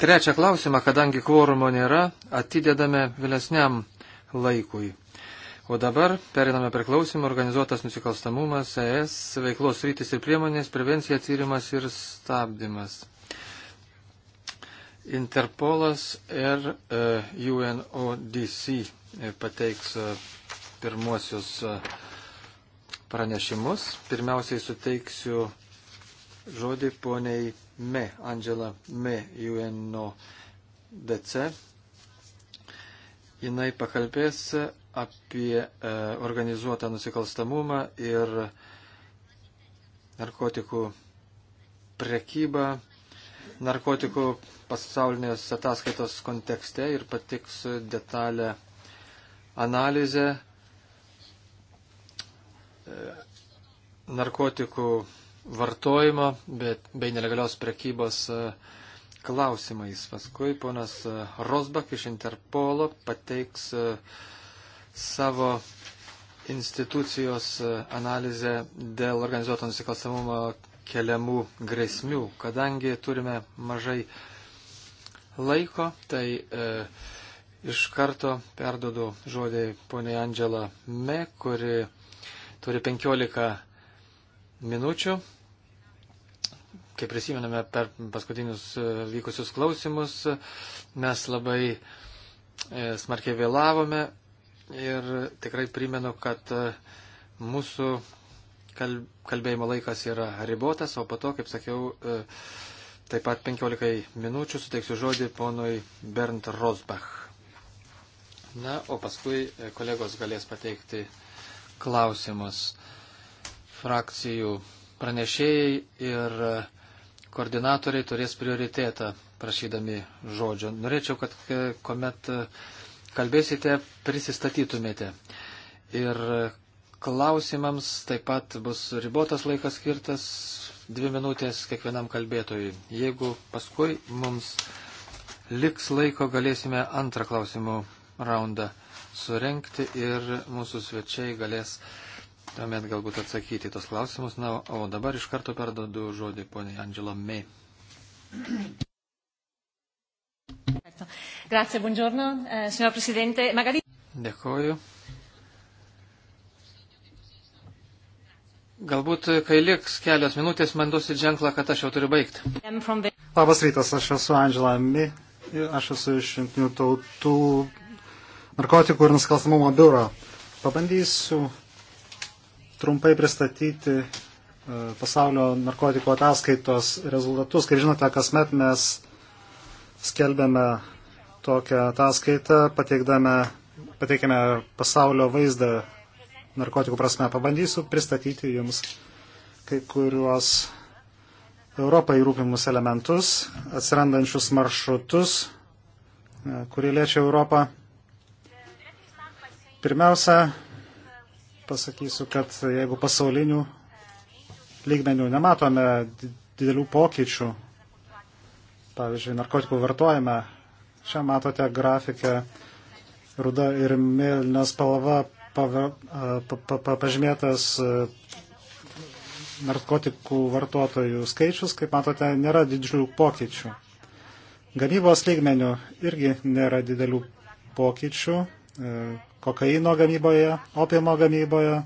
Trečią klausimą, kadangi kvorumo nėra, atidedame vėlesniam laikui. O dabar periname prie klausimų organizuotas nusikalstamumas, ES, veiklos rytis ir priemonės, prevencija, tyrimas ir stabdymas. Interpolas ir e, UNODC e, pateiks e, pirmuosius e, pranešimus. Pirmiausiai suteiksiu žodį poniai Me, Angela Me, UNODC. Jinai pakalbės apie e, organizuotą nusikalstamumą ir narkotikų prekybą, narkotikų pasaulinės ataskaitos kontekste ir patiks detalę analizę e, narkotikų vartojimo, bet bei nelegalios prekybos e, klausimais. Paskui ponas e, Rosbach iš Interpolo pateiks e, savo institucijos analizę dėl organizuoto nusikalstamumo keliamų grėsmių. Kadangi turime mažai laiko, tai e, iš karto perdodu žodį poniai Andžela Me, kuri turi 15 minučių. Kaip prisimename per paskutinius e, vykusius klausimus, mes labai e, smarkiai vėlavome ir tikrai primenu, kad e, mūsų kalbėjimo laikas yra ribotas, o po to, kaip sakiau, taip pat 15 minučių suteiksiu žodį ponui Bernd Rosbach. Na, o paskui kolegos galės pateikti klausimus frakcijų pranešėjai ir koordinatoriai turės prioritetą prašydami žodžio. Norėčiau, kad e, kuomet e, kalbėsite, prisistatytumėte. Ir klausimams taip pat bus ribotas laikas skirtas, dvi minutės kiekvienam kalbėtojui. Jeigu paskui mums liks laiko, galėsime antrą klausimų raundą surenkti ir mūsų svečiai galės tuomet galbūt atsakyti tos klausimus. Na, o dabar iš karto perdodu žodį poniai Angelo May. Grazie, buongiorno, eh, signor Presidente. Magari... Dėkoju. Galbūt, kai liks kelios minutės, man duosi ženklą, kad aš jau turiu baigti. Labas rytas, aš esu Angela Mi, aš esu iš Junktinių tautų narkotikų ir nusikalstamumo biuro. Pabandysiu trumpai pristatyti e, pasaulio narkotikų ataskaitos rezultatus. Kaip žinote, kasmet mes skelbėme tokią ataskaitą, pateikėme pasaulio vaizdą narkotikų prasme. Pabandysiu pristatyti jums kai kuriuos Europai rūpimus elementus, atsirandančius maršrutus, e, kurie liečia Europą. Pirmiausia, pasakysiu, kad jeigu pasaulinių lygmenių nematome didelių pokyčių, pavyzdžiui, narkotikų vartojame, čia matote grafikę ruda ir mėlyna spalva pažymėtas e, narkotikų vartotojų skaičius, kaip matote, nėra didžiulių pokyčių. Gamybos lygmenių irgi nėra didelių pokyčių. E, kokaino gamyboje, opimo gamyboje.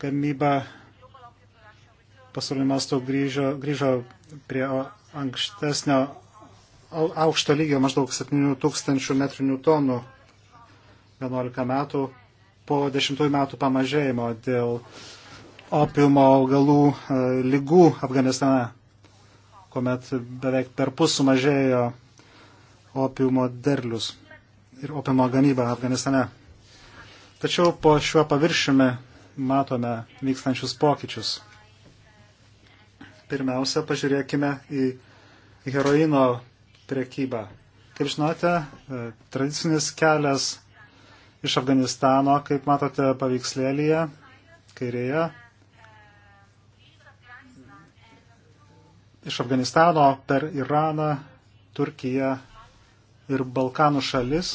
Gamyba pasaulyje mastu grįžo, grįžo prie ankstesnio aukšto lygio maždaug 7000 metrinių tonų 11 metų po 10 metų pamažėjimo dėl opiumo augalų e, lygų Afganistane, kuomet beveik per pus sumažėjo opiumo derlius ir opimo gamybą Afganistane. Tačiau po šiuo paviršiumi matome vykstančius pokyčius. Pirmiausia, pažiūrėkime į heroino priekybą. Kaip žinote, e, tradicinis kelias iš Afganistano, kaip matote paveikslėlėje, kairėje, iš Afganistano per Iraną, Turkiją ir Balkanų šalis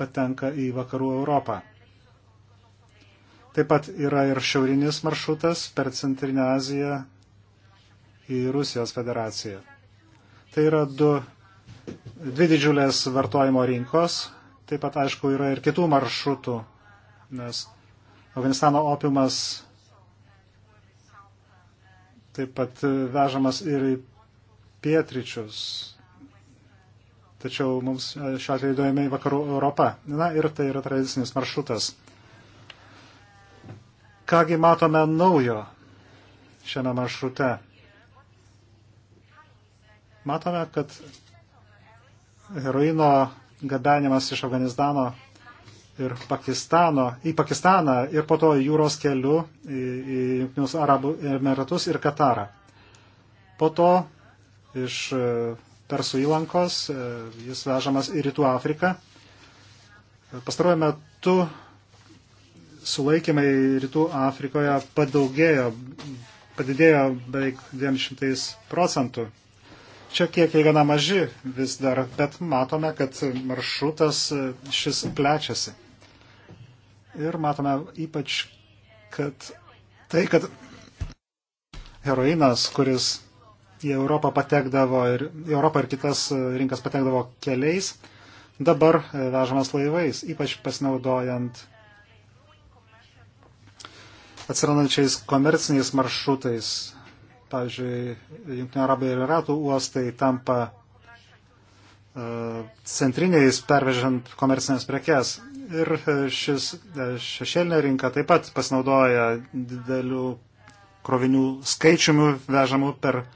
patenka į vakarų Europą. Taip pat yra ir šiaurinis maršrutas per Centrinę Aziją į Rusijos federaciją. Tai yra du, dvi didžiulės vartojimo rinkos. Taip pat, aišku, yra ir kitų maršrutų, nes Afganistano opiumas taip pat vežamas ir į pietričius tačiau mums e, šiuo atveju įdojame į vakarų Europą. Na ir tai yra tradicinis maršrutas. Kągi matome naujo šiame maršrute? Matome, kad heroino gabenimas iš Afganistano ir Pakistano, į Pakistaną ir po to jūros keliu į, į Junktinius Arabų Emiratus ir Katarą. Po to iš e, Persų įlankos, e, jis vežamas į Rytų Afriką. E, pastaruoju metu sulaikymai Rytų Afrikoje padaugėjo, padidėjo beveik 200 procentų. Čia kiekiai gana maži vis dar, bet matome, kad maršrutas e, šis plečiasi. Ir matome ypač, kad tai, kad heroinas, kuris į Europą patekdavo ir į Europą ir kitas e, rinkas patekdavo keliais, dabar e, vežamas laivais, ypač pasinaudojant atsirandančiais komerciniais maršrutais. Pavyzdžiui, Junktinio Arabų ir Ratų uostai tampa uh, centriniais pervežant komercinės prekes. Ir šis šešėlinė rinka taip pat pasinaudoja didelių krovinių skaičiumi vežamų per uh,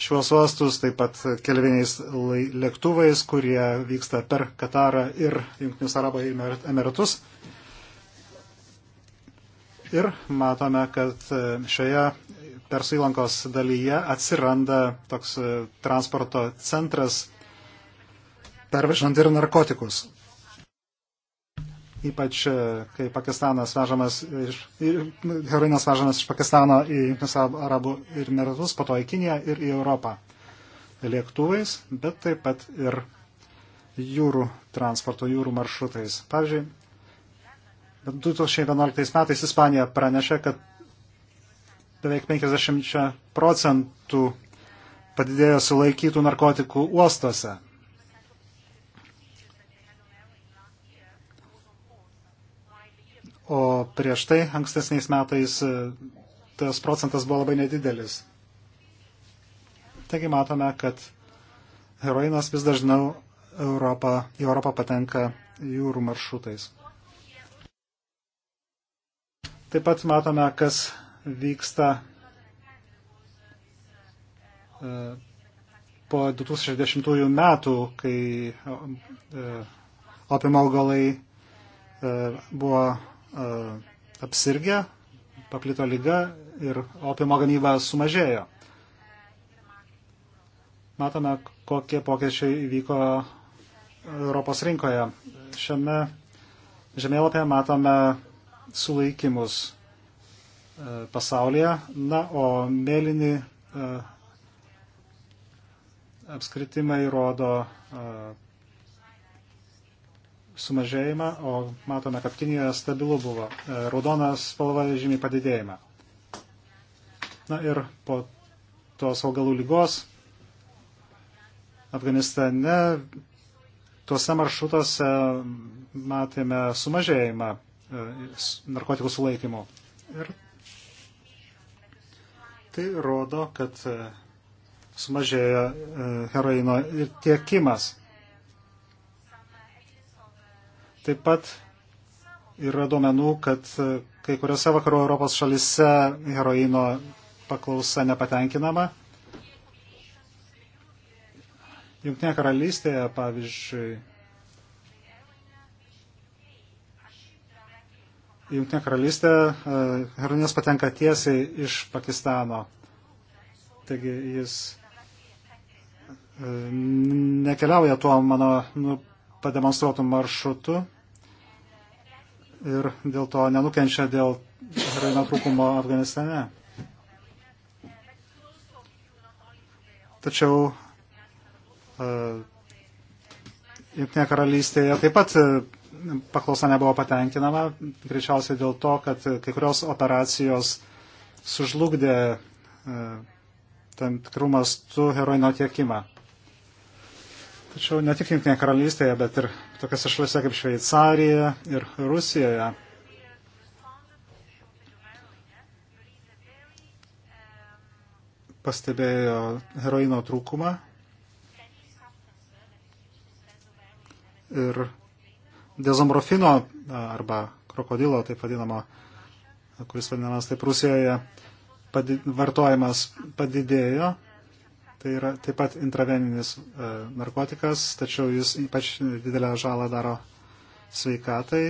šiuos uostus, taip pat kelviniais lėktuvais, kurie vyksta per Katarą ir Junktinius Arabų Emiratus. Ir matome, kad e, šioje Persų įlankos dalyje atsiranda toks e, transporto centras pervežant ir narkotikus ypač e, kai Pakistanas vežamas iš, heroinas vežamas iš Pakistano į Junktinius Arabų ir Emiratus, po to į Kiniją ir į Europą lėktuvais, bet taip pat ir jūrų transporto, jūrų maršrutais. Pavyzdžiui, 2011 metais Ispanija pranešė, kad beveik 50 procentų padidėjo sulaikytų narkotikų uostuose. o prieš tai ankstesniais metais e, tas procentas buvo labai nedidelis. Taigi matome, kad heroinas vis dažniau Europą, į Europą patenka jūrų maršrutais. Taip pat matome, kas vyksta e, po 2010 metų, kai e, opimo augalai buvo E, apsirgę, paplito lyga ir opimo gamyba sumažėjo. Matome, kokie pokyčiai įvyko Europos rinkoje. Šiame žemėlapyje matome sulaikimus e, pasaulyje, na, o mėlyni e, apskritimai rodo sumažėjimą, o matome, kad Kinijoje stabilu buvo. E, Raudonas spalva žymiai padidėjimą. Na ir po tos augalų lygos Afganistane tuose maršrutuose matėme sumažėjimą e, narkotikų sulaikymų. Ir tai rodo, kad e, sumažėjo heroino tiekimas. Taip pat yra duomenų, kad e, kai kuriuose vakarų Europos šalise heroino paklausa nepatenkinama. Junktinėje karalystėje, pavyzdžiui, Junktinė karalystė e, heroinas patenka tiesiai iš Pakistano. Taigi jis e, nekeliauja tuo mano nu, pademonstruotų maršrutų ir dėl to nenukenčia dėl heroino trūkumo Afganistane. Tačiau uh, e, Junktinė karalystėje taip pat e, paklausa nebuvo patenkinama, greičiausiai dėl to, kad kai kurios operacijos sužlugdė uh, tam tikrų mastų heroino tiekimą. Tačiau ne tik Junktinėje karalystėje, bet ir tokiose šalise kaip Šveicarija ir Rusijoje. Pastebėjo heroino trūkumą ir dezomorfino arba krokodilo, taip vadinamo, kuris vadinamas taip Rusijoje, padi, vartojimas padidėjo tai yra taip pat intraveninis e, narkotikas, tačiau jis ypač didelę žalą daro sveikatai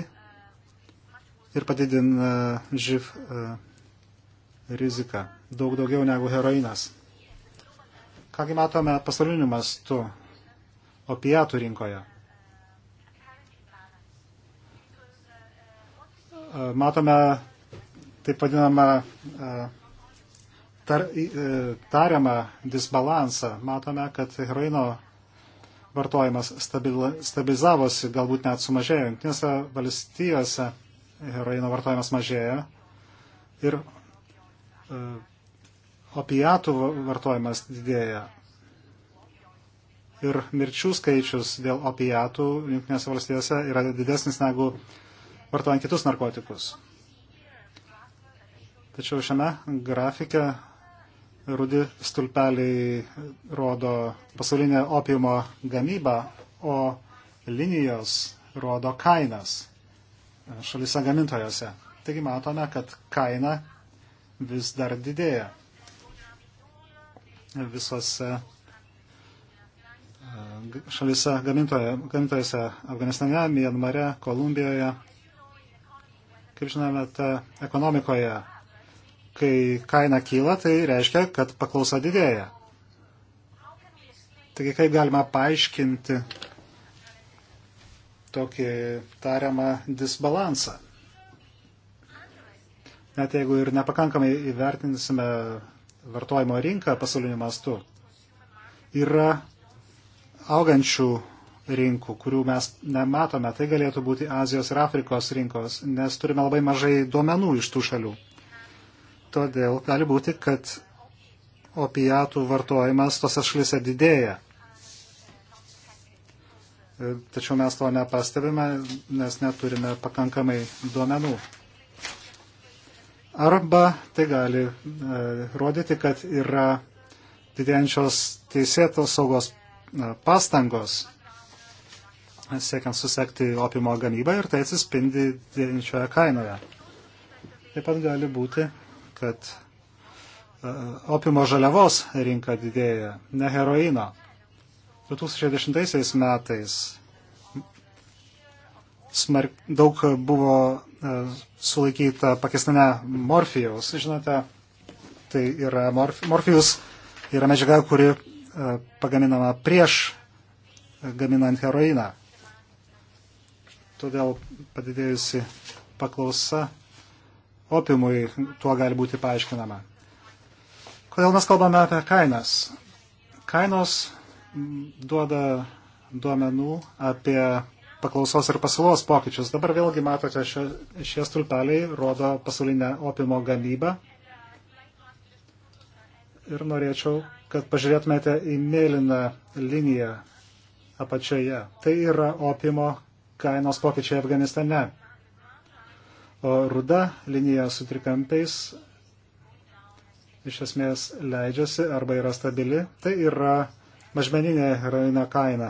ir padidina e, živ e, riziką daug daugiau negu heroinas. Kągi matome pasauliniu mastu opiatų rinkoje. Matome taip vadinamą tar, e, tariamą disbalansą. Matome, kad heroino vartojimas stabilizavosi, galbūt net sumažėjo. Jungtinėse valstijose heroino vartojimas mažėja ir e, opiatų vartojimas didėja. Ir mirčių skaičius dėl opiatų Junktinėse valstijose yra didesnis negu vartojant kitus narkotikus. Tačiau šiame grafike rudi stulpeliai rodo pasaulinę opimo gamybą, o linijos rodo kainas šalise gamintojose. Taigi matome, kad kaina vis dar didėja visose e, šalise gamintojose Afganistane, Mianmare, Kolumbijoje. Kaip žinome, ta ekonomikoje kai kaina kyla, tai reiškia, kad paklausa didėja. Taigi kaip galima paaiškinti tokį tariamą disbalansą? Net jeigu ir nepakankamai įvertinsime vartojimo rinką pasauliniu mastu, yra augančių rinkų, kurių mes nematome. Tai galėtų būti Azijos ir Afrikos rinkos, nes turime labai mažai duomenų iš tų šalių. Todėl gali būti, kad opijatų vartojimas tose šalise didėja. Tačiau mes to nepastebime, nes neturime pakankamai duomenų. Arba tai gali e, rodyti, kad yra didėjančios teisėtos saugos e, pastangos siekiant susekti opimo gamybą ir tai atsispindi didėjančioje kainoje. Taip pat gali būti, kad e, opimo žaliavos rinka didėja, ne heroino. 2010 metais smark, daug buvo e, sulaikyta Pakistane morfijaus. Žinote, tai yra morf, morfijus yra medžiaga, kuri e, pagaminama prieš gaminant heroiną. Todėl padidėjusi paklausa opimui tuo gali būti paaiškinama. Kodėl mes kalbame apie kainas? Kainos duoda duomenų apie paklausos ir pasiūlos pokyčius. Dabar vėlgi matote, šie, šie stulpeliai rodo pasaulinę opimo gamybą. Ir norėčiau, kad pažiūrėtumėte į mėlyną liniją apačioje. Tai yra opimo kainos pokyčiai Afganistane. O ruda linija su trikampiais iš esmės leidžiasi arba yra stabili. Tai yra mažmeninė heroino kaina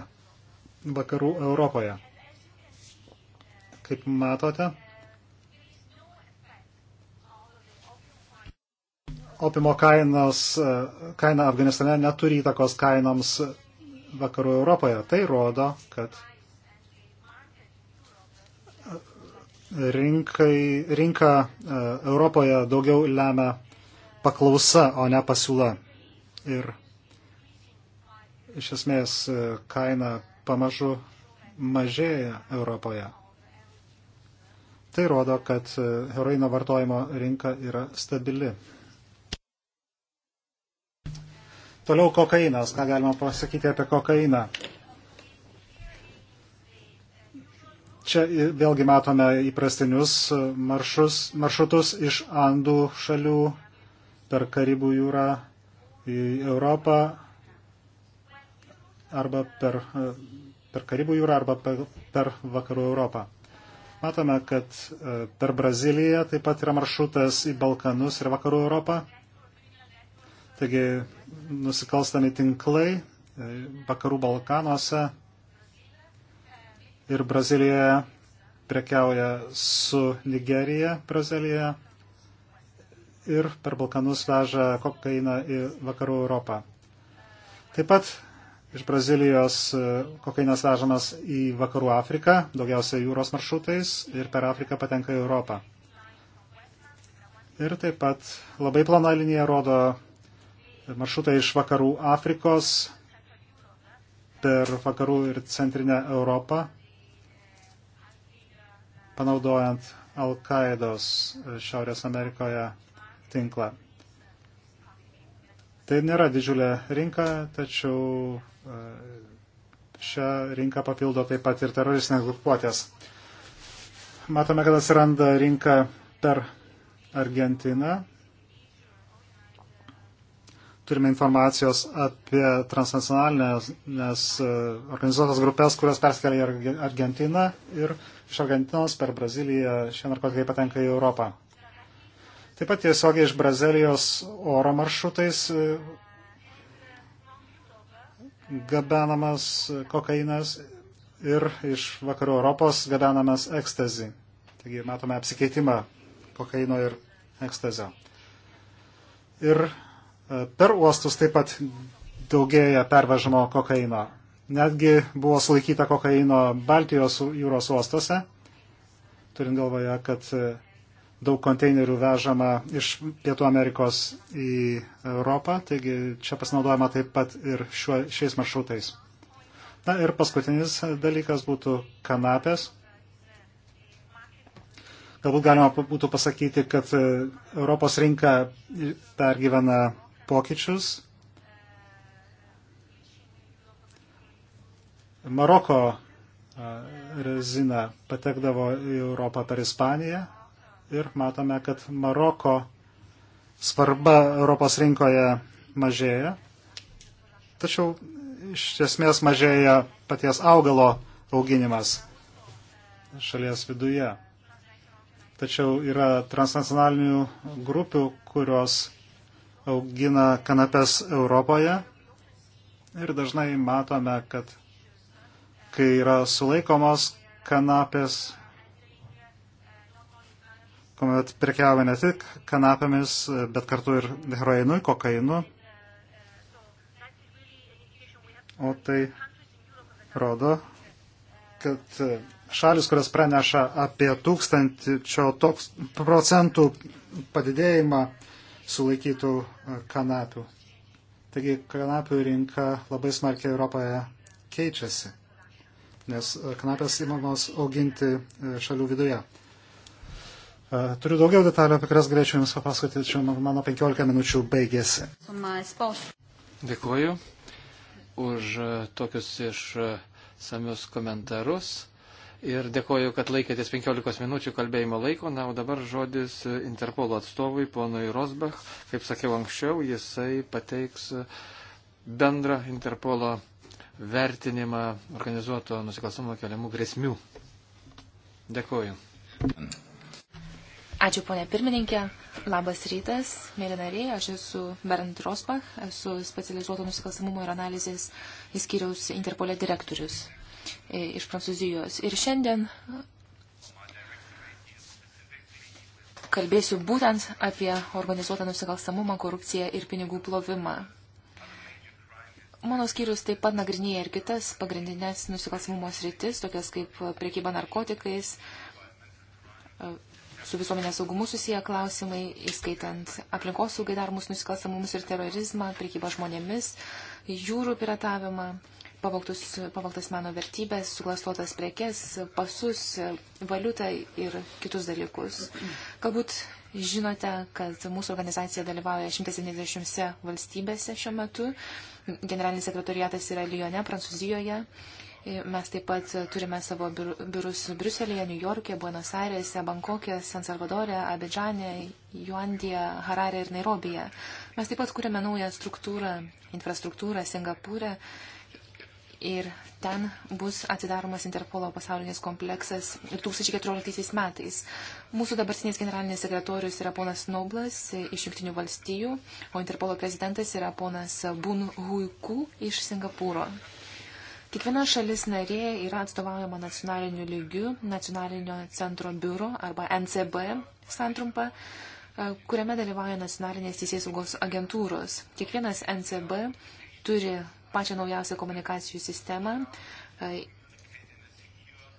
vakarų Europoje. Kaip matote, opimo kainos, kaina Afganistane neturi įtakos kainoms vakarų Europoje. Tai rodo, kad rinkai, rinką e, Europoje daugiau lemia paklausa, o ne pasiūla. Ir iš esmės e, kaina pamažu mažėja Europoje. Tai rodo, kad e, heroino vartojimo rinka yra stabili. Toliau kokainas. Ką galima pasakyti apie kokainą? Čia vėlgi matome įprastinius e, maršus, maršrutus iš Andų šalių per Karibų jūrą į Europą arba per, e, per Karibų jūrą arba per, per Vakarų Europą. Matome, kad e, per Braziliją taip pat yra maršrutas į Balkanus ir Vakarų Europą. Taigi nusikalstami tinklai vakarų Balkanuose ir Brazilijoje prekiauja su Nigerija, Brazilija ir per Balkanus veža kokainą į vakarų Europą. Taip pat iš Brazilijos e, kokainas vežamas į vakarų Afriką, daugiausia jūros maršrutais ir per Afriką patenka į Europą. Ir taip pat labai plana linija rodo maršrutai iš vakarų Afrikos per vakarų ir centrinę Europą panaudojant Al-Qaidos e, Šiaurės Amerikoje tinklą. Tai nėra didžiulė rinka, tačiau e, šią rinką papildo taip pat ir teroristinės grupuotės. Matome, kad atsiranda rinka per Argentiną, turime informacijos apie transnacionalinės e, organizuotas grupės, kurios perskelia į Argentiną ir iš Argentinos per Braziliją šie narkotikai patenka į Europą. Taip pat tiesiogiai iš Brazilijos oro maršrutais e, gabenamas kokainas ir iš vakarų Europos gabenamas ekstazi. Taigi matome apsikeitimą kokaino ir ekstazio. Ir E, per uostus taip pat daugėja pervežamo kokaino. Netgi buvo sulaikyta kokaino Baltijos jūros uostuose, turint galvoje, kad e, daug konteinerių vežama iš Pietų Amerikos į Europą, taigi čia pasinaudojama taip pat ir šiuo, šiais maršrutais. Na ir paskutinis dalykas būtų kanapės. Galbūt galima būtų pasakyti, kad e, Europos rinka pergyvena pokyčius. Maroko rezina patekdavo į Europą per Ispaniją ir matome, kad Maroko svarba Europos rinkoje mažėja, tačiau iš esmės mažėja paties augalo auginimas šalies viduje. Tačiau yra transnacionalinių grupių, kurios augina kanapes Europoje. Ir dažnai matome, kad kai yra sulaikomos kanapės, kuomet prekiavo ne tik kanapėmis, bet kartu ir heroinui, kokainu. O tai rodo, kad šalis, kurias praneša apie tūkstančio toks, procentų padidėjimą sulaikytų e, kanapių. Taigi kanapių rinka labai smarkiai Europoje keičiasi, nes e, kanapės įmamos auginti e, šalių viduje. Turiu daugiau detalių, apie kurias galėčiau Jums papasakoti, tačiau mano 15 minučių baigėsi. Dėkuoju už tokius išsamius komentarus ir dėkoju, kad laikėtės 15 minučių kalbėjimo laiko. Na, o dabar žodis Interpolo atstovui, ponui Rosbach. Kaip sakiau anksčiau, jisai pateiks bendrą Interpolo vertinimą organizuoto nusikalstamo keliamų grėsmių. Dėkoju. Ačiū, ponė pirmininkė. Labas rytas, mėly nariai, aš esu Bernd Rosbach, esu specializuoto nusikalstamumo ir analizės įskyriaus Interpolė direktorius. E, iš Prancūzijos. Ir šiandien kalbėsiu būtent apie organizuotą nusikalstamumą, korupciją ir pinigų plovimą. Mano skyrius taip pat nagrinėja ir kitas pagrindinės nusikalstamumo sritis, tokias kaip priekyba narkotikais, e, su visuomenės saugumu susiję klausimai, įskaitant aplinkos saugai daromus nusikalstamumus ir terorizmą, priekybą žmonėmis, jūrų piratavimą, pavoktus, pavoktas meno vertybės, suklastotas prekes, pasus, valiutą ir kitus dalykus. Galbūt žinote, kad mūsų organizacija dalyvauja 170 valstybėse šiuo metu. Generalinis sekretoriatas yra Lyone, Prancūzijoje. Mes taip pat turime savo biurus Briuselėje, New York'e, Buenos Airėse, Bankokė, San Salvadorė, Abidžanė, Juandija, Hararė ir Nairobija. Mes taip pat kūrėme naują struktūrą, infrastruktūrą Singapūrė Ir ten bus atidaromas Interpolo pasaulinis kompleksas 2014 metais. Mūsų dabartinis generalinis sekretorius yra ponas Noblas iš Junktinių valstijų, o Interpolo prezidentas yra ponas Bun Huiku iš Singapūro. Kiekviena šalis narė yra atstovaujama nacionaliniu lygiu, nacionalinio centro biuro arba NCB santrumpa kuriame dalyvauja nacionalinės teisės saugos agentūros. Kiekvienas NCB turi pačią naujausią komunikacijų sistemą, e,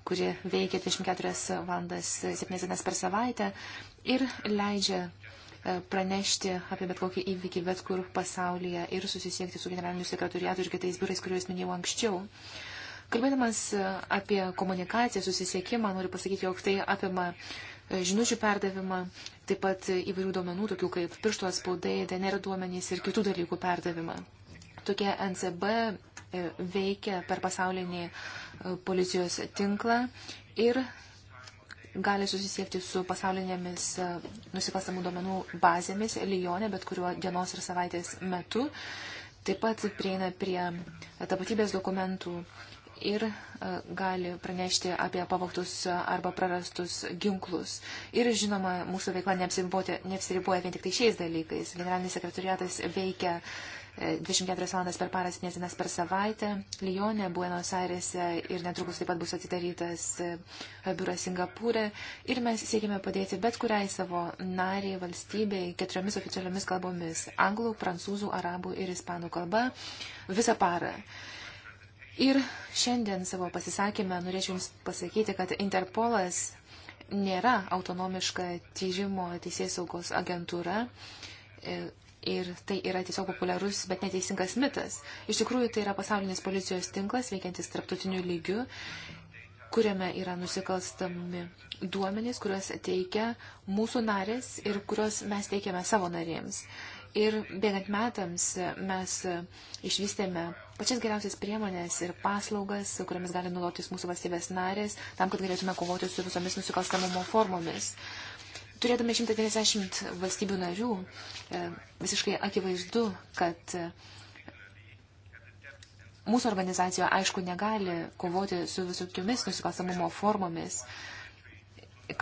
kuri veikia 24 valandas 7 dienas per savaitę ir leidžia e, pranešti apie bet kokį įvykį bet kur pasaulyje ir susisiekti su generaliniu sekretoriatu ir kitais biurais, kuriuos minėjau anksčiau. Kalbėdamas e, apie komunikaciją, susisiekimą, noriu pasakyti, jog tai apima žinučių perdavimą, taip pat įvairių duomenų, tokių kaip pirštų atspaudai, DNR duomenys ir kitų dalykų perdavimą. Tokie NCB e, veikia per pasaulinį e, policijos tinklą ir gali susisiekti su pasaulinėmis e, nusikalstamų duomenų bazėmis Lyonė, bet kuriuo dienos ir savaitės metu. Taip pat prieina prie tapatybės dokumentų ir gali pranešti apie pavoktus arba prarastus ginklus. Ir žinoma, mūsų veikla neapsiriboja vien tik tai šiais dalykais. Generalinis sekretoriatas veikia 24 e, valandas per parą, 7 dienas per savaitę. Lyonė, Buenos Airėse ir netrukus taip pat bus atidarytas e, biuras Singapūrė. Ir mes siekime padėti bet kuriai savo nariai valstybei keturiomis oficialiomis kalbomis - anglų, prancūzų, arabų ir ispanų kalba visą parą. Ir šiandien savo pasisakymę norėčiau Jums pasakyti, kad Interpolas nėra autonomiška tyrimo teisės saugos agentūra. E, Ir tai yra tiesiog populiarus, bet neteisingas mitas. Iš tikrųjų, tai yra pasaulinis policijos tinklas, veikiantis tarptautiniu lygiu, kuriame yra nusikalstami duomenys, kuriuos teikia mūsų narės ir kuriuos mes teikiame savo narėms. Ir bėgant metams mes išvystėme pačias geriausias priemonės ir paslaugas, kuriamis gali naudotis mūsų valstybės narės, tam, kad galėtume kovoti su visomis nusikalstamumo formomis. Turėdami 150 valstybių narių, e, visiškai akivaizdu, kad e, mūsų organizacija, aišku, negali kovoti su visokiomis nusikalstamumo formomis,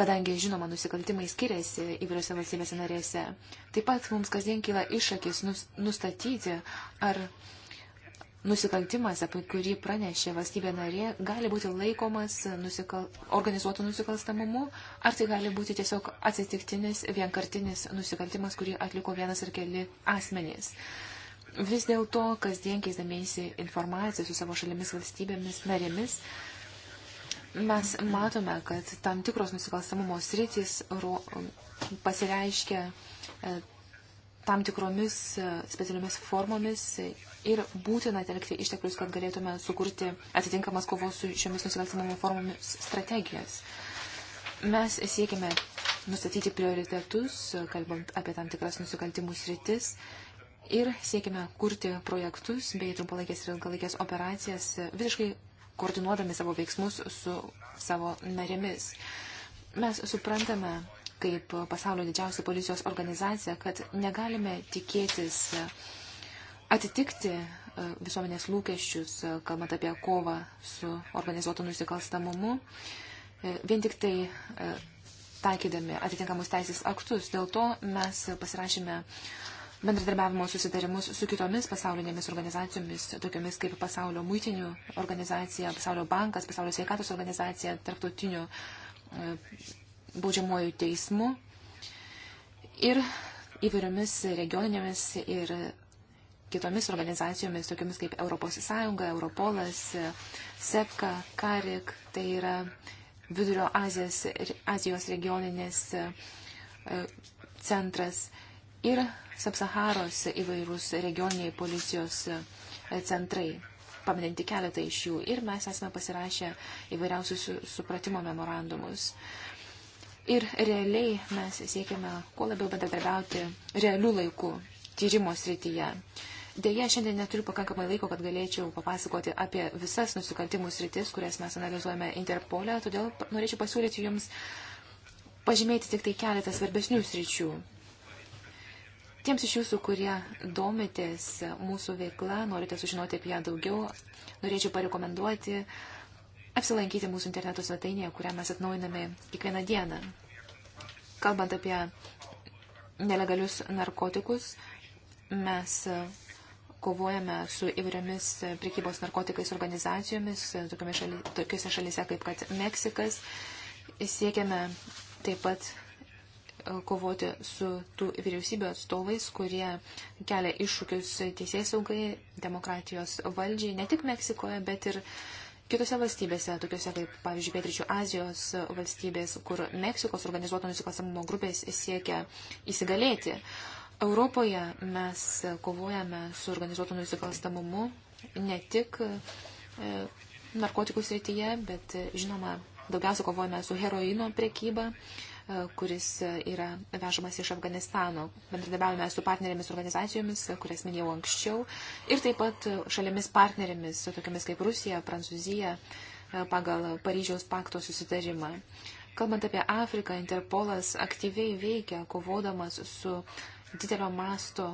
kadangi, žinoma, nusikaltimai skiriasi įvairiose valstybėse narėse. Taip pat mums kasdien kyla iššakis nustatyti, ar nusikaltimas, apie kurį pranešė valstybė narė, gali būti laikomas nusikal... organizuotų nusikalstamumu, ar tai gali būti tiesiog atsitiktinis, vienkartinis nusikaltimas, kurį atliko vienas ar keli asmenys. Vis dėlto, kasdien keisdamėsi informaciją su savo šalimis valstybėmis narėmis, mes matome, kad tam tikros nusikalstamumo sritys ro... pasireiškia e, tam tikromis e, specialiomis formomis ir būtina telkti išteklius, kad galėtume sukurti atitinkamas kovos su šiomis nusikalstamomis formomis strategijas. Mes siekime nustatyti prioritetus, kalbant apie tam tikras nusikaltimų sritis ir siekime kurti projektus bei trumpalaikės ir ilgalaikės operacijas, visiškai koordinuodami savo veiksmus su savo narėmis. Mes suprantame, kaip pasaulio didžiausia policijos organizacija, kad negalime tikėtis uh, atitikti e, visuomenės lūkesčius, e, kalbant apie kovą su organizuotu nusikalstamumu, e, vien tik tai taikydami atitinkamus teisės aktus. Dėl to mes pasirašėme bendradarbiavimo susitarimus su kitomis pasaulinėmis organizacijomis, tokiomis kaip Pasaulio muitinių organizacija, Pasaulio bankas, Pasaulio sveikatos organizacija, tarptautiniu baudžiamuoju teismu ir įvairiomis regioninėmis ir kitomis organizacijomis, tokiamis kaip Europos Sąjunga, Europolas, SEPKA, KARIK, tai yra Vidurio Azijos, Azijos regioninės e, centras ir Sapsaharos įvairūs regioniniai policijos e, centrai paminėti keletą iš jų ir mes esame pasirašę įvairiausius supratimo memorandumus. Ir realiai mes siekiame kuo labiau bendradarbiauti realių laikų tyrimo srityje. Uh, Deja, šiandien neturiu pakankamai laiko, kad galėčiau papasakoti apie visas nusikaltimus rytis, kurias mes analizuojame Interpolę, todėl norėčiau pasiūlyti Jums pažymėti tik tai keletą svarbesnių sričių. Tiems iš Jūsų, kurie domitės mūsų veikla, norite sužinoti apie ją daugiau, norėčiau parekomenduoti apsilankyti mūsų interneto svetainėje, kurią mes atnaujiname kiekvieną dieną. Kalbant apie nelegalius narkotikus, mes kovojame su įvairiomis prekybos narkotikais organizacijomis, šali, tokiuose šalyse kaip kad Meksikas. Siekiame taip pat e, kovoti su tų vyriausybių atstovais, kurie kelia iššūkius teisės saugai, demokratijos valdžiai, ne tik Meksikoje, bet ir kitose valstybėse, tokiuose kaip, pavyzdžiui, Pietričių Azijos valstybės, kur Meksikos organizuoto nusikalstamumo grupės siekia įsigalėti. Europoje mes kovojame su organizuotu nusikalstamumu ne tik e, narkotikų srityje, bet e, žinoma, daugiausia kovojame su heroino prekyba, e, kuris yra vežamas iš Afganistano. Bendradarbiavame su partnerėmis organizacijomis, kurias minėjau anksčiau, ir taip pat šalėmis partnerėmis, tokiamis kaip Rusija, Prancūzija, pagal Paryžiaus pakto susitarimą. Kalbant apie Afriką, Interpolas aktyviai veikia, kovodamas su didelio masto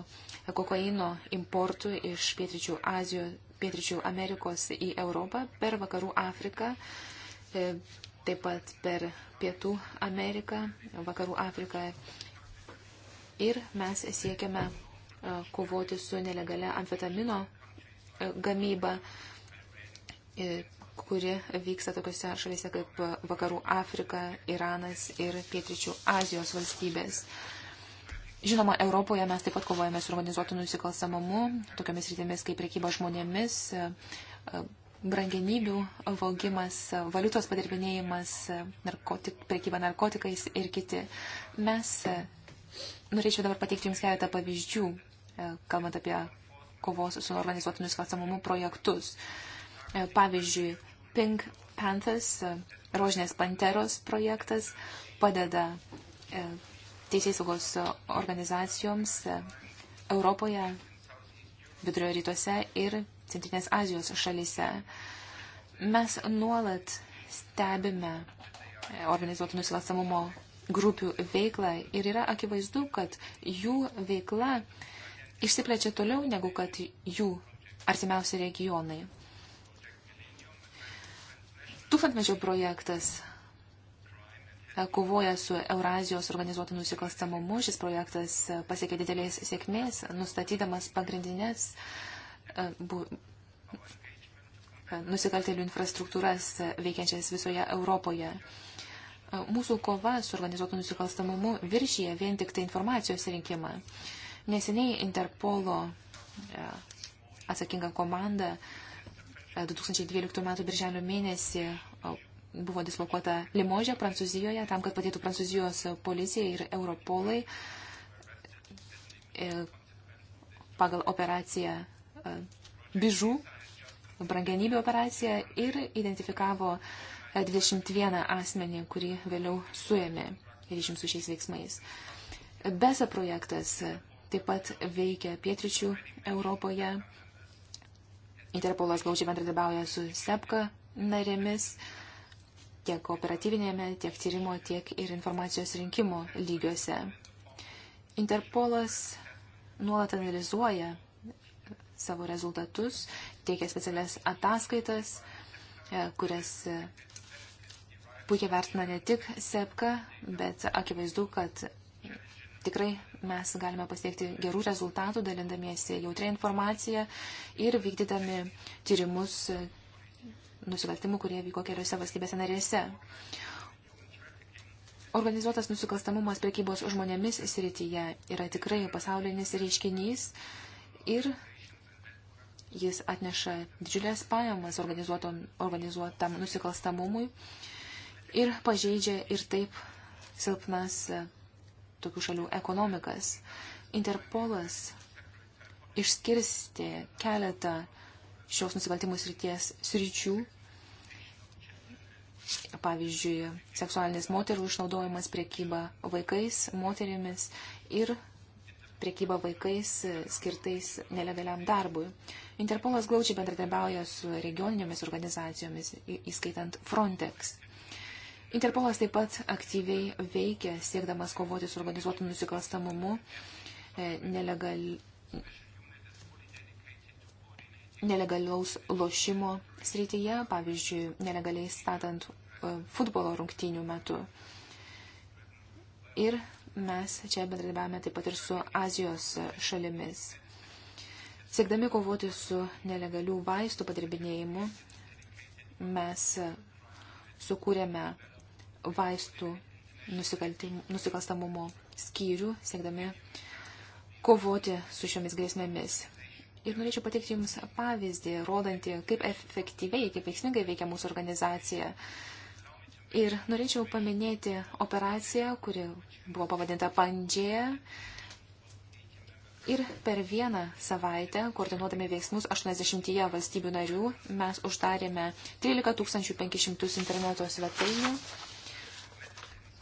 kokaino importų iš Pietričių Azijos, Pietričių Amerikos į Europą per Vakarų Afriką, e, taip pat per Pietų Ameriką, Vakarų Afriką. Ir mes siekiame e, kovoti su nelegale amfetamino e, gamyba, kuri vyksta tokiuose šalyse kaip Vakarų Afrika, Iranas ir Pietričių Azijos valstybės. Žinoma, Europoje mes taip pat kovojame su organizuotu nusikalstamumu, tokiamis rytimis kaip priekyba žmonėmis, e, e, brangenybių vogimas, valiutos padirbinėjimas, narkotik, priekyba narkotikais ir kiti. Mes e, norėčiau dabar pateikti Jums keletą pavyzdžių, kalbant apie kovos su organizuotu nusikalstamumu projektus. Pavyzdžiui, Pink Panthers, Rožinės Panteros projektas padeda teisėsaugos organizacijoms Europoje, Vidurio rytuose ir Centrinės Azijos šalyse. Mes nuolat stebime organizuotų nusilastamumo grupių veiklą ir yra akivaizdu, kad jų veikla išsiplečia toliau negu kad jų artimiausi regionai. Tūkstantmečio projektas E, kovoja su Eurazijos organizuotų nusikalstamumu. Šis projektas pasiekė didelės sėkmės, nustatydamas pagrindinės e, bu, nusikaltelių infrastruktūras veikiančias visoje Europoje. E, mūsų kova su organizuotu nusikalstamumu viršyje vien tik tai informacijos rinkimą. Neseniai Interpolo atsakinga komanda 2012 m. birželio mėnesį buvo dislokuota Limožė, Prancūzijoje, tam, kad padėtų Prancūzijos policijai ir Europolai e, pagal operaciją e, Bižų, brangenybių operaciją ir identifikavo 21 e, asmenį, kurį vėliau suėmė ryšim su šiais veiksmais. BESA projektas taip pat veikia pietričių Europoje. Interpolas gaučiai bendradarbiauja su SEPKA narėmis tiek operatyvinėme, tiek tyrimo, tiek ir informacijos rinkimo lygiuose. Interpolas nuolat analizuoja savo rezultatus, teikia specialias ataskaitas, e, kurias e, puikiai vertina ne tik SEPKA, bet akivaizdu, kad tikrai mes galime pasiekti gerų rezultatų, dalindamiesi jautrę informaciją ir vykdydami tyrimus nusikaltimų, kurie vyko keliose valstybėse narėse. Organizuotas nusikalstamumas prekybos žmonėmis srityje yra tikrai pasaulinis reiškinys ir jis atneša didžiulės pajamas organizuotam nusikalstamumui ir pažeidžia ir taip silpnas tokių šalių ekonomikas. Interpolas išskirstė keletą šios nusikaltimų srities sričių pavyzdžiui, seksualinis moterų išnaudojimas priekyba vaikais, moterimis ir priekyba vaikais skirtais nelegaliam darbui. Interpolas glaučiai bendradarbiauja su regioninėmis organizacijomis, įskaitant Frontex. Interpolas taip pat aktyviai veikia, siekdamas kovoti su organizuotu nusikalstamumu, e, nelegal nelegaliaus lošimo srityje, pavyzdžiui, nelegaliai statant e, futbolo rungtynių metu. Ir mes čia bendradarbiavame taip pat ir su Azijos šalimis. Siekdami kovoti su nelegalių vaistų padirbinėjimu, mes sukūrėme vaistų nusikalstamumo skyrių, siekdami kovoti su šiomis grėsmėmis. Ir norėčiau pateikti Jums pavyzdį, rodantį, kaip efektyviai, kaip veiksmingai veikia mūsų organizacija. Ir norėčiau paminėti operaciją, kuri buvo pavadinta Pandžėja. Ir per vieną savaitę, koordinuodami veiksmus 80 valstybių narių, mes uždarėme 13 500 interneto svetainių,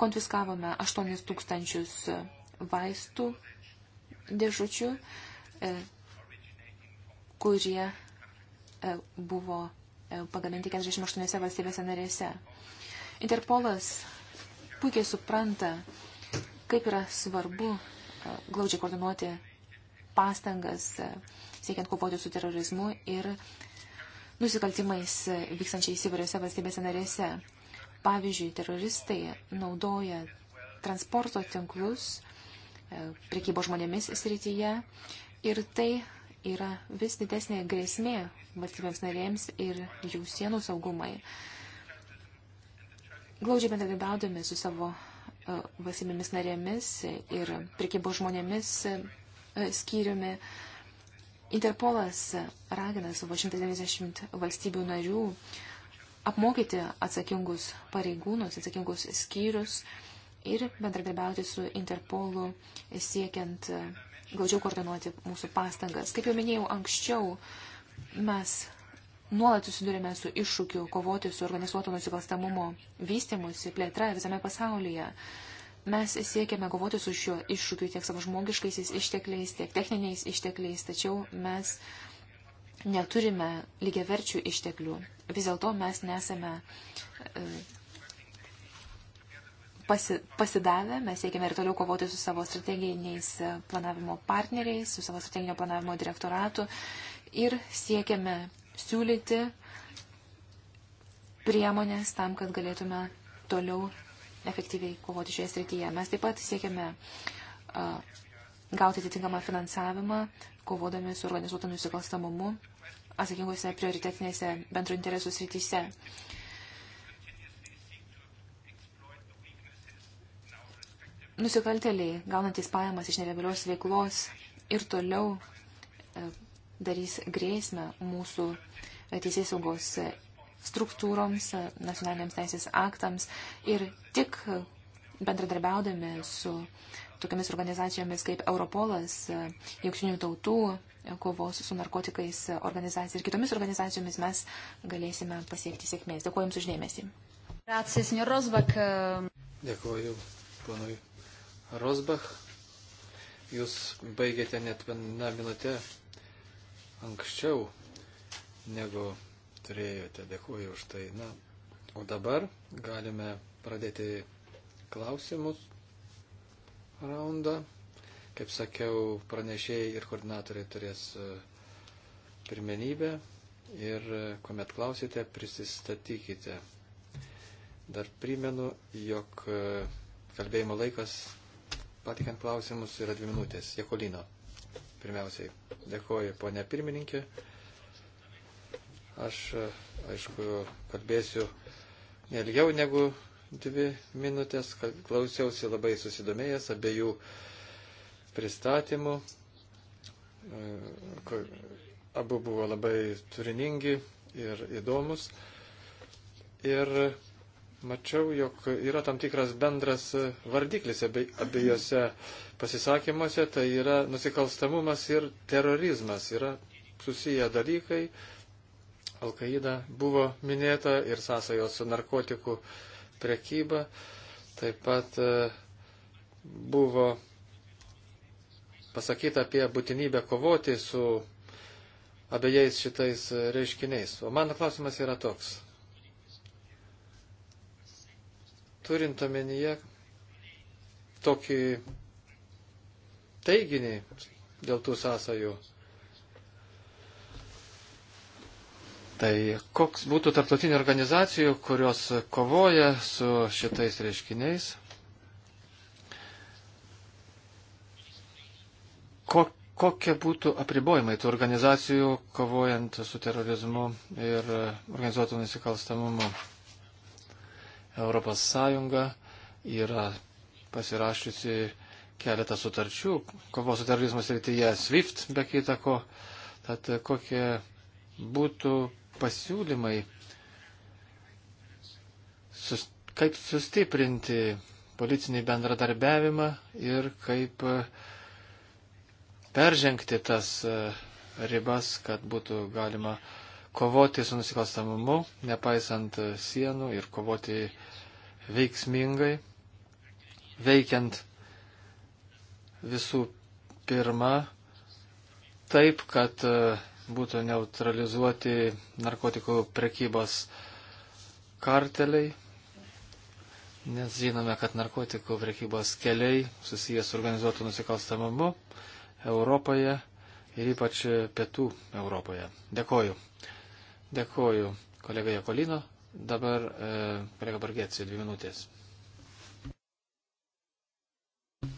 konfiskavome 8 tūkstančius vaistų dėžučių, e, kurie e, buvo e, pagaminti 48 valstybėse narėse. Interpolas puikiai supranta, kaip yra svarbu e, glaudžiai koordinuoti pastangas siekiant kovoti su terorizmu ir nusikaltimais vykstančiais įvairiose valstybėse narėse. Pavyzdžiui, teroristai naudoja transporto tinklus prekybo žmonėmis srityje ir tai yra vis didesnė grėsmė valstybėms narėms ir jų sienų saugumai. Glaudžiai bendradarbiaudami su savo e, valstybėmis narėmis ir prikybos žmonėmis e, skyriumi, Interpolas ragina savo 190 valstybių narių apmokyti atsakingus pareigūnus, atsakingus skyrius ir bendradarbiauti su Interpolu siekiant e, glaudžiau koordinuoti mūsų pastangas. Kaip jau minėjau anksčiau, mes nuolat susidurime su iššūkiu kovoti su organizuoto nusikalstamumo vystimusi plėtra visame pasaulyje. Mes siekiame kovoti su šiuo iššūkiu tiek savo žmogiškaisiais ištekliais, tiek techniniais ištekliais, tačiau mes neturime lygiaverčių išteklių. Vis dėlto mes nesame e, pasi, pasidavę, mes siekiame ir toliau kovoti su savo strateginiais e, planavimo partneriais, su savo strateginio planavimo direktoratu ir siekiame siūlyti priemonės tam, kad galėtume toliau efektyviai kovoti šioje srityje. Mes taip pat siekiame uh, gauti atitinkamą finansavimą, kovodami su organizuotu nusikalstamumu atsakinguose prioritetinėse bendro interesų srityse. Uh, nusikalteliai, gaunantys pajamas iš nelegalios veiklos ir toliau e, darys grėsmę mūsų e, teisės saugos e, struktūroms, nacionaliniams teisės aktams ir tik bendradarbiaudami su tokiamis organizacijomis kaip Europolas, Junktinių tautų kovos su narkotikais organizacija ir kitomis organizacijomis mes galėsime pasiekti sėkmės. Dėkuoju Jums uždėmesį. Dėkuoju, panui Rosbach. Jūs baigėte net vieną minutę anksčiau, negu turėjote. Dėkuoju už tai. Na, o dabar galime pradėti klausimus raundą. Kaip sakiau, pranešėjai ir koordinatoriai turės e, pirmenybę ir e, kuomet klausite, prisistatykite. Dar primenu, jog e, kalbėjimo laikas patikant klausimus yra dvi minutės. Jekolino. Pirmiausiai, dėkoju ponė pirmininkė. Aš, aišku, kalbėsiu nelgiau negu dvi minutės. Klausiausi labai susidomėjęs abiejų pristatymų. Abu buvo labai turiningi ir įdomus. Ir mačiau, jog yra tam tikras bendras vardiklis abiejose pasisakymuose, tai yra nusikalstamumas ir terorizmas. Yra susiję dalykai. Alkaida buvo minėta ir sąsajos su narkotikų prekyba. Taip pat e, buvo pasakyta apie būtinybę kovoti su abiejais šitais reiškiniais. O mano klausimas yra toks. turint omenyje tokį teiginį dėl tų sąsajų. Tai koks būtų tarptautinių organizacijų, kurios kovoja su šitais reiškiniais? Ko, kokie būtų apribojimai tų organizacijų kovojant su terorizmu ir organizuotų nusikalstamumu? ES yra pasirašysi keletą sutarčių kovos su terorizmo srityje SWIFT be kitako. Tad kokie būtų pasiūlymai, sus, kaip sustiprinti policinį bendradarbiavimą ir kaip peržengti tas e, ribas, kad būtų galima kovoti su nusikalstamumu, nepaisant sienų ir kovoti uh, veiksmingai, veikiant visų pirma taip, kad e, būtų neutralizuoti narkotikų prekybos karteliai, nes žinome, kad narkotikų prekybos keliai susijęs su organizuotu nusikalstamamu Europoje ir ypač pietų Europoje. Dėkoju. Dėkoju kolega Jekolino. Dabar e, kolega Bargėcijų dvi minutės.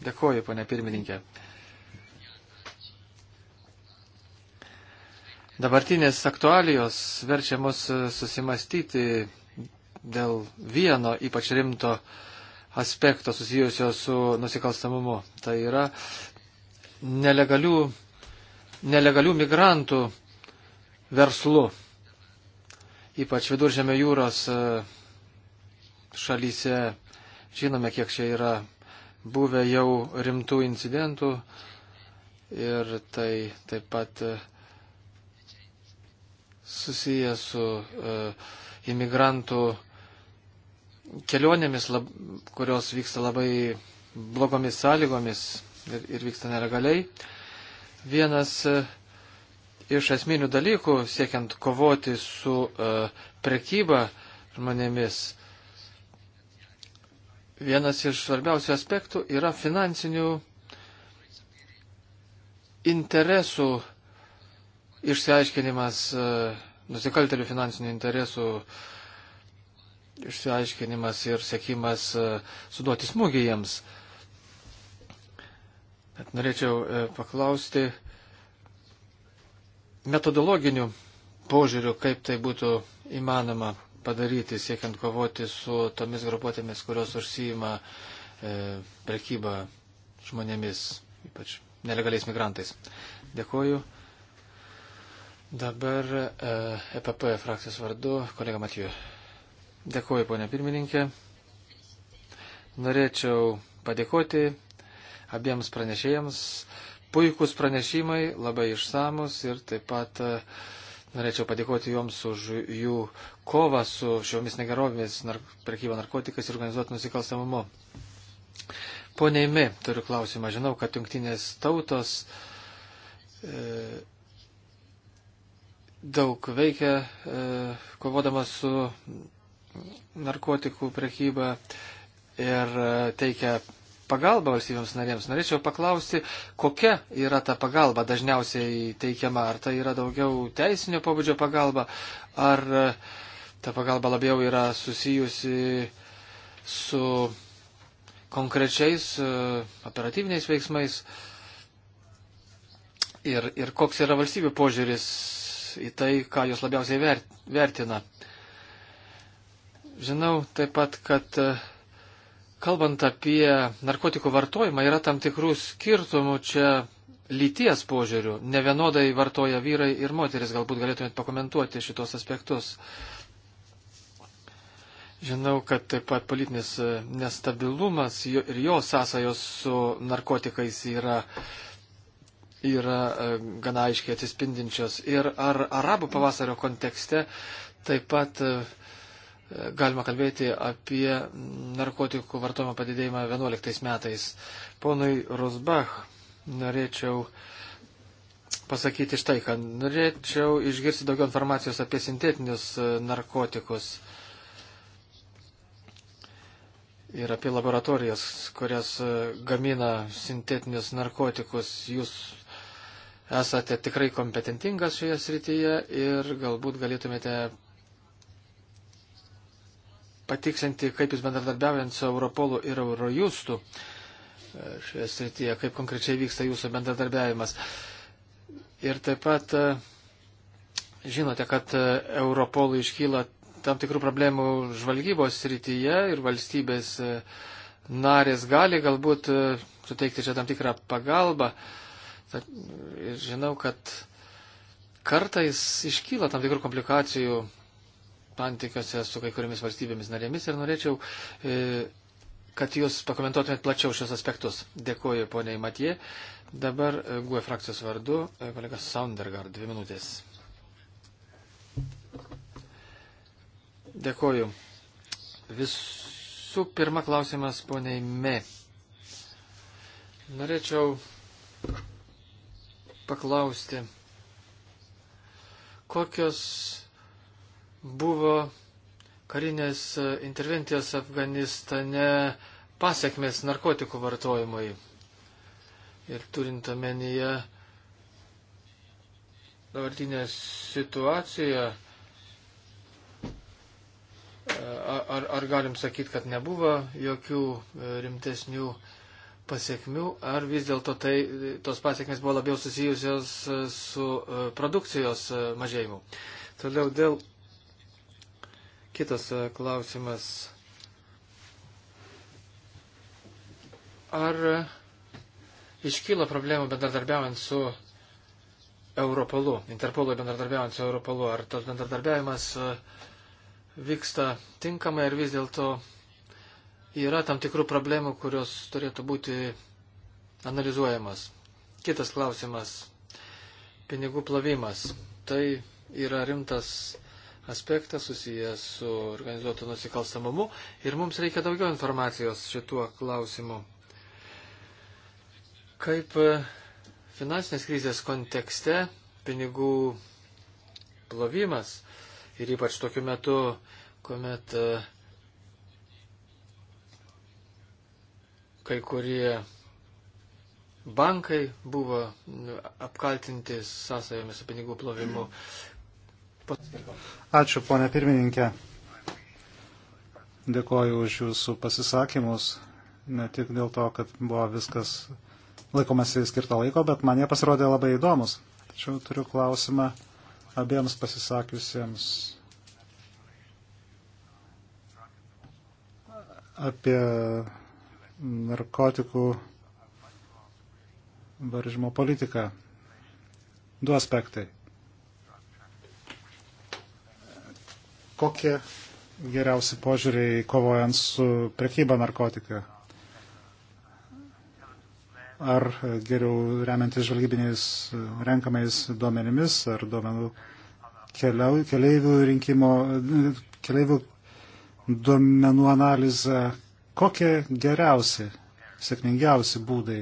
Dėkuoju, ponia pirmininkė. Dabartinės aktualijos verčia mus susimastyti dėl vieno ypač rimto aspekto susijusio su nusikalstamumu. Tai yra nelegalių, nelegalių migrantų verslu ypač viduržėmio jūros e, šalyse. Žinome, kiek čia yra buvę jau rimtų incidentų ir tai taip pat e, susiję su e, imigrantų kelionėmis, lab, kurios vyksta labai blogomis sąlygomis ir, ir vyksta nelegaliai. Vienas uh, iš esminių dalykų siekiant kovoti su e, prekyba žmonėmis. Vienas iš svarbiausių aspektų yra finansinių interesų išsiaiškinimas, e, nusikaltelių finansinių interesų išsiaiškinimas ir sėkimas e, suduoti smūgį jiems. Bet norėčiau e, paklausti, e, metodologiniu požiūriu, kaip tai būtų įmanoma padaryti, siekiant kovoti su tomis grupuotėmis, kurios užsijima e, prekybą žmonėmis, ypač nelegaliais migrantais. Dėkuoju. Dabar e, EPP frakcijos vardu kolega Matijų. Dėkuoju, ponė pirmininkė. Norėčiau padėkoti abiems pranešėjams puikūs pranešimai, labai išsamus ir taip pat e, norėčiau padėkoti joms už jų kovą su šiomis negerovėmis, nar prekyba narkotikas ir organizuotų nusikalstamumu. Pone Imi, turiu klausimą. Žinau, kad jungtinės tautos e, daug veikia e, kovodamas su narkotikų prekyba ir e, teikia pagalbą valstybėms narėms. Norėčiau paklausti, kokia yra ta pagalba dažniausiai teikiama. Ar tai yra daugiau teisinio pobūdžio pagalba, ar e, ta pagalba labiau yra susijusi su konkrečiais e, operatyviniais veiksmais. Ir, ir koks yra valstybių požiūris į tai, ką jūs labiausiai vertina. Žinau taip pat, kad uh, Kalbant apie narkotikų vartojimą, yra tam tikrų skirtumų čia lyties požiūrių. Ne vienodai vartoja vyrai ir moteris. Galbūt galėtumėt pakomentuoti šitos aspektus. Žinau, kad taip pat politinis nestabilumas ir jo sąsajos su narkotikais yra, yra e, gana aiškiai atsispindinčios. Ir ar arabų pavasario kontekste taip pat e, galima kalbėti apie narkotikų vartojimo padidėjimą 11 metais. Ponui Rosbach norėčiau pasakyti štai, kad norėčiau išgirsti daugiau informacijos apie sintetinius e, narkotikus ir apie laboratorijas, kurias e, gamina sintetinius narkotikus. Jūs esate tikrai kompetentingas šioje srityje ir galbūt galėtumėte patikslinti, kaip jūs bendradarbiaujant su Europolu ir Eurojustu e, šioje srityje, kaip konkrečiai vyksta jūsų bendradarbiavimas. Ir taip pat e, žinote, kad e, Europolui iškyla tam tikrų problemų žvalgybos srityje ir valstybės narės gali galbūt suteikti čia tam tikrą pagalbą. Ir žinau, kad kartais iškyla tam tikrų komplikacijų santykiuose su kai kuriamis valstybėmis narėmis ir norėčiau, e, kad jūs pakomentuotumėt plačiau šios aspektus. Dėkuoju, poniai Matie. Dabar e, GUE frakcijos vardu e, kolegas Saundergaard, dvi minutės. Dėkuoju. Visų pirma klausimas, poniai Me. Norėčiau paklausti, kokios buvo karinės intervencijos Afganistane pasiekmes narkotikų vartojimui. Ir turint omenyje dabartinę situaciją, ar, ar galim sakyti, kad nebuvo jokių e, rimtesnių pasiekmių, ar vis dėlto tai, tos pasiekmes buvo labiau susijusios e, su e, produkcijos mažėjimu. Toliau dėl Kitas e, klausimas. Ar iškyla problemų bendradarbiaujant su Europolu, Interpolui bendradarbiaujant su Europolu, ar tas bendradarbiavimas e, vyksta tinkamai ir vis dėlto yra tam tikrų problemų, kurios turėtų būti analizuojamas. Kitas klausimas - pinigų plovimas. Tai yra rimtas aspektą susijęs su organizuotu nusikalstamumu ir mums reikia daugiau informacijos šituo klausimu. Kaip e, finansinės krizės kontekste pinigų plovimas ir ypač tokiu metu, kuomet e, kai kurie bankai buvo apkaltinti sąsajomis su pinigų plovimu. Ačiū, ponė pirmininkė. Dėkoju už jūsų pasisakymus, ne tik dėl to, kad buvo viskas laikomasi skirto laiko, bet man jie pasirodė labai įdomus. Tačiau turiu klausimą abiems pasisakiusiems apie narkotikų varžymo politiką. Du aspektai. kokie geriausi požiūriai kovojant su prekyba narkotika? Ar geriau remiantis žvalgybiniais renkamais duomenimis ar duomenų keliaivių rinkimo, keliaivių duomenų analizą, kokie geriausi, sėkmingiausi būdai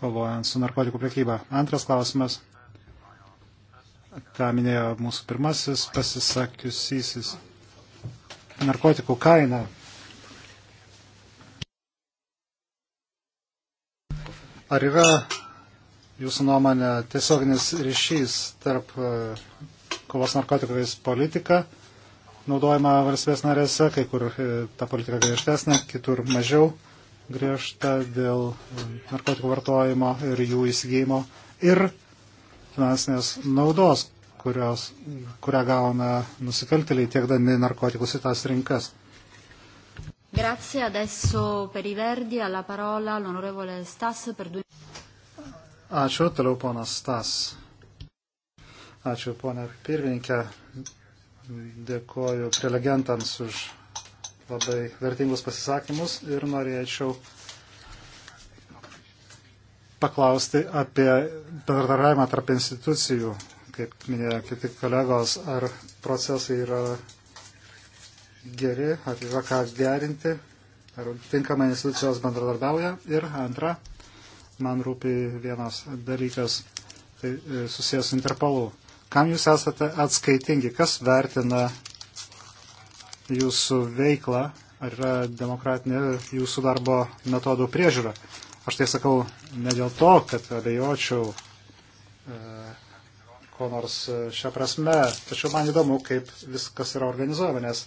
kovojant su narkotikų prekyba? Antras klausimas ką minėjo mūsų pirmasis pasisakiusysis. Narkotikų kaina. Ar yra jūsų nuomonė tiesioginis ryšys tarp e, kovos narkotikais politika, naudojama valstybės narėse, kai kur e, ta politika griežtesnė, kitur mažiau griežta dėl e, narkotikų vartojimo ir jų įsigijimo. Ir finansinės naudos, kurios, kurią gauna nusikaltėliai tiekdami narkotikus į tas rinkas. Grazie, adesso per i Verdi alla parola l'onorevole Stas per due Ačiū, toliau ponas Stas. Ačiū, ponė pirmininkė. Dėkoju prelegentams už labai vertingus pasisakymus ir norėčiau paklausti apie bendradarbiavimą tarp institucijų, kaip minėjo kiti kolegos, ar procesai yra geri, ar yra ką gerinti, ar tinkamai institucijos bendradarbiauja. Ir antra, man rūpi vienas dalykas, tai e, susijęs su Interpolu. Kam jūs esate atskaitingi, kas vertina jūsų veiklą, ar yra demokratinė jūsų darbo metodų priežiūra? Aš tai sakau ne dėl to, kad abejočiau e, ko nors e, šią prasme, tačiau man įdomu, kaip viskas yra organizuojama, nes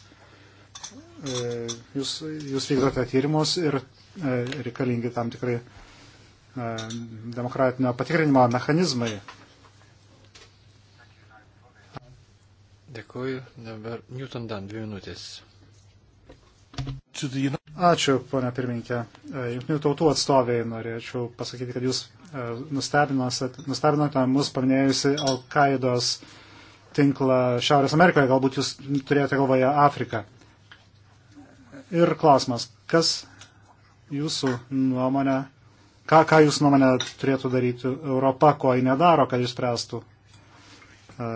e, jūs, jūs vykdote tyrimus ir reikalingi tam tikrai demokratinio patikrinimo mechanizmai. Dėkuoju. Dabar Newton Dan, dvi minutės. Ačiū, ponia pirminkė. E, Junktinių tautų atstoviai norėčiau pasakyti, kad jūs e, nustebinote mus paminėjusi Al-Qaidos tinklą Šiaurės Amerikoje, galbūt jūs turėjote galvoje Afriką. Ir klausimas, kas jūsų nuomonė, ką, ką jūsų nuomonė turėtų daryti Europa, ko ji nedaro, kad išspręstų uh,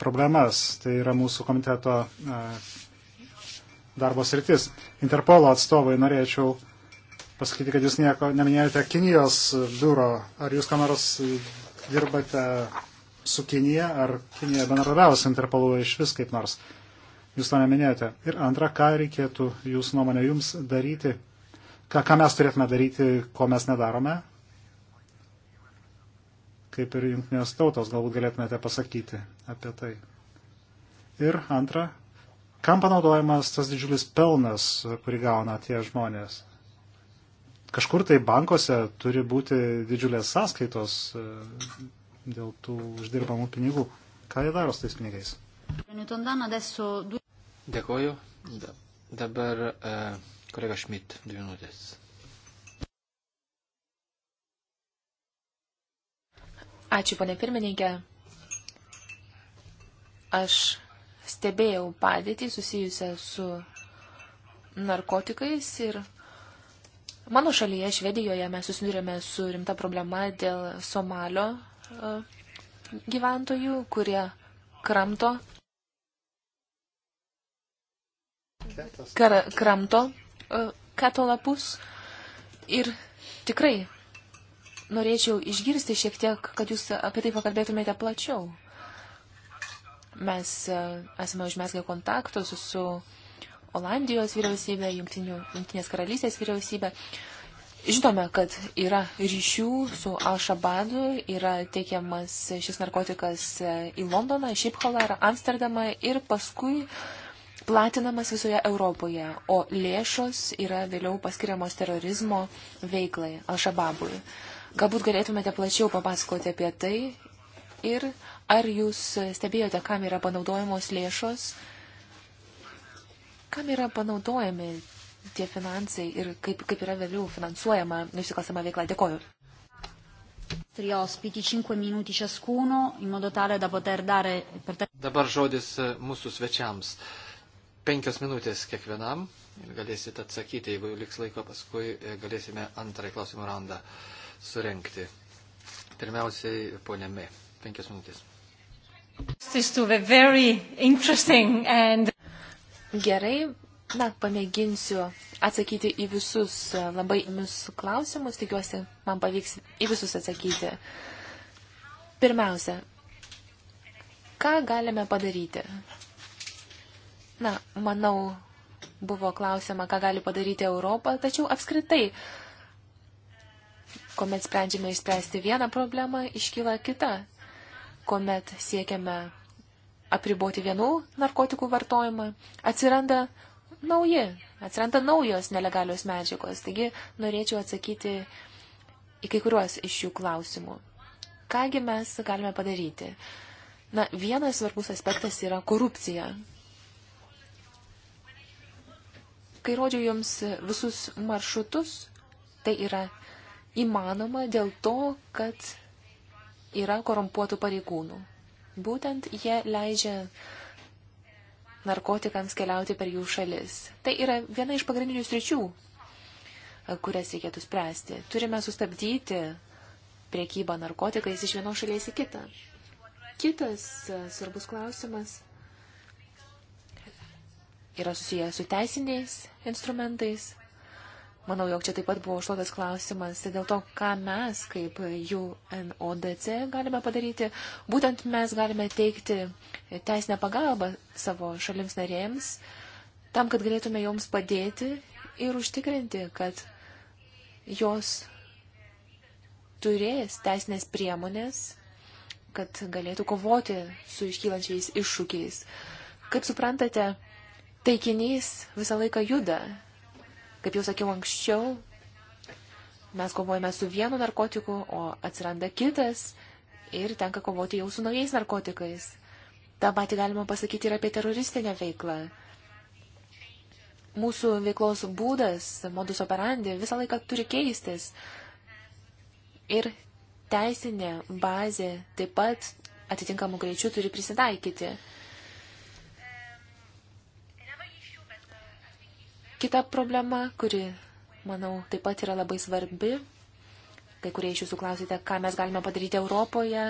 problemas. Tai yra mūsų komiteto uh, darbo sritis. Interpolo atstovai norėčiau pasakyti, kad jūs nieko neminėjote Kinijos biuro. Ar jūs ką nors dirbate su Kinija, ar Kinija bendradarbiavo su Interpolu iš vis kaip nors? Jūs to neminėjote. Ir antra, ką reikėtų jūsų nuomonė jums daryti, ką, ką mes turėtume daryti, ko mes nedarome, kaip ir jungtinės tautos galbūt galėtumėte pasakyti apie tai. Ir antra, Kam panaudojamas tas didžiulis pelnas, kurį gauna tie žmonės? Kažkur tai bankuose turi būti didžiulės sąskaitos e, dėl tų uždirbamų pinigų. Ką jie daro su tais pinigais? Dėkoju. Dabar e, kolega Šmit, dvi minutės. Ačiū, ponė pirmininkė. Aš stebėjau padėtį susijusią su narkotikais ir mano šalyje, Švedijoje, mes susidurėme su rimta problema dėl Somalio e, gyventojų, kurie kramto, kar, kramto e, keto lapus ir tikrai norėčiau išgirsti šiek tiek, kad jūs apie tai pakalbėtumėte plačiau. Mes e, esame užmesgę kontaktus su Olandijos vyriausybė, Jungtinių, Jungtinės karalystės vyriausybė. Žinome, kad yra ryšių su Ašabadu, yra teikiamas šis narkotikas e, į Londoną, Šipholarą, Amsterdamą ir paskui platinamas visoje Europoje, o lėšos yra vėliau paskiriamos terorizmo veiklai Ašababui. Galbūt galėtumėte plačiau papasakoti apie tai ir Ar jūs stebėjote, kam yra panaudojamos lėšos, kam yra panaudojami tie finansai ir kaip, kaip yra vėliau finansuojama nusikalstama veikla? Dėkoju. Dabar žodis e, mūsų svečiams. Penkios minutės kiekvienam ir galėsit atsakyti, jeigu liks laiko, paskui e, galėsime antrąjį klausimų randą surenkti. Pirmiausiai, ponėmi, penkias minutės. Gerai, na, pamėginsiu atsakyti į visus e, labai įmius klausimus, tikiuosi, man pavyks į visus atsakyti. Pirmiausia, ką galime padaryti? Na, manau, buvo klausima, ką gali padaryti Europą, tačiau apskritai, kuomet sprendžiame išspręsti vieną problemą, iškyla kita kuomet siekiame apriboti vienų narkotikų vartojimą, atsiranda nauji, atsiranda naujos nelegalios medžiagos. Taigi norėčiau atsakyti į kai kuriuos iš jų klausimų. Kągi mes galime padaryti? Na, vienas svarbus aspektas yra korupcija. Kai rodžiau jums visus maršrutus, tai yra įmanoma dėl to, kad yra korumpuotų pareigūnų. Būtent jie leidžia narkotikams keliauti per jų šalis. Tai yra viena iš pagrindinių sričių, kurias reikėtų spręsti. Turime sustabdyti priekybą narkotikais iš vienos šalies į kitą. Kitas e, svarbus klausimas yra susijęs su teisiniais instrumentais. Manau, jog čia taip pat buvo užduotas klausimas dėl to, ką mes kaip UNODC galime padaryti. Būtent mes galime teikti teisinę pagalbą savo šalims narėms, tam, kad galėtume joms padėti ir užtikrinti, kad jos turės teisinės priemonės, kad galėtų kovoti su iškylančiais iššūkiais. Kaip suprantate, taikinys visą laiką juda Kaip jau sakiau anksčiau, mes kovojame su vienu narkotiku, o atsiranda kitas ir tenka kovoti jau su naujais narkotikais. Ta pati galima pasakyti ir apie teroristinę veiklą. Mūsų veiklos būdas, modus operandi, visą laiką turi keistis. Ir teisinė bazė taip pat atitinkamų greičių turi prisitaikyti. Kita problema, kuri, manau, taip pat yra labai svarbi, kai kurie iš jūsų klausite, ką mes galime padaryti Europoje,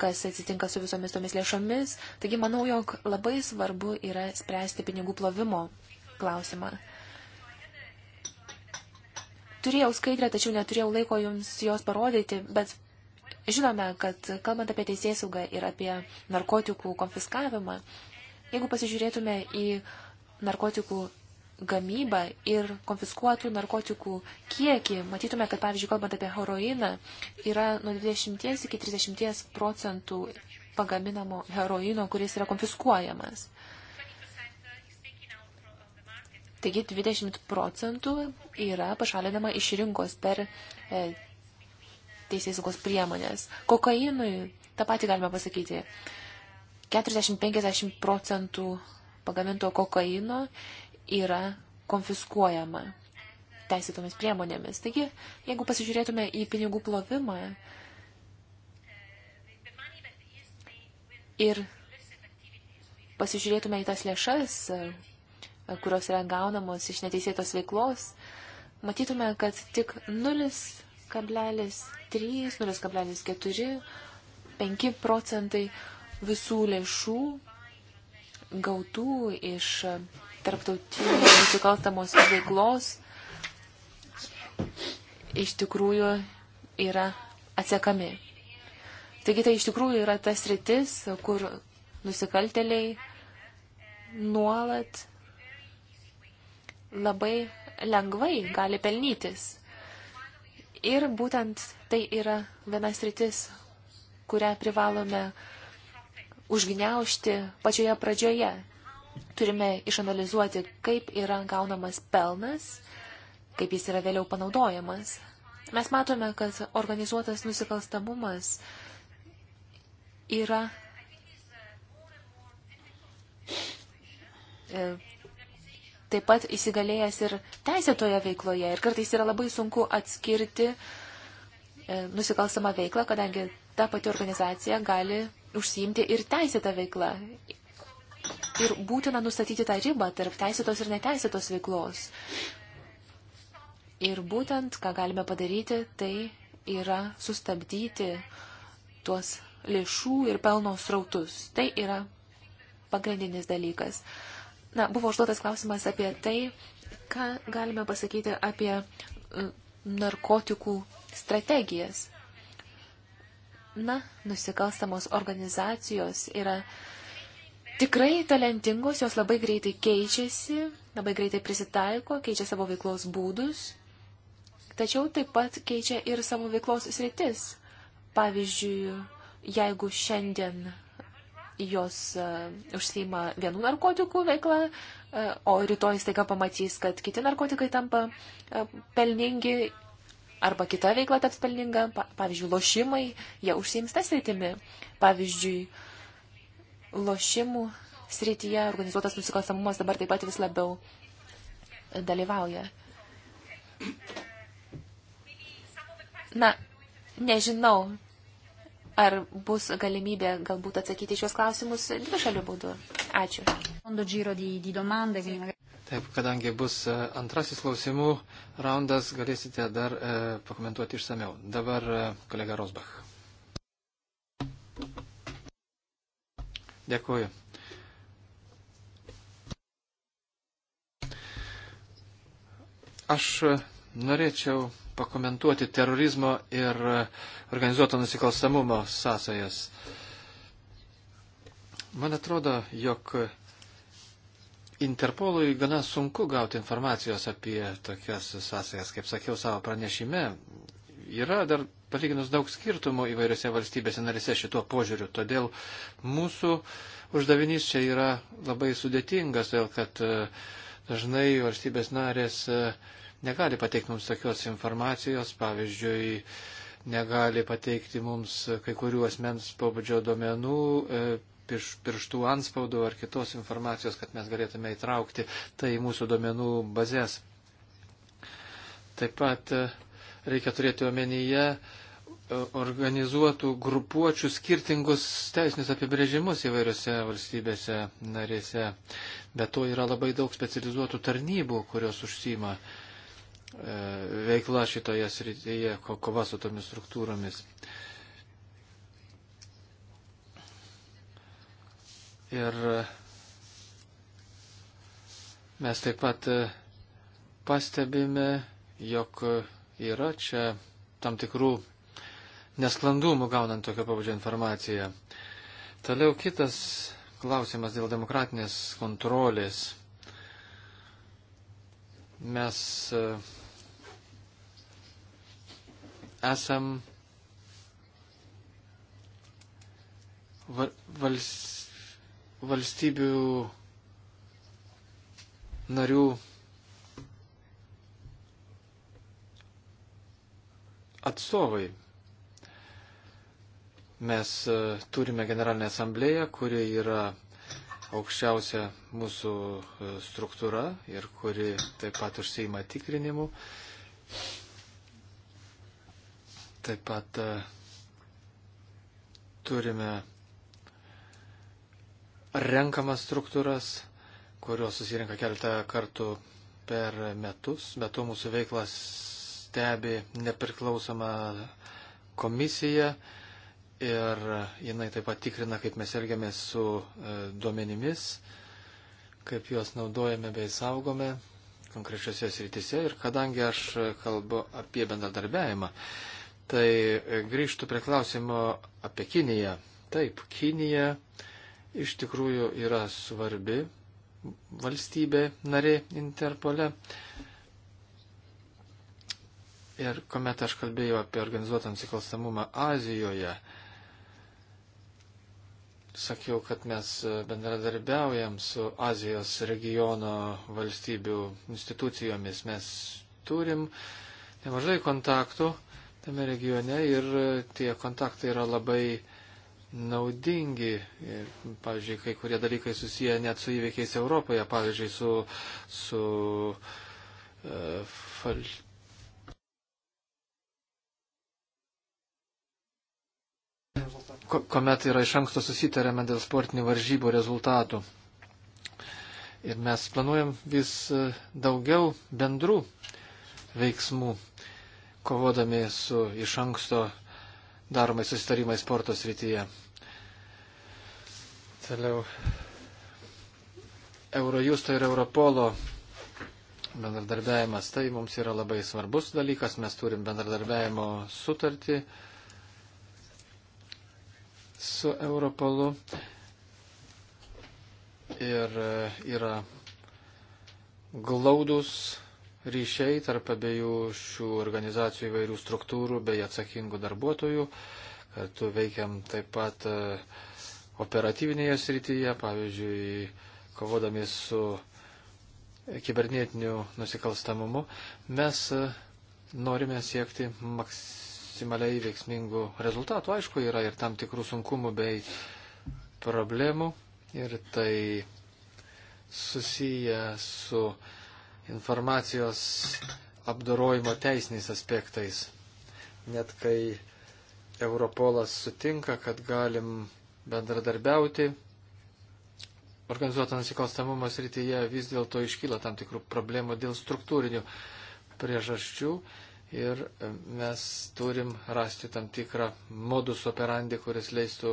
kas atsitinka su visomis tomis lėšomis. Taigi manau, jog labai svarbu yra spręsti pinigų plovimo klausimą. Turėjau skaidrę, tačiau neturėjau laiko jums jos parodyti, bet žinome, kad kalbant apie teisėsaugą ir apie narkotikų konfiskavimą, jeigu pasižiūrėtume į narkotikų gamybą ir konfiskuotų narkotikų kiekį, matytume, kad, pavyzdžiui, kalbant apie heroiną, yra nuo 20 iki 30 procentų pagaminamo heroino, kuris yra konfiskuojamas. Taigi 20 procentų yra pašalinama iš rinkos per e, teisėsaugos priemonės. Kokainui tą patį galime pasakyti. 40-50 procentų pagaminto kokaino yra konfiskuojama teisėtomis priemonėmis. Taigi, jeigu pasižiūrėtume į pinigų plovimą ir pasižiūrėtume į tas lėšas, kurios yra gaunamos iš neteisėtos veiklos, matytume, kad tik 0,3, 0,4, 5 procentai visų lėšų gautų iš tarptautinės nusikalstamos veiklos iš tikrųjų yra atsekami. Taigi tai iš tikrųjų yra tas rytis, kur nusikalteliai nuolat labai lengvai gali pelnytis. Ir būtent tai yra vienas rytis, kurią privalome užgniaušti pačioje pradžioje, turime išanalizuoti, kaip yra gaunamas pelnas, kaip jis yra vėliau panaudojamas. Mes matome, kad organizuotas nusikalstamumas yra e, taip pat įsigalėjęs ir teisėtoje veikloje. Ir kartais yra labai sunku atskirti e, nusikalstamą veiklą, kadangi ta pati organizacija gali užsiimti ir teisėtą veiklą ir būtina nustatyti tą ribą tarp teisėtos ir neteisėtos veiklos. Ir būtent, ką galime padaryti, tai yra sustabdyti tuos lėšų ir pelno srautus. Tai yra pagrindinis dalykas. Na, buvo užduotas klausimas apie tai, ką galime pasakyti apie e, narkotikų strategijas. Na, nusikalstamos organizacijos yra uh, tikrai talentingos, jos labai greitai keičiasi, labai greitai prisitaiko, keičia savo veiklos būdus, tačiau taip pat keičia ir savo veiklos sritis. Pavyzdžiui, jeigu šiandien jos uh, užsima vienų narkotikų veiklą, uh, e, o rytoj staiga pamatys, kad kiti narkotikai tampa uh, pelningi arba kita veikla taps pelninga, pa, pavyzdžiui, lošimai, jie užsiims tą sritimi. Pavyzdžiui, uh, lošimų srityje organizuotas nusikalstamumas dabar taip pat vis labiau dalyvauja. Na, nežinau, ar bus galimybė galbūt atsakyti šios klausimus dvi šalių būdų. Ačiū. Taip, kadangi bus e, antrasis klausimų raundas, galėsite dar e, pakomentuoti išsameu. Dabar e, kolega Rosbach. Dėkuoju. Aš norėčiau pakomentuoti terorizmo ir organizuoto nusikalstamumo sąsajas. Man atrodo, jog Interpolui gana sunku gauti informacijos apie tokias sąsajas, kaip sakiau savo pranešime, yra dar palyginus daug skirtumų įvairiose valstybėse narise šituo požiūriu. Todėl mūsų uždavinys čia yra labai sudėtingas, todėl kad e, dažnai valstybės narės e, negali pateikti mums tokios informacijos, pavyzdžiui, negali pateikti mums kai kurių asmens pobūdžio duomenų, e, pirštų anspaudų ar kitos informacijos, kad mes galėtume įtraukti tai į mūsų duomenų bazės. Taip pat reikia turėti omenyje e, organizuotų grupuočių skirtingus teisinius apibrėžimus įvairiose valstybėse narėse. Be to yra labai daug specializuotų tarnybų, kurios užsima e, veikla šitoje srityje, kova su tomis struktūromis. Ir e, mes taip pat pastebime, jog yra čia tam tikrų nesklandumų gaunant tokio pabudžio informaciją. Toliau kitas klausimas dėl demokratinės kontrolės. Mes e, esam valstybių narių atstovai. Mes e, turime generalinę asamblėją, kuri yra aukščiausia mūsų e, struktūra ir kuri taip pat užsieima tikrinimu. Taip pat e, turime renkamas struktūras, kurios susirinka keletą kartų per metus, bet to mūsų veiklas stebi nepriklausoma komisija ir jinai taip pat tikrina, kaip mes elgiamės su e, duomenimis, kaip juos naudojame bei saugome konkrečiose srityse. Ir kadangi aš kalbu apie bendradarbiavimą, tai grįžtų prie klausimo apie Kiniją. Taip, Kinija iš tikrųjų yra svarbi valstybė narė Interpole. Ir kuomet aš kalbėjau apie organizuotą nusikalstamumą Azijoje, sakiau, kad mes e, bendradarbiaujam su Azijos regiono valstybių institucijomis. Mes turim nemažai kontaktų tame regione ir e, tie kontaktai yra labai naudingi. Ir, pavyzdžiui, kai kurie dalykai susiję net su įveikiais Europoje, pavyzdžiui, su, su e, fal, kuomet yra iš anksto susitarėme dėl sportinių varžybų rezultatų. Ir mes planuojam vis e, daugiau bendrų veiksmų, kovodami su iš anksto daromais susitarimais sporto srityje. Toliau. Eurojusto ir Europolo bendradarbiavimas tai mums yra labai svarbus dalykas. Mes turim bendradarbiavimo sutartį su Europolu ir e, yra glaudus ryšiai tarp abiejų šių organizacijų įvairių struktūrų bei atsakingų darbuotojų. Kartu veikiam taip pat e, operatyvinėje srityje, pavyzdžiui, kovodami su kibernetiniu nusikalstamumu. Mes e, norime siekti maks maksimaliai veiksmingų rezultatų. Aišku, yra ir tam tikrų sunkumų bei problemų ir tai susiję su informacijos apdarojimo teisiniais aspektais. Net kai Europolas sutinka, kad galim bendradarbiauti, organizuoto nusikalstamumo srityje vis dėlto iškyla tam tikrų problemų dėl struktūrinių priežasčių ir mes turim rasti tam tikrą modus operandi, kuris leistų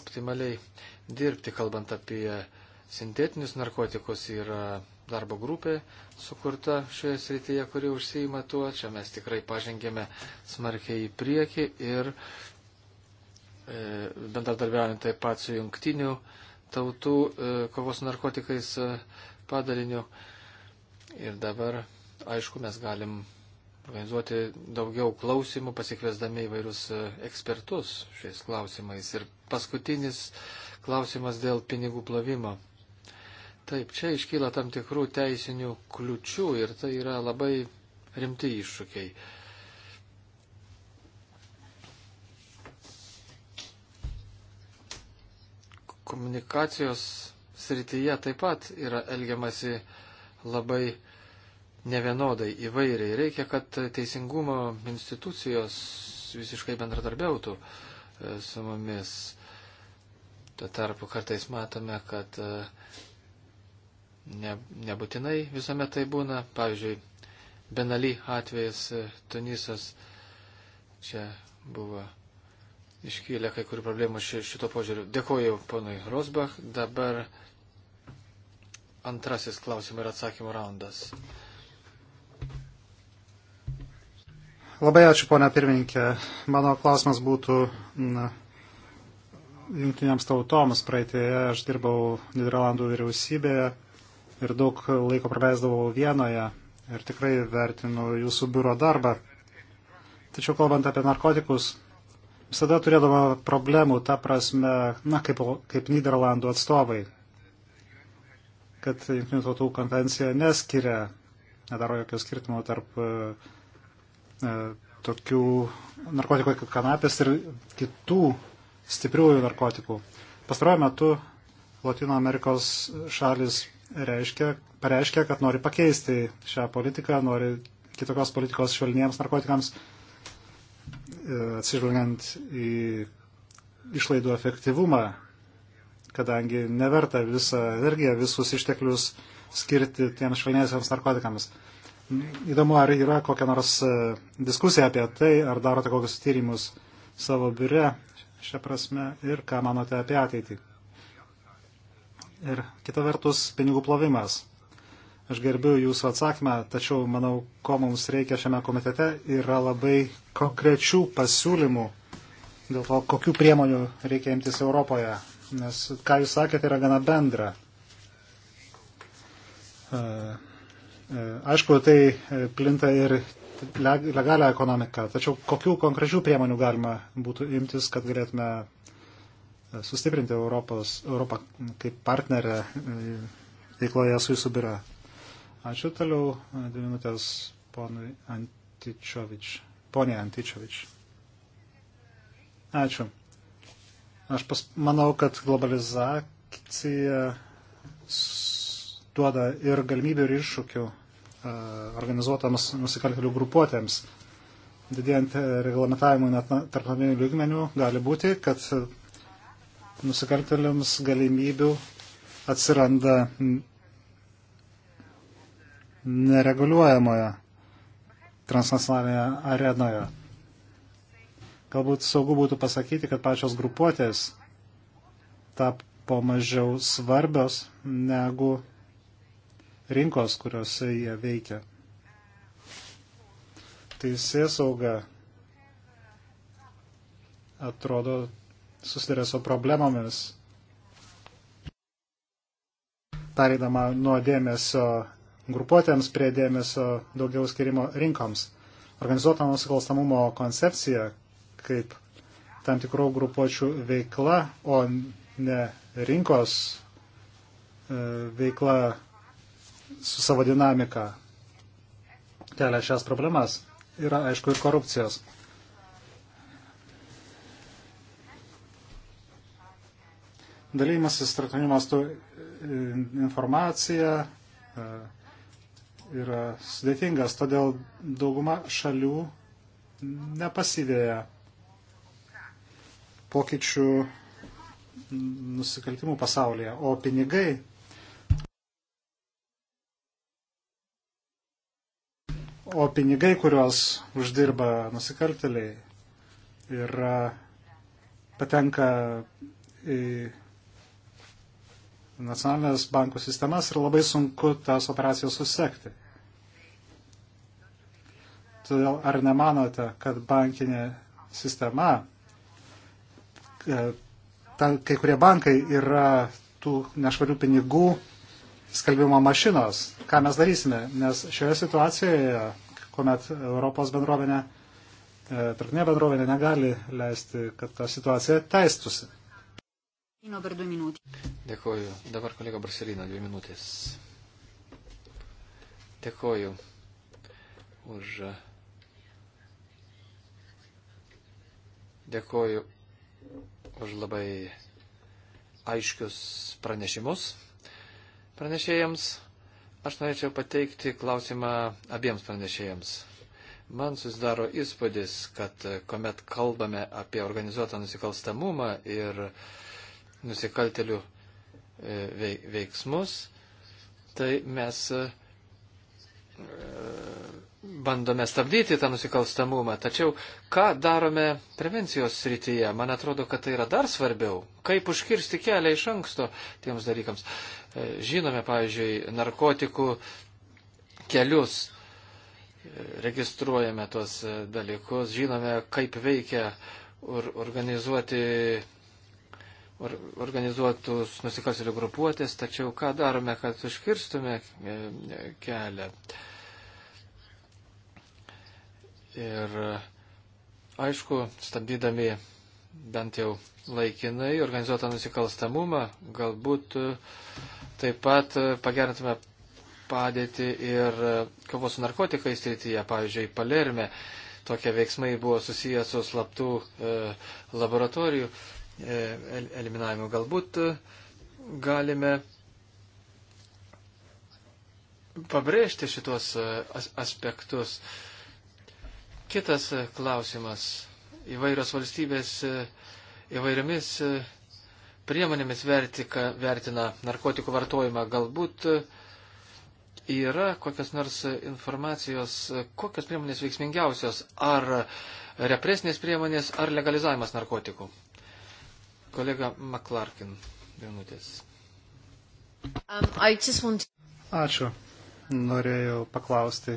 optimaliai dirbti, kalbant apie sintetinius narkotikus yra darbo grupė sukurta šioje srityje, kuri užsijima tuo. Čia mes tikrai pažengėme smarkiai į priekį ir e, bendradarbiaujant taip pat su jungtiniu tautų e, kovos narkotikais e, padaliniu. Ir dabar, aišku, mes galim organizuoti daugiau klausimų, pasikviesdami įvairius e, ekspertus šiais klausimais. Ir paskutinis klausimas dėl pinigų plovimo. Taip, čia iškyla tam tikrų teisinių kliučių ir tai yra labai rimti iššūkiai. Komunikacijos srityje taip pat yra elgiamasi labai nevienodai įvairiai. Reikia, kad teisingumo institucijos visiškai bendradarbiautų e, su mumis. Tuo tarpu kartais matome, kad e, ne, nebūtinai visuomet tai būna. Pavyzdžiui, Benali atvejas e, Tunisas čia buvo iškylę kai kurių problemų šito požiūriu. Dėkuoju ponui Rosbach. Dabar antrasis klausimų ir atsakymų raundas. Labai ačiū, ponia pirmininkė. Mano klausimas būtų na, jungtiniams tautoms. Praeitėje aš dirbau Niderlandų vyriausybėje ir daug laiko praleisdavau vienoje ir tikrai vertinu jūsų biuro darbą. Tačiau kalbant apie narkotikus, visada turėdavo problemų tą prasme, na, kaip, kaip Niderlandų atstovai, kad Junktinių tautų konvencija neskiria, nedaro jokio skirtimo tarp uh, E, tokių narkotikų kaip kanapės ir kitų stipriųjų narkotikų. Pastaruoju metu Latino Amerikos šalis reiškia, pareiškia, kad nori pakeisti šią politiką, nori kitokios politikos švelniems narkotikams, e, atsižvelgiant į išlaidų efektyvumą, kadangi neverta visą energiją, visus išteklius skirti tiems švelniesiams narkotikams. Įdomu, ar yra kokia nors e, diskusija apie tai, ar darote kokius tyrimus savo biure šią prasme ir ką manote apie ateitį. Ir kita vertus, pinigų plovimas. Aš gerbiu jūsų atsakymą, tačiau manau, ko mums reikia šiame komitete, yra labai konkrečių pasiūlymų dėl to, kokių priemonių reikia imtis Europoje. Nes, ką jūs sakėte, yra gana bendra. Uh E, aišku, tai e, plinta ir legalią ekonomiką, tačiau kokių konkrečių priemonių galima būtų imtis, kad galėtume e, sustiprinti Europos, Europą kaip partnerę veikloje su jūsų biura. Ačiū toliau, dvi minutės ponui Antičovič. Ponė Antičovič. Ačiū. Aš pas, manau, kad globalizacija duoda ir galimybių, ir iššūkių E, organizuotams nusikaltėlių grupuotėms. Didėjant e, reglamentavimui net tarptautinių lygmenių gali būti, kad nusikaltėliams galimybių atsiranda nereguliuojamoje transnacionalinėje arenoje. Galbūt saugu būtų pasakyti, kad pačios grupuotės tapo mažiau svarbios negu rinkos, kuriuose jie veikia. Teisėsauga atrodo susidarė su problemomis, taridama nuo dėmesio grupuotėms prie dėmesio daugiau skirimo rinkoms. Organizuoto nusikalstamumo koncepcija kaip tam tikrų grupuočių veikla, o ne rinkos e, veikla su savo dinamika kelia šias problemas. Yra, aišku, ir korupcijos. Dalymasis tarptautiniu mastu e, informacija e, yra sudėtingas, todėl dauguma šalių nepasidėja pokyčių nusikaltimų pasaulyje, o pinigai O pinigai, kuriuos uždirba nusikalteliai, yra, patenka į nacionalinės bankų sistemas ir labai sunku tas operacijas susekti. Todėl ar nemanote, kad bankinė sistema, e, ta, kai kurie bankai yra tų nešvarių pinigų skalbimo mašinos. Ką mes darysime? Nes šioje situacijoje, kuomet Europos bendruomenė, e, tarpinė bendruomenė negali leisti, kad ta situacija teistusi. Dėkuoju. Dabar kolega Barcelina, dvi minutės. Dėkuoju už. Dėkuoju už labai aiškius pranešimus pranešėjams. Aš norėčiau pateikti klausimą abiems pranešėjams. Man susidaro įspūdis, kad kuomet kalbame apie organizuotą nusikalstamumą ir nusikaltelių e, veiksmus, tai mes e, bandome stabdyti tą nusikalstamumą, tačiau ką darome prevencijos srityje, man atrodo, kad tai yra dar svarbiau, kaip užkirsti kelią iš anksto tiems dalykams. E, žinome, pavyzdžiui, narkotikų kelius, e, registruojame tuos e, dalykus, žinome, kaip veikia organizuoti or, organizuotus nusikalstelių grupuotės, tačiau ką darome, kad užkirstume e, kelią. Ir aišku, stabdydami bent jau laikinai organizuotą nusikalstamumą, galbūt e, taip pat e, pagerintume padėti ir kovos su narkotikais srityje, pavyzdžiui, Palerme. Tokie veiksmai buvo susijęs su slaptų e, laboratorijų E, eliminavimu. Galbūt e, galime pabrėžti šitos e, aspektus. Kitas klausimas. Įvairios valstybės įvairiomis priemonėmis vertika, vertina narkotikų vartojimą. Galbūt yra kokios nors informacijos, kokios priemonės veiksmingiausios, ar represinės priemonės, ar legalizavimas narkotikų. Kolega Maklarkin, vienutės. Um, want... Ačiū. Norėjau paklausti,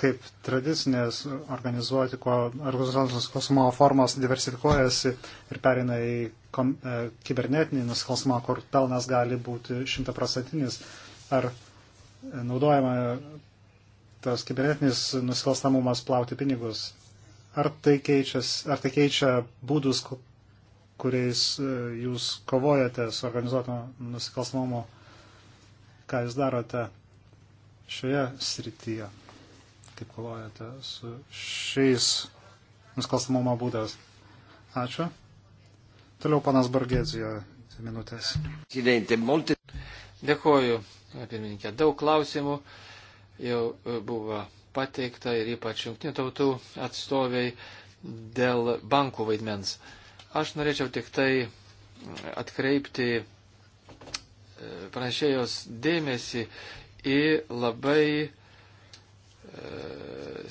kaip tradicinės organizuoti, ko, organizuotos nusikalstamo formos diversifikuojasi ir pereina į kom, e, kibernetinį nusikalstamą, kur pelnas gali būti šimtaprocentinis, ar e, naudojama tas kibernetinis nusikalstamumas plauti pinigus. Ar tai, keičias, ar tai keičia būdus, kuriais e, jūs kovojate su organizuotu nusikalstamumu, ką jūs darote šioje srityje, kaip kovojate su šiais nusikalstamumo būdas. Ačiū. Toliau panas Bargėdzijo minutės. Dėkuoju, pirmininkė. Daug klausimų jau buvo pateikta ir ypač jungtinių tautų atstoviai dėl bankų vaidmens. Uh, Aš norėčiau tik tai mm, atkreipti e, pranešėjos dėmesį į labai e,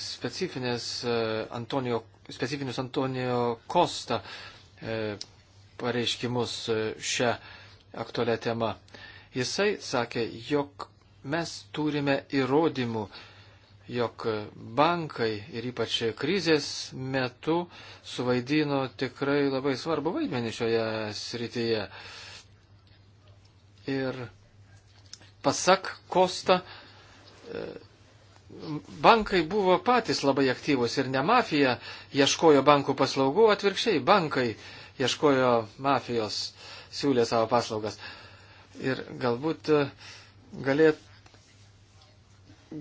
specifinės e, Antonio, specifinius Antonijo Kosta pareiškimus šią aktualią temą. Jisai sakė, jog mes turime įrodymų, jog bankai ir ypač krizės metu suvaidino tikrai labai svarbu vaidmenį šioje srityje. Ir pasak Kosta, e, bankai buvo patys labai aktyvus ir ne mafija ieškojo bankų paslaugų, atvirkščiai bankai ieškojo mafijos, siūlė savo paslaugas. Ir galbūt e, galėt,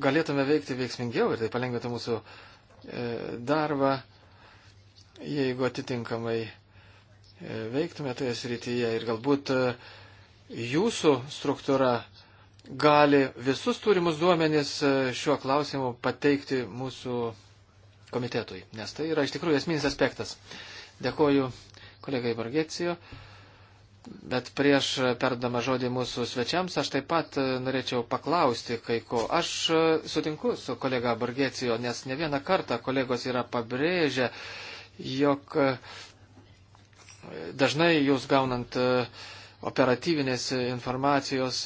galėtume veikti veiksmingiau ir tai palengvėtų mūsų e, darbą, jeigu atitinkamai e, veiktume toje srityje ir galbūt e, jūsų struktūra gali visus turimus duomenis šiuo klausimu pateikti mūsų komitetui, nes tai yra iš tikrųjų esminis aspektas. Dėkoju kolegai Vargėcijo. Bet prieš perdama žodį mūsų svečiams, aš taip pat e, norėčiau paklausti kai ko. Aš e, sutinku su kolega Bargėcijo, nes ne vieną kartą kolegos yra pabrėžę, jog e, dažnai jūs gaunant operatyvinės informacijos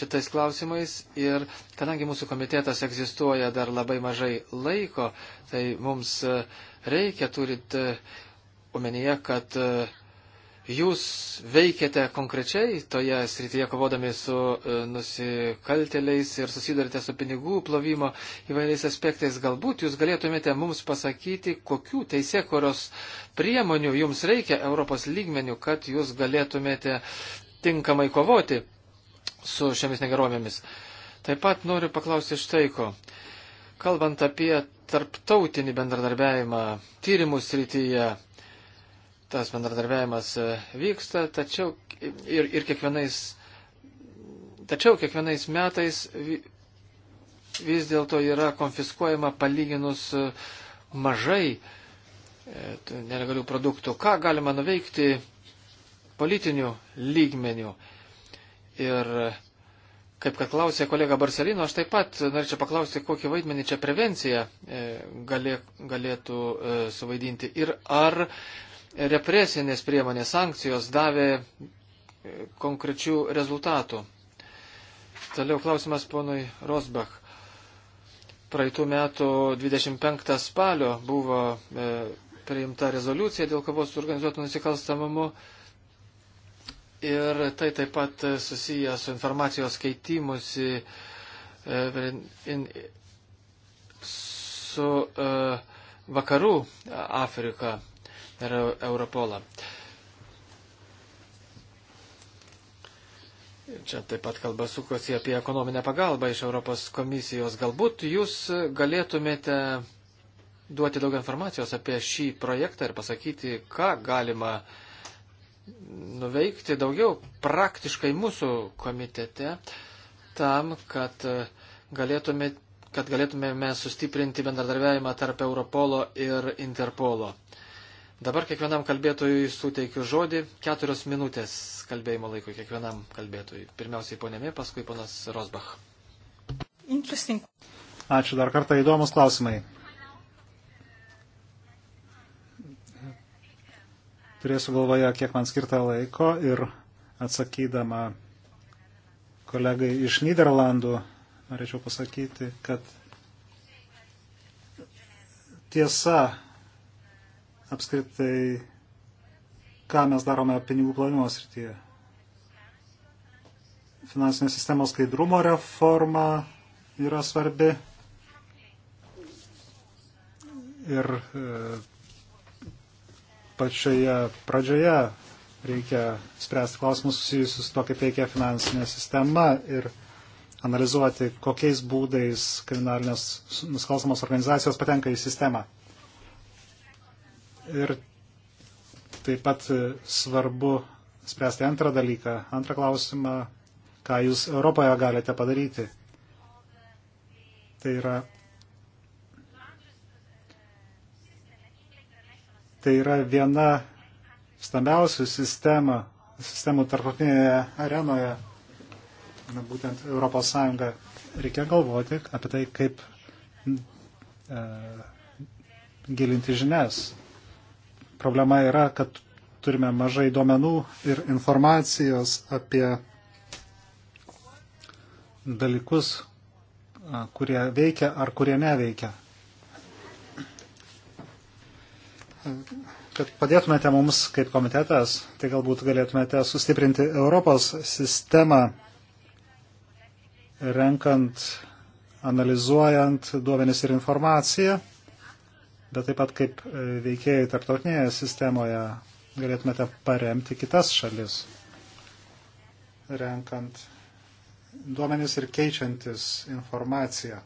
šitais klausimais ir kadangi mūsų komitetas egzistuoja dar labai mažai laiko, tai mums reikia turit omenyje, kad uh, Jūs veikiate konkrečiai toje srityje, kovodami su e, nusikalteliais ir susidarite su pinigų plovimo įvairiais aspektais. Galbūt jūs galėtumėte mums pasakyti, kokių teisėkoros priemonių jums reikia Europos lygmenių, kad jūs galėtumėte tinkamai kovoti su šiomis negaromėmis. Taip pat noriu paklausti štai ko. Kalbant apie tarptautinį bendradarbiavimą tyrimų srityje, tas bendradarbiavimas e, vyksta, tačiau ir, ir kiekvienais, tačiau kiekvienais metais vis dėlto yra konfiskuojama palyginus e, mažai e, nelegalių produktų. Ką galima nuveikti politinių lygmenių? Ir kaip kad klausė kolega Barcelino, aš taip pat norėčiau paklausti, kokį vaidmenį čia prevencija galė, galėtų suvaidinti ir ar represinės priemonės, sankcijos davė e, konkrečių rezultatų. Toliau klausimas ponui Rosbach. Praeitų metų 25 spalio buvo e, priimta rezoliucija dėl kovos su organizuotu nusikalstamumu ir tai taip pat susiję su informacijos keitimusi e, in, su e, vakarų Afrika ir Europolą. Čia taip pat kalba sukosi apie ekonominę pagalbą iš Europos komisijos. Galbūt jūs galėtumėte duoti daug informacijos apie šį projektą ir pasakyti, ką galima nuveikti daugiau praktiškai mūsų komitete tam, kad galėtume, kad galėtume sustiprinti bendradarbiavimą tarp Europolo ir Interpolo. Dabar kiekvienam kalbėtojui suteikiu žodį. Keturios minutės kalbėjimo laiko kiekvienam kalbėtojui. Pirmiausiai ponėmi, paskui ponas Rosbach. Interesting. Ačiū dar kartą įdomus klausimai. Turėsiu galvoje, kiek man skirta laiko ir atsakydama kolegai iš Niderlandų, norėčiau pasakyti, kad tiesa, apskritai, ką mes darome pinigų planimo srityje. Finansinės sistemos skaidrumo reforma yra svarbi ir e, pačioje pradžioje reikia spręsti klausimus susijusius su to, kaip veikia finansinė sistema ir analizuoti, kokiais būdais kriminalinės nusikalstamos organizacijos patenka į sistemą. Ir taip pat svarbu spręsti antrą dalyką, antrą klausimą, ką jūs Europoje galite padaryti. Tai yra, tai yra viena stambiausių sistema, sistemų tarptautinėje arenoje, na, būtent Europos Sąjunga. Reikia galvoti apie tai, kaip e, gilinti žinias problema yra, kad turime mažai duomenų ir informacijos apie dalykus, kurie veikia ar kurie neveikia. Kad padėtumėte mums kaip komitetas, tai galbūt galėtumėte sustiprinti Europos sistemą, renkant, analizuojant duomenis ir informaciją bet taip pat kaip e, veikėjai tarptautinėje sistemoje galėtumėte paremti kitas šalis, renkant duomenis ir keičiantis informaciją.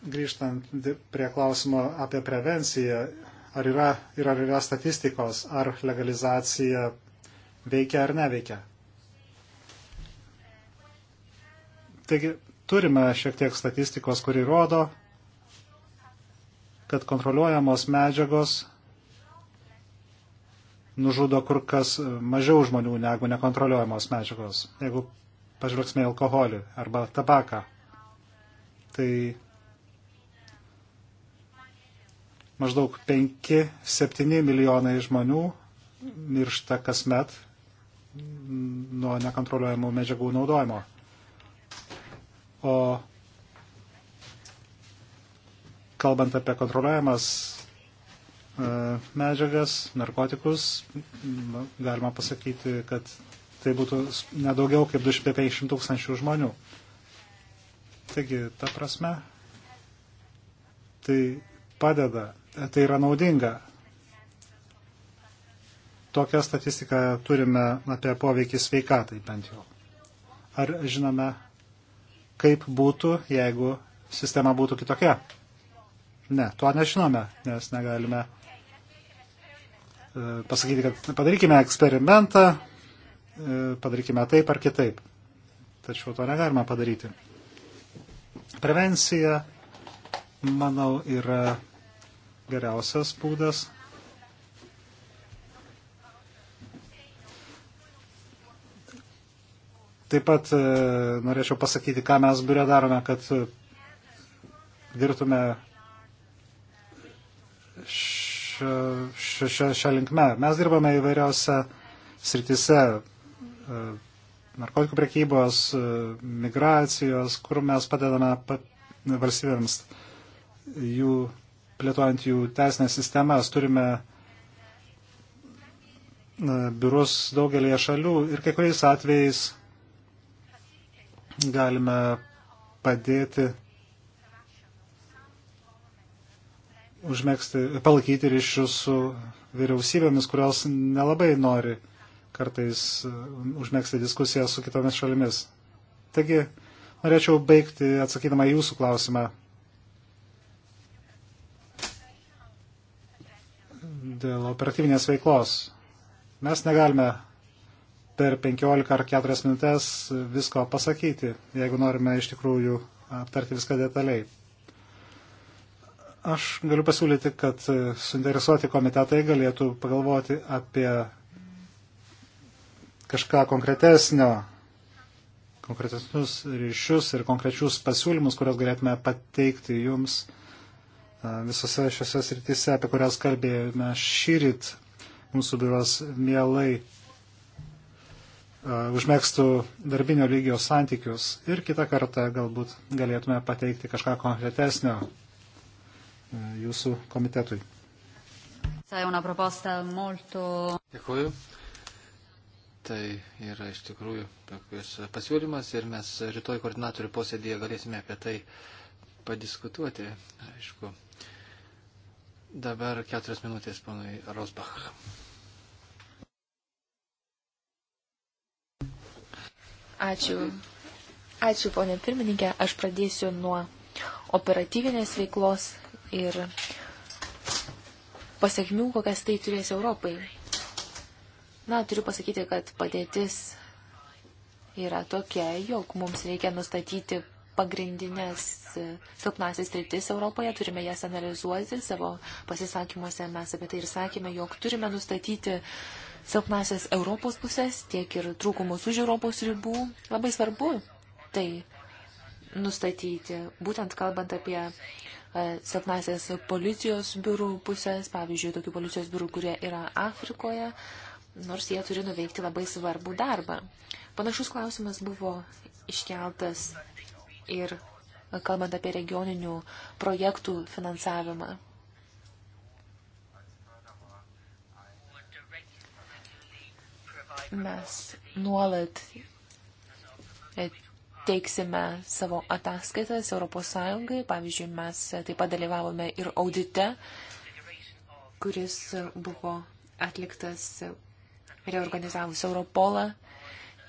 Grįžtant prie klausimo apie prevenciją, ar yra, ir ar yra statistikos, ar legalizacija veikia ar neveikia. Taigi turime šiek tiek statistikos, kuri rodo, kad kontroliuojamos medžiagos nužudo kur kas mažiau žmonių negu nekontroliuojamos medžiagos. Jeigu pažvelgsime alkoholį arba tabaką, tai maždaug 5-7 milijonai žmonių miršta kasmet nuo nekontroliuojamų medžiagų naudojimo. O kalbant apie kontroliuojamas e, medžiagas, narkotikus, galima pasakyti, kad tai būtų nedaugiau kaip 250 tūkstančių žmonių. Taigi, ta prasme, tai padeda, tai yra naudinga. Tokią statistiką turime apie poveikį sveikatai bent jau. Ar žinome, kaip būtų, jeigu sistema būtų kitokia? Ne, to nežinome, nes negalime e, pasakyti, kad padarykime eksperimentą, e, padarykime taip ar kitaip. Tačiau to negalima padaryti. Prevencija, manau, yra geriausias būdas. Taip pat e, norėčiau pasakyti, ką mes biure darome, kad dirbtume šią linkmę. Mes dirbame įvairiose sritise e, narkotikų prekybos, e, migracijos, kur mes padedame valstybėms jų plėtojant jų teisinės sistemas. Turime e, biurus daugelėje šalių ir kai kuriais atvejais galime padėti užmėgsti, palaikyti ryšius su vyriausybėmis, kurios nelabai nori kartais uh, užmėgsti diskusiją su kitomis šalimis. Taigi, norėčiau baigti atsakydama jūsų klausimą. Dėl operatyvinės veiklos. Mes negalime per 15 ar 4 minutės visko pasakyti, jeigu norime iš tikrųjų aptarti viską detaliai. Aš galiu pasiūlyti, kad suinteresuoti komitetai galėtų pagalvoti apie kažką konkretesnio, konkretesnius ryšius ir konkrečius pasiūlymus, kuriuos galėtume pateikti jums visose šiose srityse, apie kurias kalbėjome šyrit. Mūsų biuras mielai užmėgstų darbinio lygio santykius ir kitą kartą galbūt galėtume pateikti kažką konkretesnio E, jūsų komitetui. Dėkuoju. Tai yra iš tikrųjų tokius pasiūlymas ir mes rytoj koordinatorių posėdėje galėsime apie tai padiskutuoti. Aišku. Dabar keturias minutės panui Rosbach. Ačiū. Ačiū, ponė pirmininkė. Aš pradėsiu nuo operatyvinės veiklos ir pasiekmių, kokias tai turės Europai. Na, turiu pasakyti, kad padėtis yra tokia, jog mums reikia nustatyti pagrindinės e, silpnasis rytis Europoje, turime jas analizuoti, savo pasisakymuose mes apie tai ir sakėme, jog turime nustatyti silpnasias Europos pusės, tiek ir trūkumus už Europos ribų. Labai svarbu tai nustatyti, būtent kalbant apie E, silpnasias policijos biurų pusės, pavyzdžiui, tokių policijos biurų, kurie yra Afrikoje, nors jie turi nuveikti labai svarbų darbą. Panašus klausimas buvo iškeltas ir kalbant apie regioninių projektų finansavimą. Mes nuolat teiksime savo ataskaitas Europos Sąjungai. Pavyzdžiui, mes taip pat dalyvavome ir audite, kuris buvo atliktas reorganizavus Europolą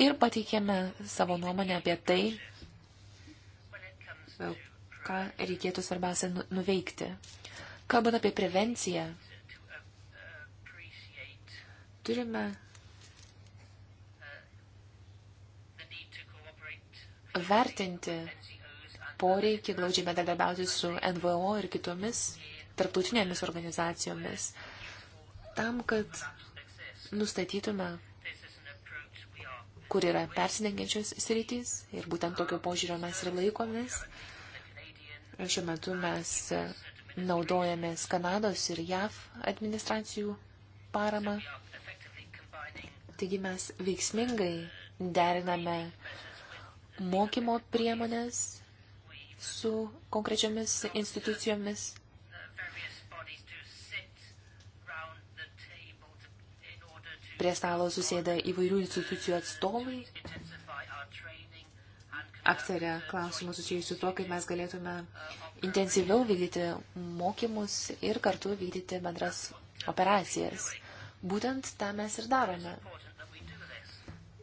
ir pateikėme savo nuomonę apie tai, ką reikėtų svarbiausia nu, nuveikti. Kalbant apie prevenciją, turime vertinti poreikį glaudžiai bendradarbiauti su NVO ir kitomis tarptautinėmis organizacijomis, tam, kad nustatytume, kur yra persidengiančios sritys ir būtent tokio požiūrio mes ir laikomės. Šiuo metu mes naudojamės Kanados ir JAV administracijų parama. Taigi mes veiksmingai deriname uh, mokymo priemonės su konkrečiomis institucijomis. Prie stalo susėda įvairių institucijų atstovai, aptarė klausimus susijusiu tuo, kaip mes galėtume intensyviau vykdyti mokymus ir kartu vykdyti bendras operacijas. Būtent tą mes ir darome.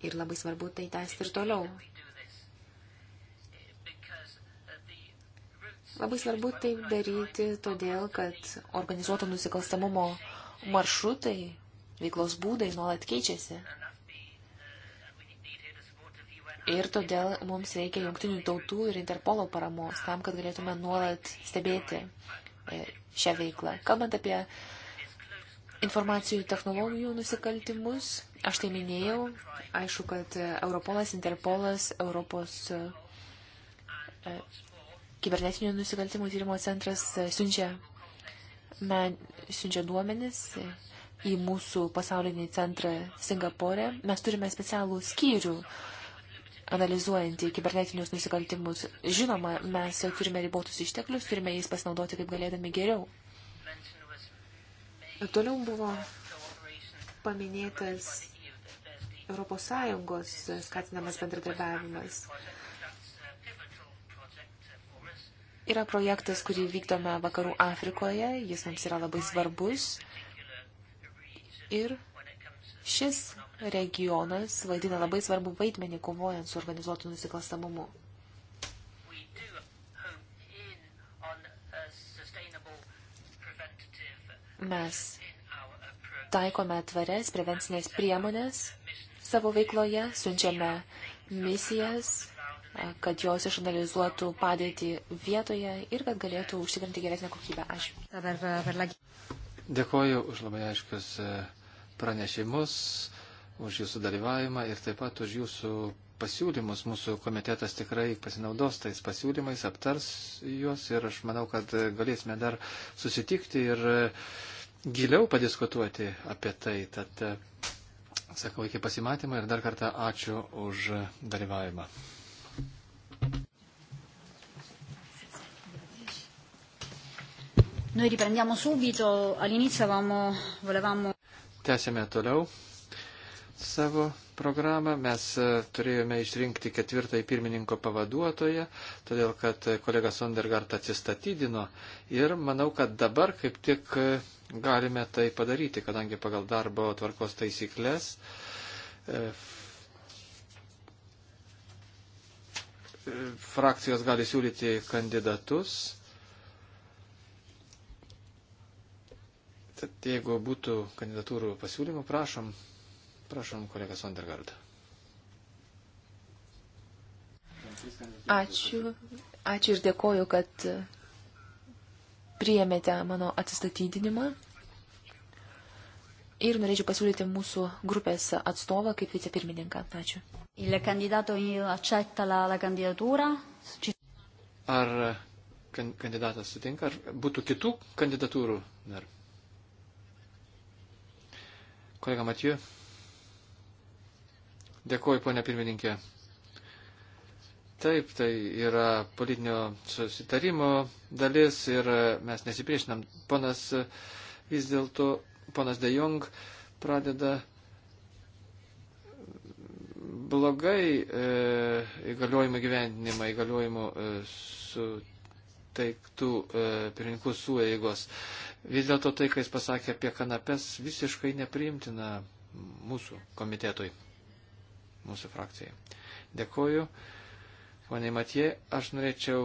Ir labai svarbu tai tęsti ir toliau. Labai svarbu tai daryti todėl, kad organizuoto nusikalstamumo maršrutai, veiklos būdai nuolat keičiasi. Ir todėl mums reikia jungtinių tautų ir Interpolo paramos tam, kad galėtume nuolat stebėti e, šią veiklą. Kalbant apie informacijų technologijų nusikaltimus, aš tai minėjau, aišku, kad Europolas, Interpolas, Europos e, Kibernetinių nusikaltimų tyrimo centras e, siunčia, men, siunčia duomenis e, į mūsų pasaulinį centrą Singapore. Mes turime specialų skyrių analizuojantį kibernetinius nusikaltimus. Žinoma, mes turime ribotus išteklius, turime jais pasinaudoti kaip galėdami geriau. Toliau buvo paminėtas Europos Sąjungos skatinamas bendradarbiavimas. yra projektas, kurį vykdome Vakarų Afrikoje, jis mums yra labai svarbus. Ir šis regionas vaidina labai svarbu vaidmenį kovojant su organizuotu nusikalstamumu. Mes taikome tvarias prevencinės priemonės savo veikloje, siunčiame misijas kad jos išanalizuotų padėtį vietoje ir kad galėtų užtikrinti geresnę kokybę. Ačiū. Dėkoju už labai aiškius e, pranešimus, už jūsų dalyvavimą ir taip pat už jūsų pasiūlymus. Mūsų komitetas tikrai pasinaudos tais pasiūlymais, aptars juos ir aš manau, kad galėsime dar susitikti ir e, giliau padiskutuoti apie tai. Tad, e, sakau, iki pasimatymą ir dar kartą ačiū už dalyvavimą. Noi riprendiamo subito, all'inizio avevamo, volevamo... Tęsėme toliau savo programą. Mes e, turėjome išrinkti ketvirtąjį pirmininko pavaduotoją, todėl kad e, kolega Sondergart atsistatydino ir manau, kad dabar kaip tik e, galime tai padaryti, kadangi pagal darbo tvarkos taisyklės frakcijos gali siūlyti kandidatus Tad jeigu būtų kandidatūrų pasiūlymų, prašom, prašom kolega Sondergaard. Ačiū, ačiū ir dėkoju, kad priėmėte mano atsistatydinimą. Ir norėčiau pasiūlyti mūsų grupės atstovą kaip vicepirmininką. Ačiū. Ar kandidatas sutinka, ar būtų kitų kandidatūrų dar? Kolega Matiju. Dėkuoju, ponia pirmininkė. Taip, tai yra politinio susitarimo dalis ir mes nesipriešinam. Ponas vis dėlto, ponas De Jong pradeda blogai e, įgaliojimų gyvendinimą, įgaliojimų e, suteiktų e, pirinkų sueigos. E, Vis dėlto tai, ką jis pasakė apie kanapes, visiškai nepriimtina mūsų komitetui, mūsų frakcijai. Dėkoju. Pone Matie, aš norėčiau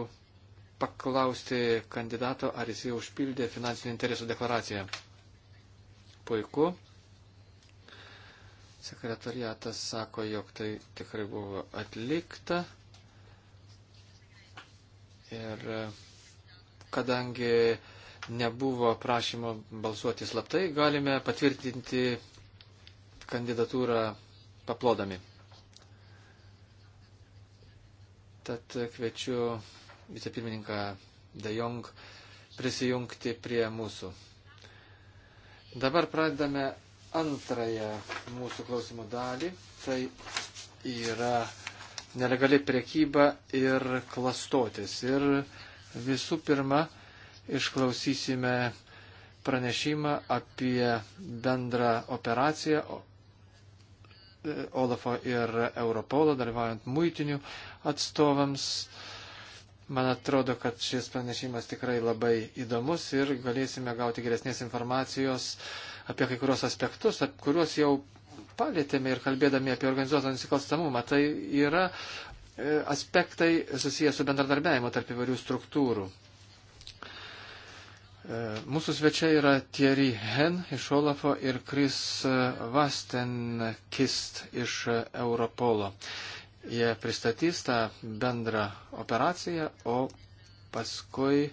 paklausti kandidato, ar jis jau užpildė finansinio interesų deklaraciją. Puiku. Sekretariatas sako, jog tai tikrai buvo atlikta. Ir e, kadangi nebuvo prašymo balsuoti slaptai, galime patvirtinti kandidatūrą paplodami. Tad kviečiu vicepirmininką Dejong prisijungti prie mūsų. Dabar pradedame antrąją mūsų klausimų dalį. Tai yra nelegali priekyba ir klastotis. Ir visų pirma, išklausysime pranešimą apie bendrą operaciją e, Olafo ir Europolo, dalyvaujant muitinių atstovams. Man atrodo, kad šis pranešimas tikrai labai įdomus ir galėsime gauti geresnės informacijos apie kai kurios aspektus, apie kuriuos jau palėtėme ir kalbėdami apie organizuotą nusikalstamumą. Tai yra e, aspektai susijęs su bendradarbiavimu tarp įvairių struktūrų. E, mūsų svečiai yra Thierry Hen iš Olafo ir Chris e, Vastenkist iš e, Europolo. Jie pristatys tą bendrą operaciją, o paskui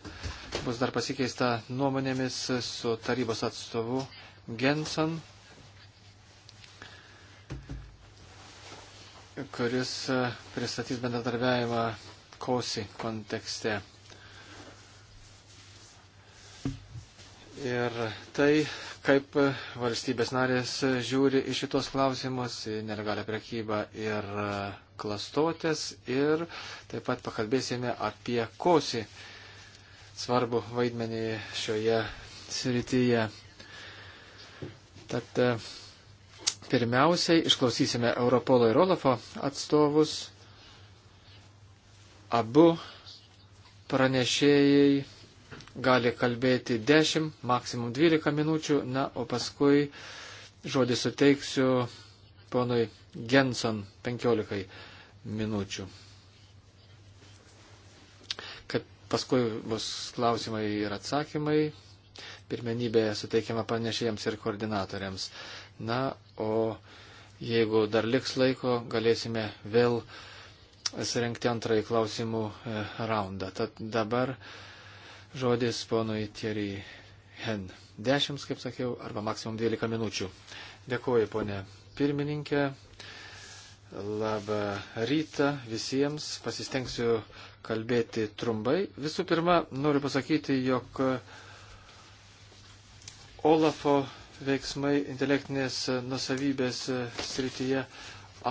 bus dar pasikeista nuomonėmis su tarybos atstovu Genson, kuris pristatys bendradarbiavimą kosi kontekste. ir tai, kaip valstybės narės žiūri į šitos klausimus, į nelegalią prekybą ir klastotės. Ir taip pat pakalbėsime apie kosi svarbu vaidmenį šioje srityje. Tad e, pirmiausiai išklausysime Europolo ir Olafo atstovus. Abu pranešėjai gali kalbėti 10, maksimum 12 minučių, na, o paskui žodį suteiksiu ponui Genson 15 minučių. Kad paskui bus klausimai ir atsakymai. Pirmenybė suteikiama panešėjams ir koordinatoriams. Na, o jeigu dar liks laiko, galėsime vėl surinkti antrąjį klausimų e, raundą. Tad dabar Žodis ponui Thierry Hen. 10, kaip sakiau, arba maksimum 12 minučių. Dėkuoju, ponė pirmininkė. Labą rytą visiems. Pasistengsiu kalbėti trumpai. Visų pirma, noriu pasakyti, jog Olafo veiksmai intelektinės nusavybės srityje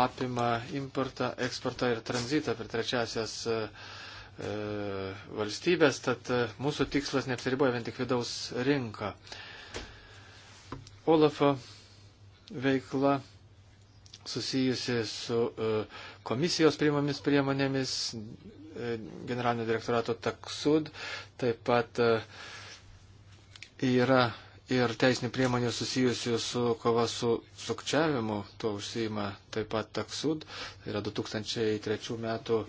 apima importą, eksportą ir tranzitą per trečiasias uh, E, valstybės, tad e, mūsų tikslas neapsiriboja vien tik vidaus rinką. Olafo veikla susijusi su e, komisijos priimomis priemonėmis, generalinio direktorato taksud, taip pat yra ir teisinių priemonių susijusių su kova su sukčiavimu, tuo užsijima taip pat taksud, tai yra 2003 metų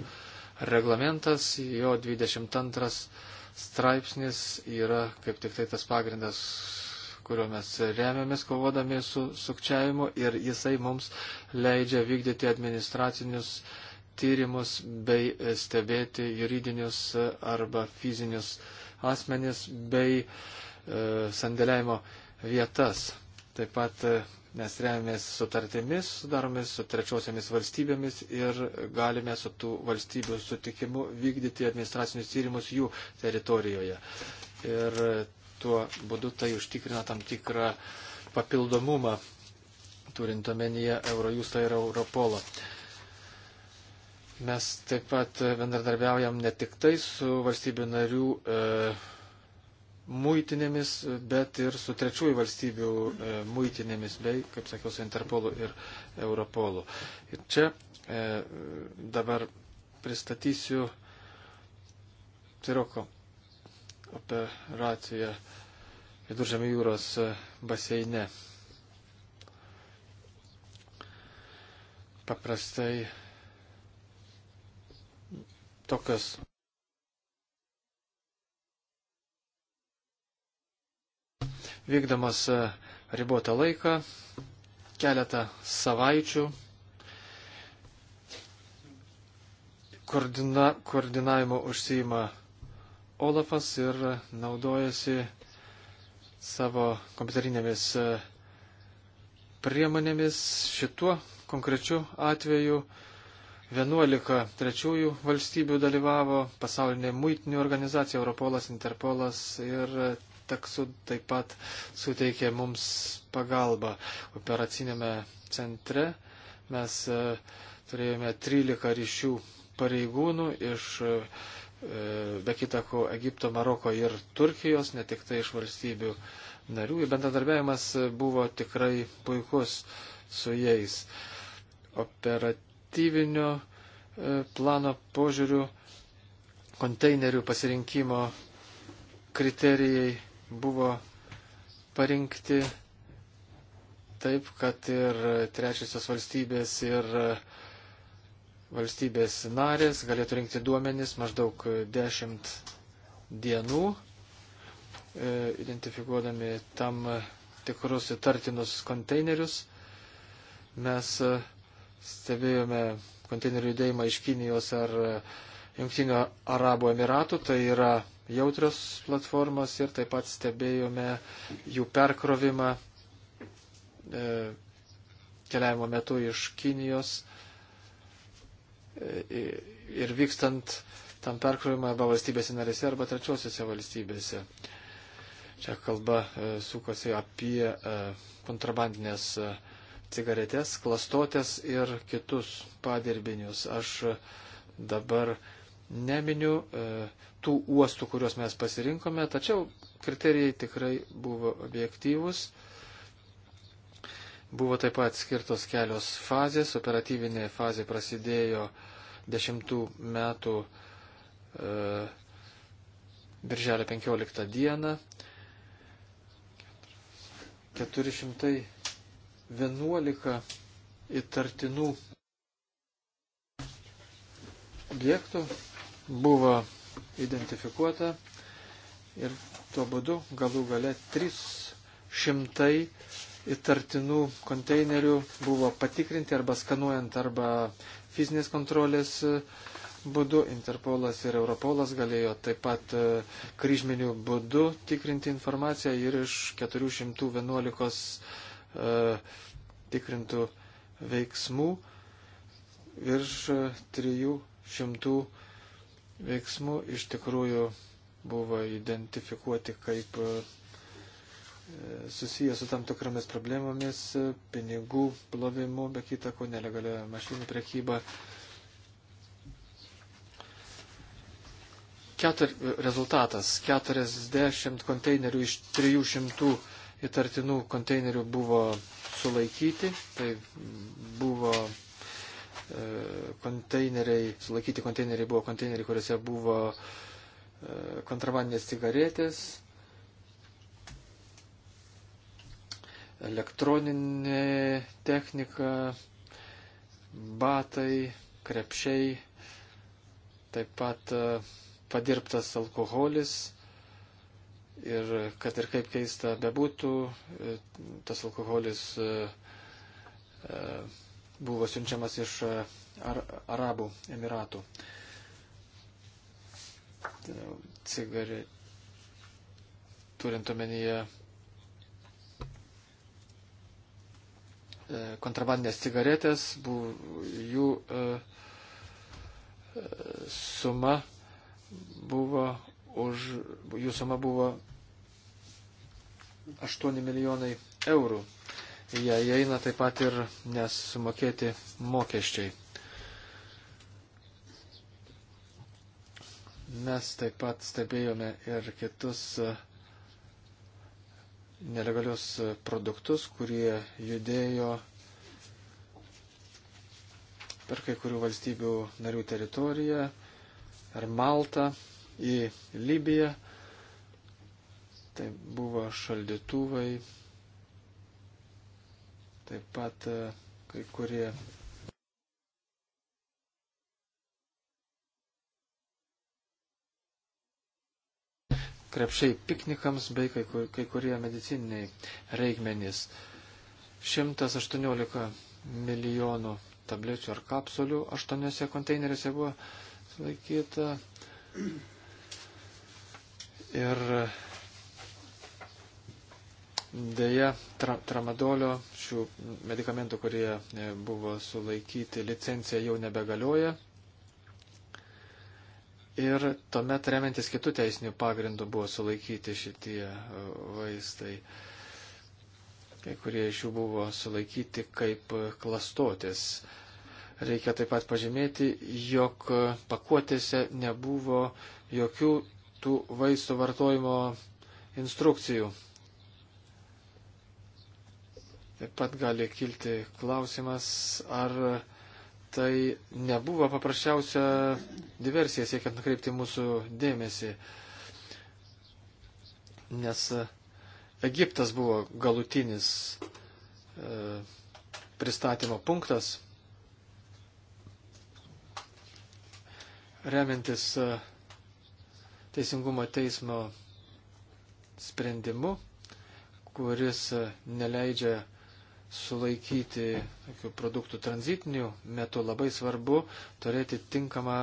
reglamentas, jo 22 straipsnis yra kaip tik tai tas pagrindas, kuriuo mes remiamės kovodami su sukčiavimu ir jisai mums leidžia vykdyti administracinius tyrimus bei stebėti juridinius arba fizinius asmenis bei e, sandėliavimo vietas. Taip pat e, Mes remiamės sutartimis, sudaromis su trečiosiamis valstybėmis ir galime su tų valstybių sutikimu vykdyti administracinius tyrimus jų teritorijoje. Ir tuo būdu tai užtikrina tam tikrą papildomumą, turint omenyje Eurojustą ir Europolą. Mes taip pat bendradarbiaujam ne tik tai su valstybių narių. E, muitinėmis, bet ir su trečiųjų valstybių e, muitinėmis, bei, kaip sakiau, su Interpolu ir Europolu. Ir čia e, dabar pristatysiu Tiroko operaciją Viduržėmio jūros e, baseine. Paprastai tokios vykdomas e, ribotą laiką, keletą savaičių. Koordina, koordinavimo užsijima Olafas ir naudojasi savo kompiuterinėmis e, priemonėmis šituo konkrečiu atveju 11 trečiųjų valstybių dalyvavo pasaulinė muitinių organizacija Europolas, Interpolas ir Taksud taip pat suteikė mums pagalbą. Operacinėme centre mes e, turėjome 13 ryšių pareigūnų iš e, be kitako Egipto, Maroko ir Turkijos, ne tik tai iš valstybių narių. Ir bendradarbiavimas buvo tikrai puikus su jais. Operatyvinio e, plano požiūrių konteinerių pasirinkimo kriterijai buvo parinkti taip, kad ir trečiosios valstybės ir valstybės narės galėtų rinkti duomenis maždaug 10 dienų, e, identifikuodami tam tikrus įtartinus konteinerius. Mes e, stebėjome konteinerių judėjimą iš Kinijos ar e, Junktinio Arabų Emiratų, tai yra jautrios platformos ir taip pat stebėjome jų perkrovimą e, keliavimo metu iš Kinijos e, ir vykstant tam perkrovimą arba valstybėse narėse arba trečiosiuose valstybėse. Čia kalba e, sukosi apie e, kontrabandinės e, cigaretės, klastotės ir kitus padirbinius. Aš dabar neminiu e, tų uostų, kuriuos mes pasirinkome, tačiau kriterijai tikrai buvo objektyvus. Buvo taip pat skirtos kelios fazės. Operatyvinė fazė prasidėjo dešimtų metų e, birželio 15 dieną. 411 įtartinų objektų buvo identifikuota ir tuo būdu galų gale 300 įtartinų konteinerių buvo patikrinti arba skanuojant arba fizinės kontrolės būdu. Interpolas ir Europolas galėjo taip pat e, kryžminių būdų tikrinti informaciją ir iš 411 e, tikrintų veiksmų virš 300 e, veiksmų iš tikrųjų buvo identifikuoti kaip e, susijęs su tam tikromis problemomis, pinigų plovimu, be kita ko, nelegalia mašinų prekyba. Ketur, rezultatas - 40 konteinerių iš 300 įtartinų konteinerių buvo sulaikyti, tai buvo E, konteineriai, sulaikyti konteineriai buvo konteineriai, kuriuose buvo e, kontrabandinės cigaretės, elektroninė technika, batai, krepšiai, taip pat e, padirbtas alkoholis. Ir kad ir kaip keista bebūtų, tas alkoholis buvo siunčiamas iš e, Arabų Emiratų. Cigarė, turint omenyje e, kontrabandinės cigaretės, buvo, jų e, suma buvo už, jų suma buvo 8 milijonai eurų ją įeina taip pat ir nesumokėti mokesčiai. Mes taip pat stebėjome ir kitus e, nelegalius produktus, kurie judėjo per kai kurių valstybių narių teritoriją, ar Maltą, į Libiją. Tai buvo šaldytuvai, Taip pat e, kai kurie krepšiai piknikams bei kai, kur, kai kurie medicininiai reikmenys. 118 milijonų tablečių ar kapsulių aštuoniuose konteineriuose buvo sulaikyta. Ir Deja, tra tramadolio šių medikamentų, kurie e, buvo sulaikyti, licencija jau nebegalioja. Ir tuomet remiantis kitų teisinių pagrindų buvo sulaikyti šitie e, vaistai. Kai kurie iš jų buvo sulaikyti kaip klastotis. Reikia taip pat pažymėti, jog pakuotėse nebuvo jokių tų vaistų vartojimo instrukcijų. Taip pat gali kilti klausimas, ar tai nebuvo paprasčiausia diversija siekiant nukreipti mūsų dėmesį, nes e, Egiptas buvo galutinis e, pristatymo punktas, remiantis e, Teisingumo teismo sprendimu, kuris e, neleidžia sulaikyti tokių produktų tranzitinių metu, labai svarbu turėti tinkamą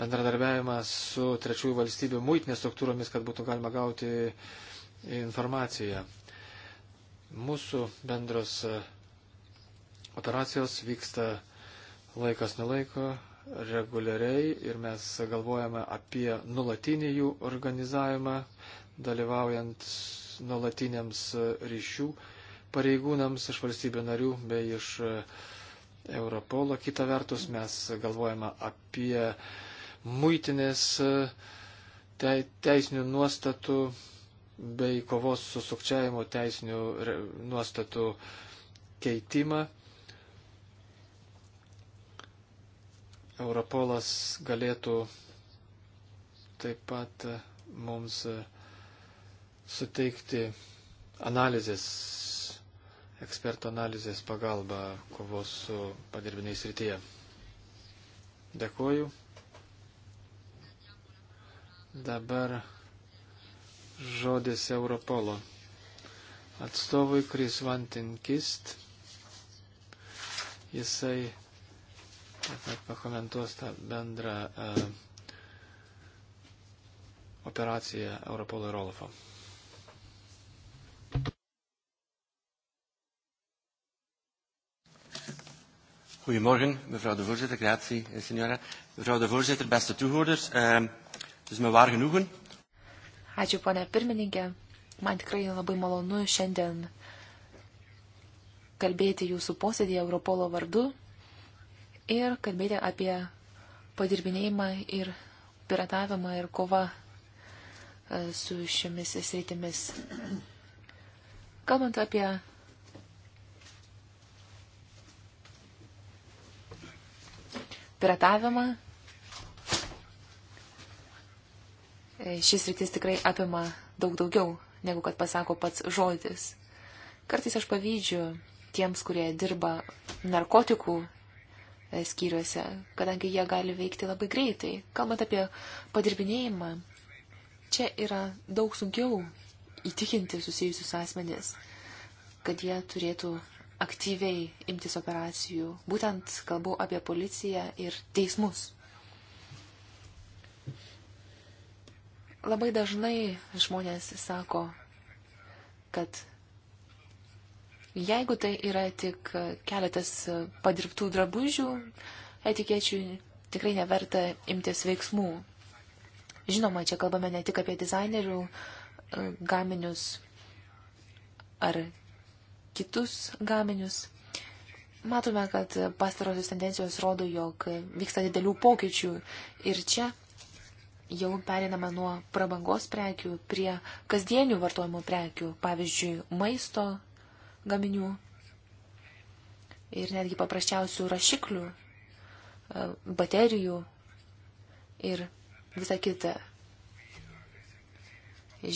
bendradarbiavimą su trečiųjų valstybių muitinės struktūromis, kad būtų galima gauti informaciją. Mūsų bendros e, operacijos vyksta laikas nulaiko, reguliariai ir mes galvojame apie nulatinį jų organizavimą, dalyvaujant nulatiniams e, ryšių pareigūnams iš valstybių narių bei iš e, Europolo. Kita vertus, mes galvojame apie muitinės e, teisinių nuostatų bei kovos su sukčiavimo teisinių nuostatų keitimą. Europolas galėtų taip pat e, mums suteikti analizės eksperto analizės pagalba kovos su padirbiniais rytyje. Dėkuoju. Dabar žodis Europolo atstovui Kris Vantinkist. Jisai taip pat pakomentuos tą bendrą uh, operaciją Europolo ir Olafo. Goedemorgen, mevrouw de voorzitter. Grazie, eh, signora. Mevrouw de voorzitter, beste toehoorders. Ehm, het is me waar genoegen. Ačiū, ponė pirmininkė. Man tikrai labai malonu šiandien kalbėti jūsų posėdėje Europolo vardu ir kalbėti apie padirbinėjimą ir piratavimą ir kovą e, su šiomis sritimis. Kalbant apie piratavimą. E, šis rytis tikrai apima daug daugiau, negu kad pasako pats žodis. Kartais aš pavydžiu tiems, kurie dirba narkotikų e, skyriuose, kadangi jie gali veikti labai greitai. Kalbant apie padirbinėjimą, čia yra daug sunkiau įtikinti susijusius asmenys, kad jie turėtų aktyviai imtis operacijų. Būtent kalbu apie policiją ir teismus. Labai dažnai žmonės sako, kad jeigu tai yra tik keletas padirbtų drabužių, etikėčių tikrai neverta imtis veiksmų. Žinoma, čia kalbame ne tik apie dizainerių e, gaminius ar kitus gaminius. Matome, kad pastarosios tendencijos rodo, jog vyksta didelių pokyčių ir čia jau periname nuo prabangos prekių prie kasdienių vartojimo prekių, pavyzdžiui, maisto gaminių ir netgi paprasčiausių rašiklių, e, baterijų ir visa kita.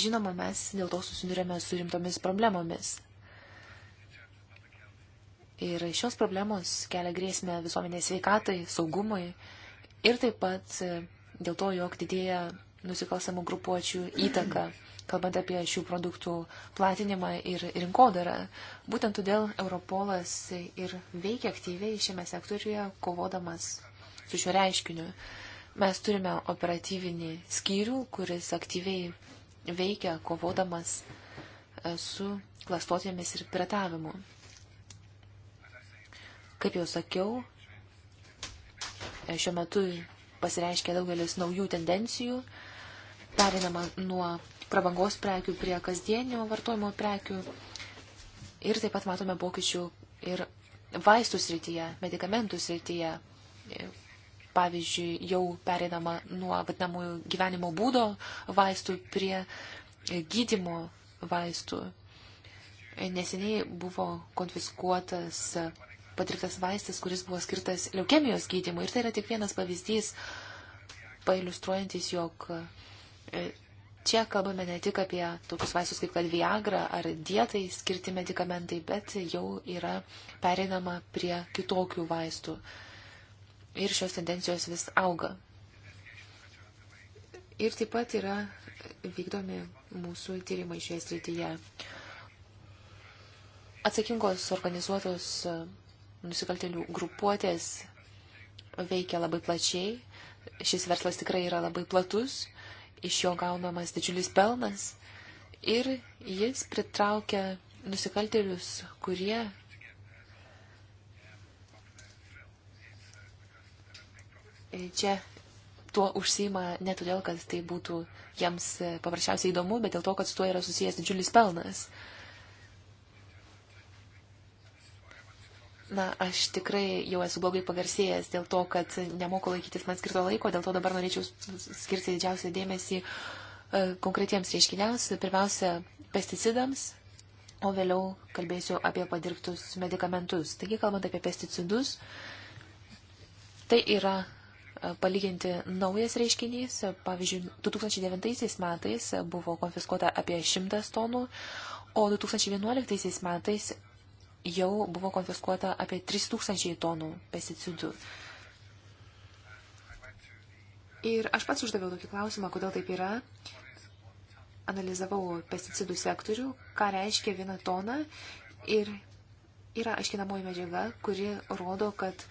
Žinoma, mes dėl to susidurėme su rimtomis problemomis. Ir šios problemos kelia grėsmę visuomenės sveikatai, saugumui ir taip pat e, dėl to, jog didėja nusikalstamų grupuočių įtaka, kalbant apie šių produktų platinimą ir rinkodarą. Būtent todėl Europolas ir veikia aktyviai šiame sektoriuje, kovodamas su šiuo reiškiniu. Mes turime operatyvinį skyrių, kuris aktyviai veikia kovodamas e, su klastotėmis ir piratavimu. Kaip jau sakiau, šiuo metu pasireiškia daugelis naujų tendencijų, perinama nuo prabangos prekių prie kasdienio vartojimo prekių ir taip pat matome pokyčių ir vaistų srityje, medikamentų srityje. Pavyzdžiui, jau pereinama nuo vadinamųjų gyvenimo būdo vaistų prie gydimo vaistų. Neseniai buvo konfiskuotas patirtas vaistas, kuris buvo skirtas leukemijos gydymui. Ir tai yra tik vienas pavyzdys, pailustruojantis, jog e, čia kalbame ne tik apie tokius vaistus kaip kad Viagra ar dietai skirti medikamentai, bet jau yra pereinama prie kitokių vaistų. Ir šios tendencijos vis auga. Ir taip pat yra vykdomi mūsų tyrimai šioje srityje. Atsakingos organizuotos nusikaltelių grupuotės veikia labai plačiai. Šis verslas tikrai yra labai platus, iš jo gaunamas didžiulis pelnas ir jis pritraukia nusikaltelius, kurie čia tuo užsima ne todėl, kad tai būtų jiems paprasčiausiai įdomu, bet dėl to, kad su tuo yra susijęs didžiulis pelnas. Na, aš tikrai jau esu blogai pagarsėjęs dėl to, kad nemoku laikytis man skirto laiko, dėl to dabar norėčiau skirti didžiausią dėmesį e, konkretiems reiškiniams, pirmiausia, pesticidams, o vėliau kalbėsiu apie padirbtus medikamentus. Taigi, kalbant apie pesticidus, tai yra e, palyginti naujas reiškinys. Pavyzdžiui, 2009 metais buvo konfiskuota apie 100 tonų, o 2011 metais jau buvo konfiskuota apie 3000 tonų pesticidų. Ir aš pats uždaviau tokį klausimą, kodėl taip yra. Analizavau pesticidų sektorių, ką reiškia viena tona ir yra aiškinamoji medžiaga, kuri rodo, kad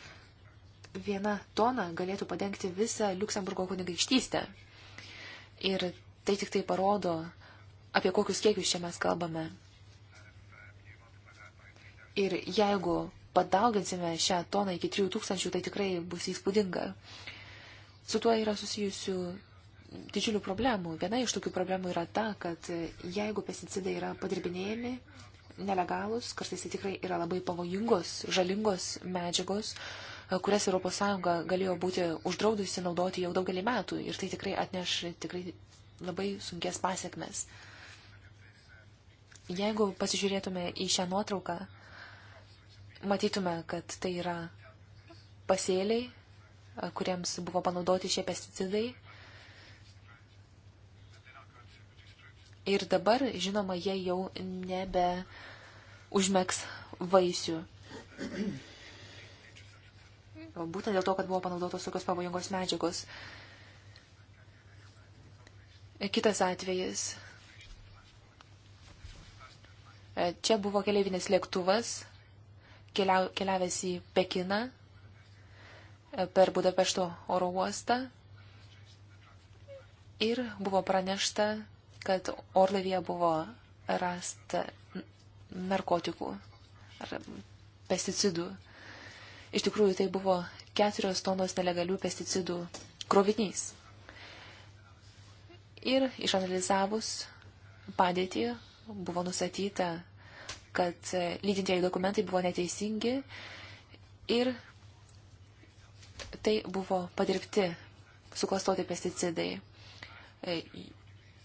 viena tona galėtų padengti visą Luksemburgo kunigaikštystę. Ir tai tik tai parodo, apie kokius kiekius čia mes kalbame. Ir jeigu padauginsime šią toną iki 3000, tai tikrai bus įspūdinga. Su tuo yra susijusių didžiulių problemų. Viena iš tokių problemų yra ta, kad jeigu pesticidai yra padirbinėjami, nelegalus, kartais tai tikrai yra labai pavojingos, žalingos medžiagos, kurias ES galėjo būti uždraudusi naudoti jau daugelį metų ir tai tikrai atneš tikrai labai sunkės pasiekmes. Jeigu pasižiūrėtume į šią nuotrauką, matytume, kad tai yra pasėliai, kuriems buvo panaudoti šie pesticidai. Ir dabar, žinoma, jie jau nebe užmėgs vaisių. Būtent dėl to, kad buvo panaudotos tokios pavojingos medžiagos. Kitas atvejis. E, čia buvo keleivinis lėktuvas, keliau, keliavęs į Pekiną e, per Budapešto oro uostą ir buvo pranešta, kad orlaivėje buvo rasta narkotikų ar pesticidų. Iš tikrųjų, tai buvo keturios tonos nelegalių pesticidų krovinys. Ir išanalizavus padėtį buvo nustatyta kad e, lydintieji dokumentai buvo neteisingi ir tai buvo padirbti suklastoti pesticidai. E,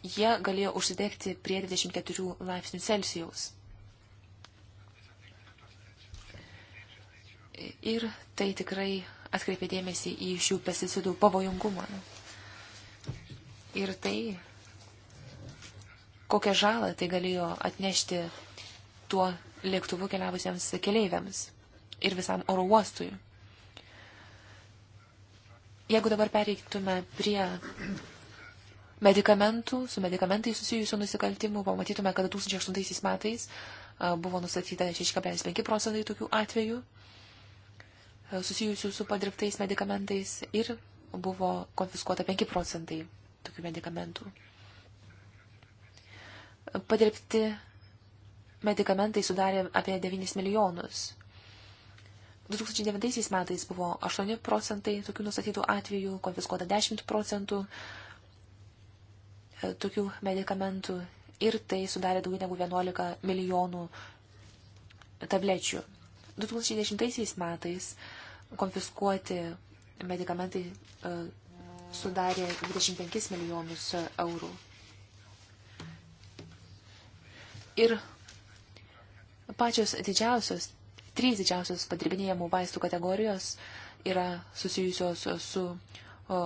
jie galėjo užsidegti prie 24 laipsnių Celsijaus. Ir tai tikrai atkreipė dėmesį į šių pesticidų pavojingumą. Ir tai, kokią žalą tai galėjo atnešti tuo lėktuvu keliavusiems keleiviams ir visam oro uostui. Jeigu dabar pereiktume prie medikamentų, su medikamentai susijusių nusikaltimų, pamatytume, kad 2008 metais buvo nustatyta 6,5 procentai tokių atvejų susijusių su padirbtais medikamentais ir buvo konfiskuota 5 procentai tokių medikamentų. Padirbti medikamentai sudarė apie 9 milijonus. 2009 metais buvo 8 procentai tokių nustatytų atvejų, konfiskuota 10 procentų e, tokių medikamentų ir tai sudarė daugiau negu 11 milijonų tablečių. 2010 metais konfiskuoti medikamentai e, sudarė 25 milijonus eurų. Ir Pačios didžiausios, trys didžiausios padirbinėjimų vaistų kategorijos yra susijusios su o,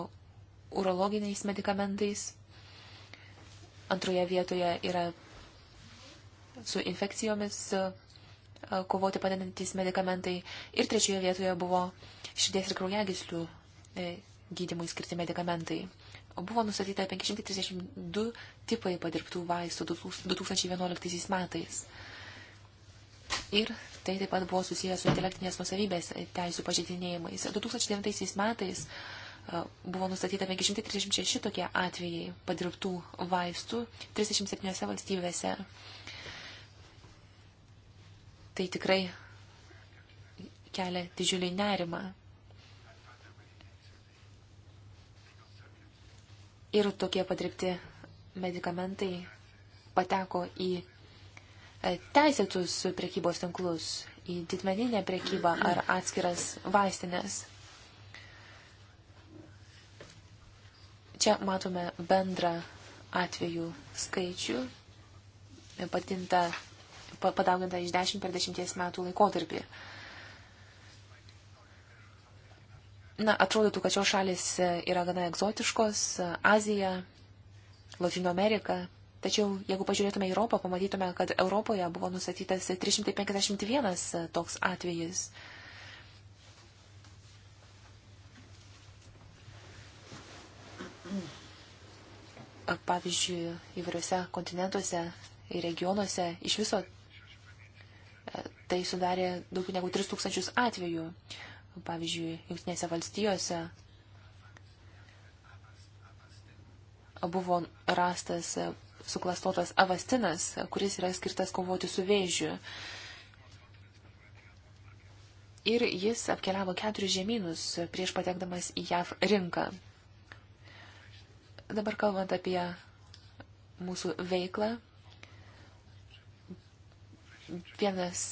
urologiniais medikamentais. Antroje vietoje yra su infekcijomis kovoti padedantis medikamentai. Ir trečioje vietoje buvo širdies ir kraujagyslių e, gydimui skirti medikamentai. Buvo nustatyta 532 tipai padirbtų vaistų 2011 metais. Ir tai taip pat buvo susijęs su intelektinės nusavybės teisų pažeidinėjimais. 2009 metais e, buvo nustatyta 536 tokie atvejai padirbtų vaistų 37 valstybėse. Tai tikrai kelia didžiulį nerimą. Ir tokie padirbti medikamentai pateko į teisėtus prekybos tinklus į didmeninę prekybą ar atskiras vaistinės. Čia matome bendrą atvejų skaičių, patinta, padauginta iš 10 per 10 metų laikotarpį. Na, atrodytų, kad šios šalis yra gana egzotiškos. Azija, Latino Amerika, Tačiau, jeigu pažiūrėtume į Europą, pamatytume, kad Europoje buvo nustatytas 351 toks atvejis. Pavyzdžiui, įvairiuose kontinentuose ir regionuose iš viso e, tai sudarė daugiau negu 3000 atvejų. Pavyzdžiui, Junktinėse valstijose buvo rastas suklastotas avastinas, kuris yra skirtas kovoti su vėžiu. Ir jis apkeliavo keturis žemynus prieš patekdamas į JAV rinką. Dabar kalbant apie mūsų veiklą, vienas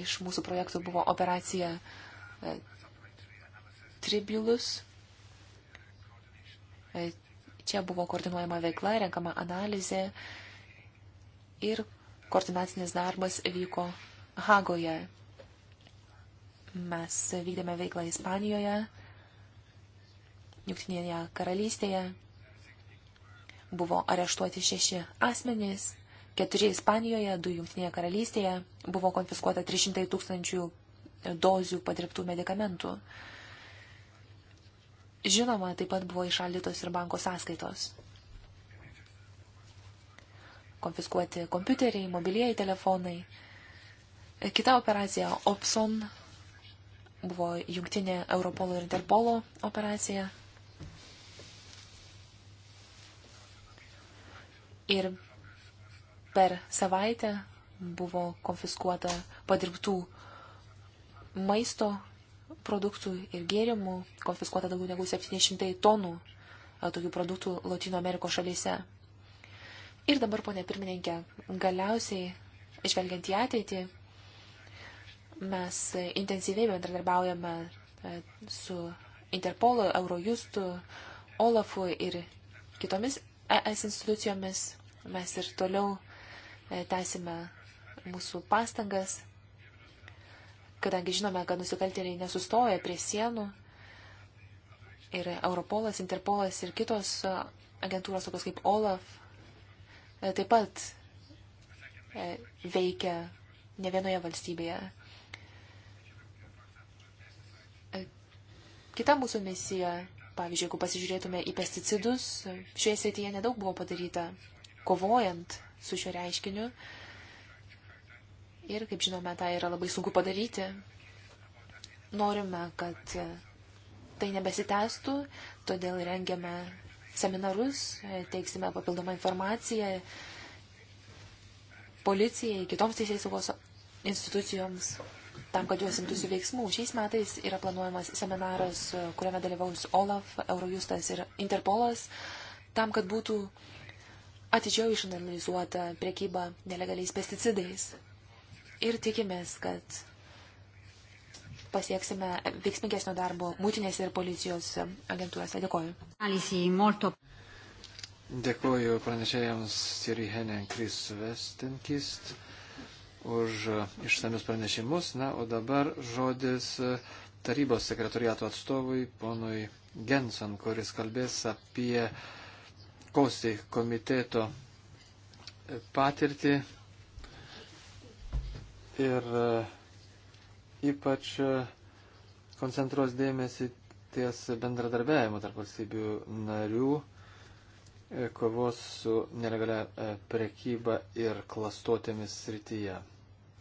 iš mūsų projektų buvo operacija e, Tribulus. E, Čia buvo koordinuojama veikla, renkama analizė ir koordinacinis darbas vyko Hagoje. Mes vykdėme veiklą Ispanijoje, Jungtinėje karalystėje. Buvo areštuoti šeši asmenys, keturi Ispanijoje, du Jungtinėje karalystėje. Buvo konfiskuota 300 tūkstančių dozių padirbtų medikamentų. Žinoma, taip pat buvo išaldytos ir banko sąskaitos. Konfiskuoti kompiuteriai, mobilieji telefonai. Kita operacija Opson buvo jungtinė Europolo ir Interpolo operacija. Ir per savaitę buvo konfiskuota padirbtų maisto produktų ir gėrimų, konfiskuota daugiau negu 700 tonų e, tokių produktų Latino Amerikos šalyse. Ir dabar, ponė pirmininkė, galiausiai, išvelgiant į ateitį, mes intensyviai bendradarbiaujame e, su Interpolo, Eurojustu, Olafu ir kitomis ES institucijomis. Mes ir toliau e, tęsime mūsų pastangas kadangi žinome, kad nusikaltėliai nesustoja prie sienų ir Europolas, Interpolas ir kitos agentūros, tokios kaip OLAF, e, taip pat e, veikia ne vienoje valstybėje. E, kita mūsų misija, pavyzdžiui, jeigu pasižiūrėtume į pesticidus, šioje srityje nedaug buvo padaryta, kovojant su šiuo reiškiniu. Ir, kaip žinome, tą yra labai sunku padaryti. Norime, kad tai nebesitęstų, todėl rengiame seminarus, teiksime papildomą informaciją policijai, kitoms teisės saugos institucijoms, tam, kad juos imtųsi veiksmų. Šiais metais yra planuojamas seminaras, kuriame dalyvaus OLAF, Eurojustas ir Interpolas, tam, kad būtų atidžiau išanalizuota priekyba nelegaliais pesticidais ir tikimės, kad pasieksime veiksmingesnio darbo mūtinės ir policijos agentūrose. Dėkoju. Dėkoju pranešėjams Siri Henen Kris Vestenkist už išsamius pranešimus. Na, o dabar žodis tarybos sekretoriato atstovui ponui Genson, kuris kalbės apie Kosti komiteto patirtį ir e, ypač e, koncentruos dėmesį ties bendradarbiavimu tarp valstybių narių, e, kovos su nelegalia prekyba ir klastotėmis srityje.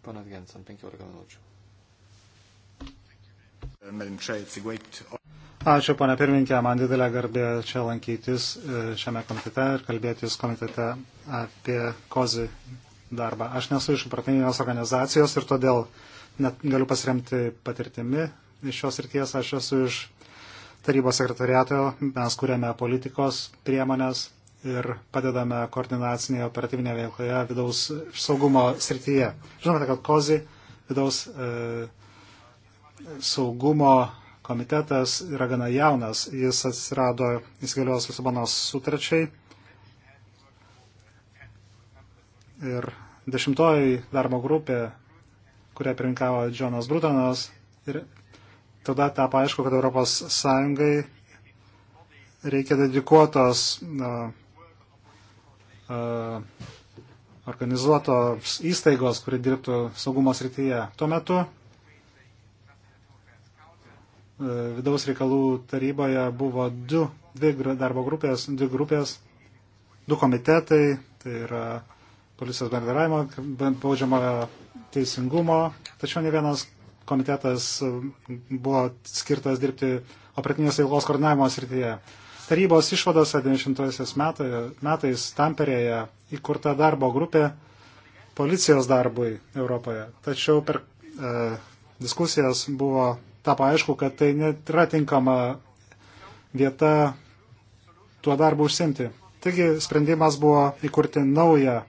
Panas Gensan, 15 minučių. Ačiū, ponia pirminkė, man didelė garbė čia lankytis šiame komitete ir kalbėtis komitete apie kozį darbą. Aš nesu iš protinės organizacijos ir todėl net galiu pasiremti patirtimi iš šios ryties. Aš esu iš tarybos sekretariato, mes kuriame politikos priemonės ir padedame koordinacinėje operatyvinėje veikloje vidaus saugumo srityje. Žinote, kad kozi vidaus e, saugumo komitetas yra gana jaunas, jis atsirado įsigalios Lisabonos sutračiai Ir dešimtoji darbo grupė, kurią pirinkavo Džonas Brutonas. Ir tada tapo aišku, kad Europos Sąjungai reikia dedikuotos uh, uh, organizuotos įstaigos, kuri dirbtų saugumo srityje. Tuo metu vidaus reikalų taryboje buvo du, dvi darbo grupės, dvi grupės, du komitetai, tai yra policijos bendravimo, baudžiamojo teisingumo, tačiau ne vienas komitetas buvo skirtas dirbti operatinės veiklos koordinavimo srityje. Tarybos išvadose 90 metai, metais Tamperėje įkurta darbo grupė policijos darbui Europoje. Tačiau per e, diskusijas buvo tapo aišku, kad tai nėra tinkama vieta tuo darbu užsimti. Taigi sprendimas buvo įkurti naują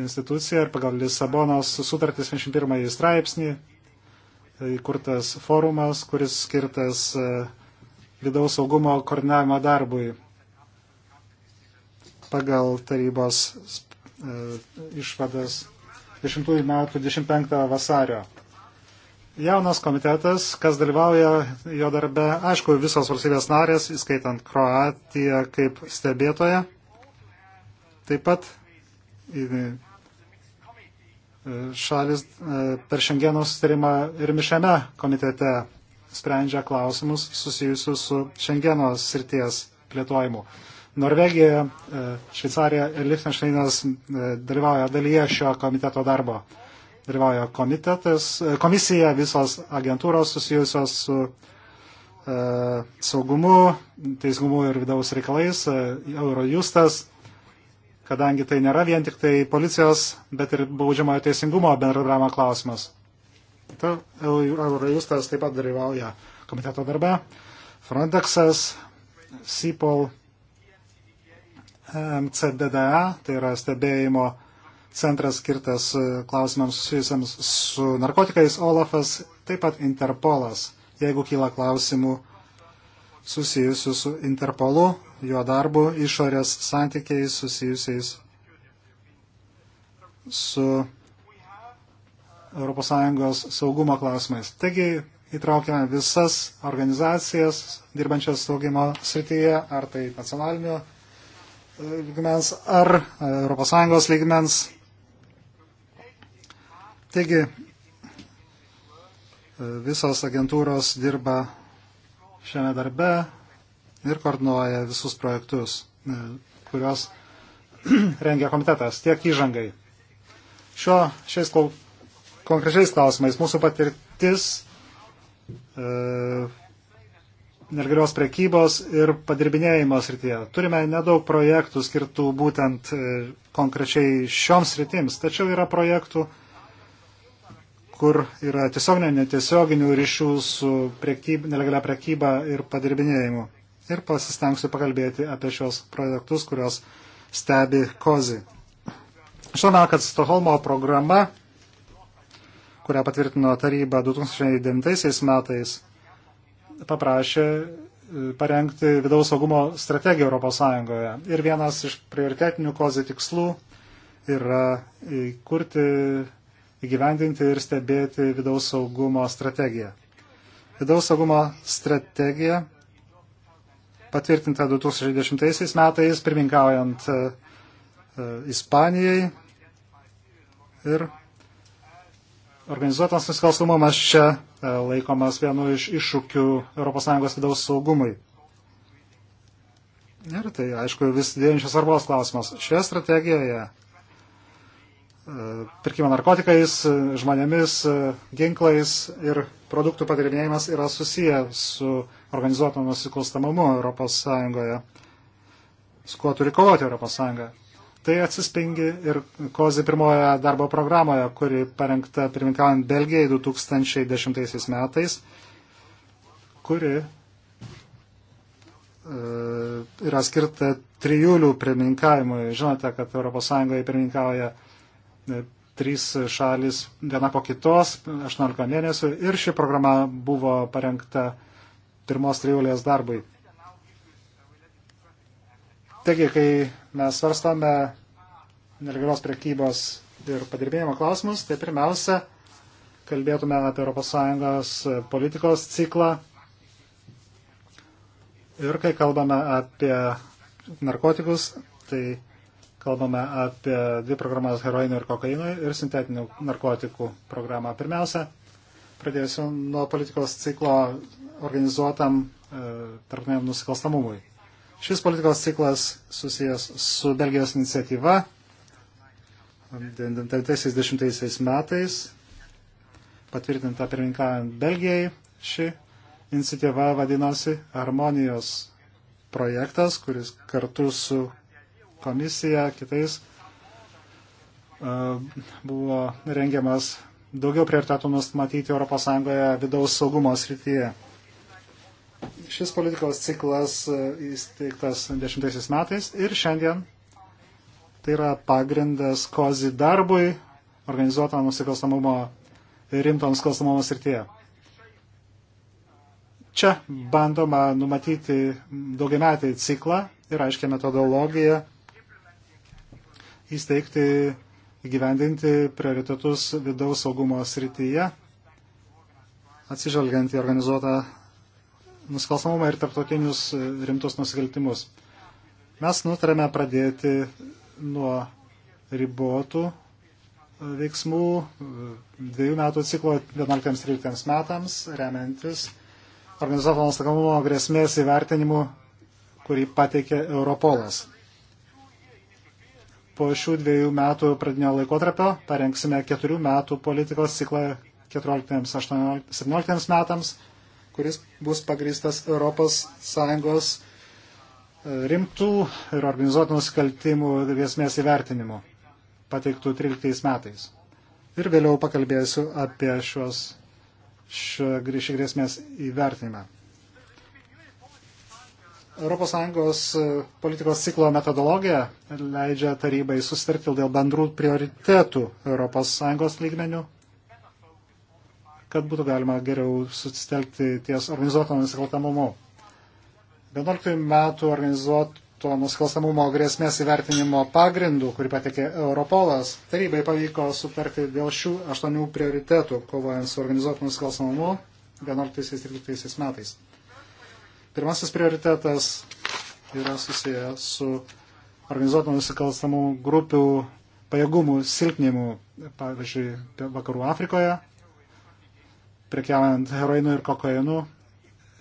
institucija ir pagal Lisabonos sutartys 21 straipsnį įkurtas forumas, kuris skirtas e, vidaus saugumo koordinavimo darbui pagal tarybos e, išvadas 10 metų 25 vasario. Jaunas komitetas, kas dalyvauja jo darbe, aišku, visos valstybės narės, įskaitant Kroatiją kaip stebėtoje. Taip pat E, šalis e, per šiandieno sustarimą ir mišiame komitete sprendžia klausimus susijusius su šiandieno srities plėtojimu. Norvegija, e, Šveicarija ir Lichtensteinas dalyvauja dalyje šio komiteto darbo. Dalyvauja komitetas, komisija, visos agentūros susijusios su e, saugumu, teisgumu ir vidaus reikalais, e, Eurojustas, kadangi tai nėra vien tik tai policijos, bet ir baudžiamojo teisingumo bendradarbiavimo klausimas. Ta e, Eurojustas taip pat dalyvauja komiteto darbe. Frontexas, SIPOL, MCDDA, tai yra stebėjimo centras skirtas e, klausimams susijusiams su narkotikais, OLAFas, taip pat Interpolas, jeigu kyla klausimų susijusių su Interpolu, jo darbu, išorės santykiais susijusiais su ES saugumo klausimais. Taigi įtraukiame visas organizacijas dirbančias saugimo srityje, ar tai nacionalinio e, lygmens, ar ES lygmens. Taigi e, visos agentūros dirba šiame darbe ir koordinuoja visus projektus, e, kurios rengia komitetas tiek įžangai. Šio, šiais klau, konkrečiais klausimais mūsų patirtis e, nelegalios prekybos ir padirbinėjimo srityje. Turime nedaug projektų skirtų būtent e, konkrečiai šioms sritims, tačiau yra projektų, kur yra tiesioginio, netiesioginių ryšių su prekyb, nelegalia prekyba ir padirbinėjimu. Ir pasistengsiu pakalbėti apie šios projektus, kurios stebi kozi. Žinoma, kad Stoholmo programa, kurią patvirtino taryba 2009 metais, paprašė e, parengti vidaus saugumo strategiją ES. Ir vienas iš prioritetinių kozi tikslų yra įkurti įgyvendinti ir stebėti vidaus saugumo strategiją. Vidaus saugumo strategija patvirtinta 2010 metais, pirminkaujant e, e, Ispanijai ir organizuotas nusikalstamumas čia e, laikomas vienu iš iššūkių ES vidaus saugumui. Ir tai, aišku, vis dėjančios svarbos klausimas. Šioje strategijoje pirkimo narkotikais, žmonėmis, ginklais ir produktų padirbinėjimas yra susiję su organizuotu nusikalstamumu Europos Sąjungoje, su kuo turi kovoti Europos Sąjunga. Tai atsispingi ir kozi pirmoje darbo programoje, kuri parengta pirmininkaujant Belgijai 2010 metais, kuri e, yra skirta trijulių pirmininkavimui. Žinote, kad ES pirmininkauja trys šalis viena po kitos, 18 mėnesių ir ši programa buvo parengta pirmos trijulės darbui. Taigi, kai mes svarstame nelegalios prekybos ir padirbėjimo klausimus, tai pirmiausia, kalbėtume apie ES politikos ciklą. Ir kai kalbame apie narkotikus, tai Kalbame apie dvi programas heroinų ir kokainų ir sintetinių narkotikų programą. Pirmiausia, pradėsiu nuo politikos ciklo organizuotam e, tarptautiniam nusikalstamumui. Šis politikos ciklas susijęs su Belgijos iniciatyva 90 metais patvirtinta pirmininkaujant Belgijai. Ši iniciatyva vadinosi Harmonijos projektas, kuris kartu su komisija, kitais e, buvo rengiamas daugiau prioritetų nustatyti ES vidaus saugumo srityje. Šis politikos ciklas e, įsteigtas 10 metais ir šiandien tai yra pagrindas kozi darbui organizuoto nusikalstamumo rimto nusikalstamumo srityje. Čia bandoma numatyti daugiametį ciklą ir aiškia metodologiją įsteigti, įgyvendinti prioritetus vidaus saugumo srityje, atsižvelgiant į organizuotą nusikalstamumą ir tarptautinius rimtus nusikaltimus. Mes nutarėme pradėti nuo ribotų e, veiksmų e, dviejų metų ciklo 11-13 metams, remiantis organizuoto nusikalstamumo grėsmės įvertinimu, kurį pateikė Europolas po šių dviejų metų pradinio laikotarpio parengsime keturių metų politikos ciklą 14-17 metams, kuris bus pagristas ES e, rimtų ir organizuotų nusikaltimų viesmės įvertinimu, pateiktų 13 metais. Ir vėliau pakalbėsiu apie šios šį grėsmės įvertinimą. ES e, politikos ciklo metodologija leidžia tarybai sustarti dėl bendrų prioritetų ES lygmenių, kad būtų galima geriau susitelkti ties organizuoto nusikaltamumu. 11 metų organizuoto nusikalstamumo grėsmės įvertinimo pagrindų, kurį patikė Europolas, tarybai pavyko sutarti dėl šių aštuonių prioritetų, kovojant su organizuotu nusikalstamumu 2011-2013 metais. Pirmasis prioritetas yra susijęs su organizuotų nusikalstamų grupių pajėgumų silpnimu, pavyzdžiui, Vakarų Afrikoje, prekiaujant heroinu ir kokainu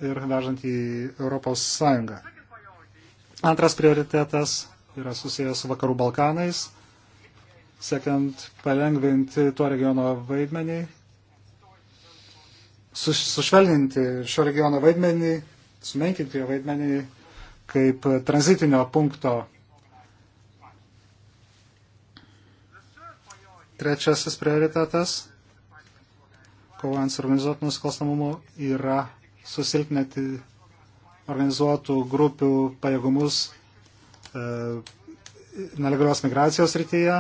ir vežant į Europos Sąjungą. Antras prioritetas yra susijęs su Vakarų Balkanais, siekiant palengvinti tuo regiono vaidmenį, sušvelninti šio regiono vaidmenį sumenkinti jo vaidmenį kaip tranzitinio punkto. Trečiasis prioritetas, kovojant su organizuotų nusikalstamumu, yra susilpnėti organizuotų grupių pajėgumus e, nelegalios migracijos rytyje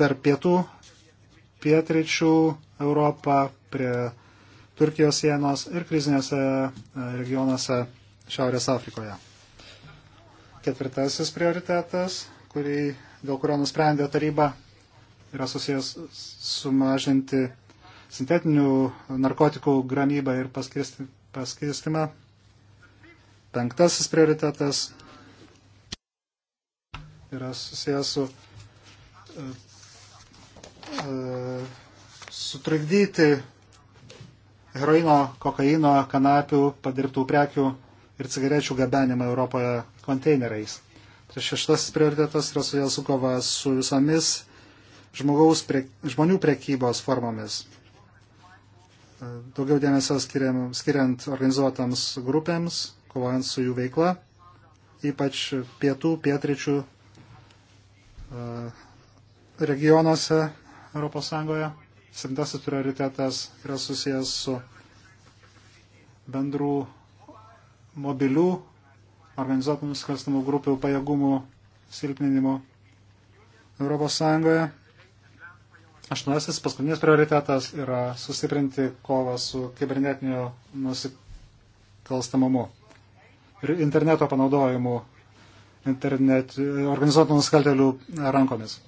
per pietų, pietryčių Europą prie Turkijos sienos ir krizinėse e, regionuose Šiaurės Afrikoje. Ketvirtasis prioritetas, kurį, dėl kurio nusprendė taryba, yra susijęs sumažinti sintetinių narkotikų gamybą ir paskirstimą. Penktasis prioritetas yra susijęs su uh, uh, sutrikdyti heroino, kokaino, kanapių, padirbtų prekių ir cigarečių gabenimą Europoje konteineriais. Tai šeštasis prioritetas yra su jėsų kova su visomis žmogaus, prie, žmonių prekybos formomis. Daugiau dėmesio skiriam, skiriant organizuotams grupėms, kovojant su jų veikla, ypač pietų, pietričių e, regionuose Europos Sąjungoje Septintasis prioritetas yra susijęs su bendrų mobilių organizuotų nusikalstamų grupių pajėgumų silpninimu Europos Sąjungoje. Aštuonasis paskutinis prioritetas yra sustiprinti kovą su kibernetiniu nusikalstamumu ir interneto panaudojimu internet, organizuotų nusikaltelių rankomis.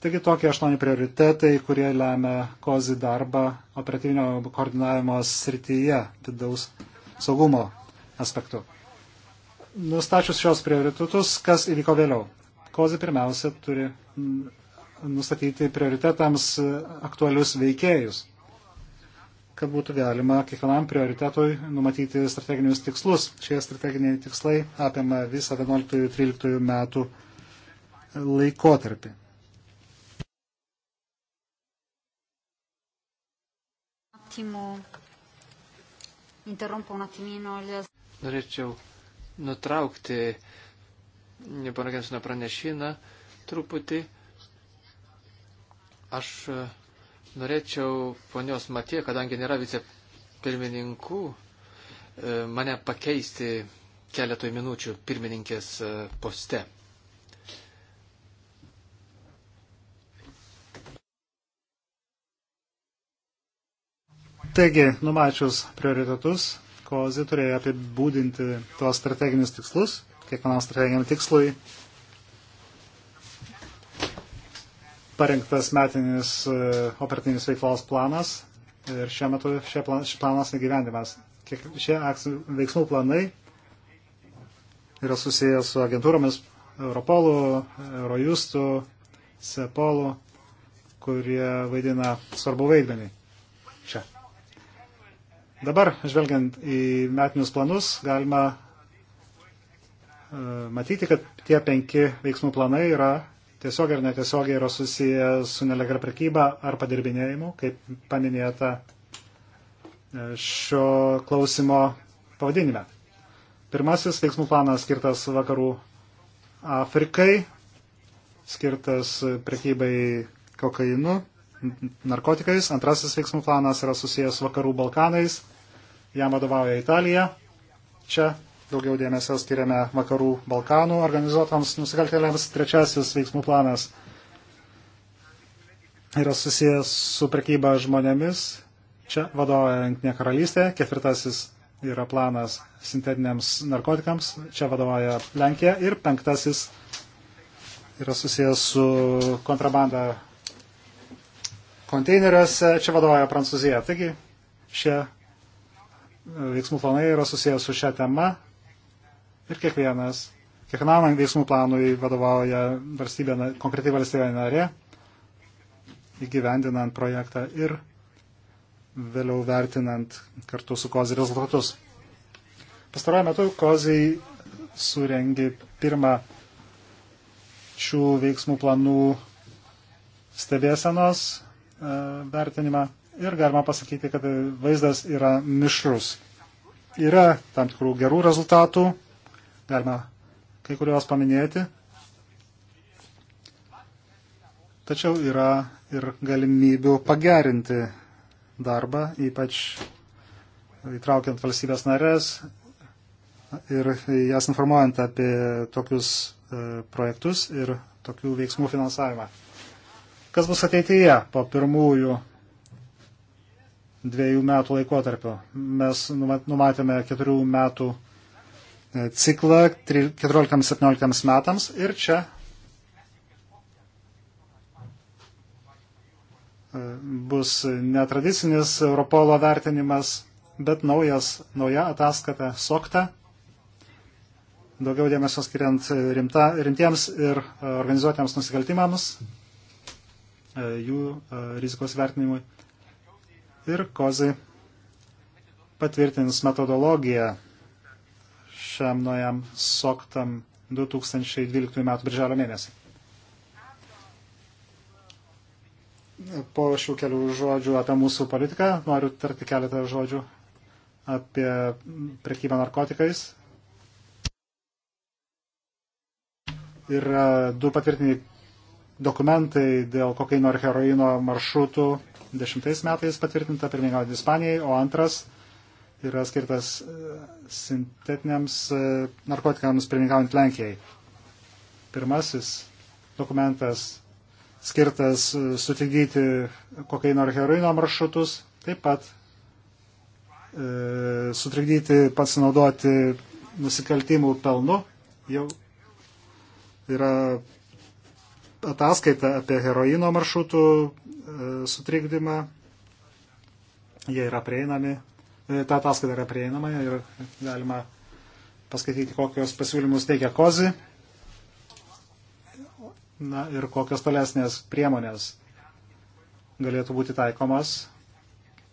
Taigi tokie aštuoni prioritetai, kurie lemia kozi darbą operatyvinio koordinavimo srityje vidaus saugumo aspektu. Nustačius šios prioritetus, kas įvyko vėliau? Kozi pirmiausia turi nustatyti prioritetams aktualius veikėjus, kad būtų galima kiekvienam prioritetui numatyti strateginius tikslus. Šie strateginiai tikslai apima visą 11-13 metų laikotarpį attimo, interrompo un attimino. Le... Norėčiau nutraukti nepanagensino pranešiną truputį. Aš e, norėčiau ponios Matė, kadangi nėra vicepirmininkų, e, mane pakeisti keletoj minučių pirmininkės e, poste. Taigi, numačius prioritetus, Kozi turėjo apibūdinti tuos strateginius tikslus, kiekvienam strateginiam tikslui parengtas metinis e, operatyvinis veiklos planas ir šiuo metu šie plan, šis planas įgyvendimas. Kiek šie veiksmų planai yra susijęs su agentūromis Europolu, Eurojustu, Sepolu, kurie vaidina svarbu vaidmenį čia. Dabar, žvelgiant į metinius planus, galima e, matyti, kad tie penki veiksmų planai yra tiesiog ar netiesiogiai yra susiję su nelegra prekyba ar padirbinėjimu, kaip paminėta e, šio klausimo pavadinime. Pirmasis veiksmų planas skirtas vakarų Afrikai, skirtas prekybai kokainu, narkotikais. Antrasis veiksmų planas yra susijęs vakarų Balkanais, jam vadovauja Italija. Čia daugiau dėmesio skiriame vakarų Balkanų organizuotams nusikaltėliams. Trečiasis veiksmų planas yra susijęs su prekyba žmonėmis. Čia vadovauja Junktinė karalystė. Ketvirtasis yra planas sintetiniams narkotikams. Čia vadovauja Lenkija. Ir penktasis yra susijęs su kontrabanda konteineriuose. Čia vadovauja Prancūzija. Taigi šie veiksmų planai yra susijęs su šia tema ir kiekvienas, kiekvienam veiksmų planui vadovauja valstybė, konkretai valstybė narė, įgyvendinant projektą ir vėliau vertinant kartu su kozi rezultatus. Pastaruoju metu kozi surengi pirmą šių veiksmų planų stebėsenos e, vertinimą ir galima pasakyti, kad vaizdas yra mišrus. Yra tam tikrų gerų rezultatų, galima kai kuriuos paminėti, tačiau yra ir galimybių pagerinti darbą, ypač įtraukiant valstybės narės ir jas informuojant apie tokius e, projektus ir tokių veiksmų finansavimą. Kas bus ateityje po pirmųjų dviejų metų laikotarpio. Mes numatėme keturių metų e, ciklą 14-17 metams ir čia e, bus netradicinis Europolo vertinimas, bet naujas, nauja ataskata SOKTA, daugiau dėmesio skiriant e, rimta, rimtiems ir organizuotiems nusikaltimams, jų rizikos vertinimui ir Kozi patvirtins metodologiją šiam nuojam soktam 2012 m. birželio mėnesį. Po šių kelių žodžių apie mūsų politiką noriu tarti keletą žodžių apie prekybą narkotikais. Yra du patvirtiniai dokumentai dėl kokaino ir heroino maršrutų 2010 metais patvirtinta pirmininkaujant Ispanijai, o antras yra skirtas e, sintetiniams e, narkotikams pirmininkaujant Lenkijai. Pirmasis dokumentas skirtas e, sutikdyti kokaino ar heroino maršrutus, taip pat e, sutrikdyti, pasinaudoti nusikaltimų pelnu. Jau yra ataskaita apie heroino maršrutų sutrikdymą. Jie yra prieinami, e, ta ataskaita yra prieinama ir galima paskaityti, kokios pasiūlymus teikia Kozi. Na ir kokios tolesnės priemonės galėtų būti taikomas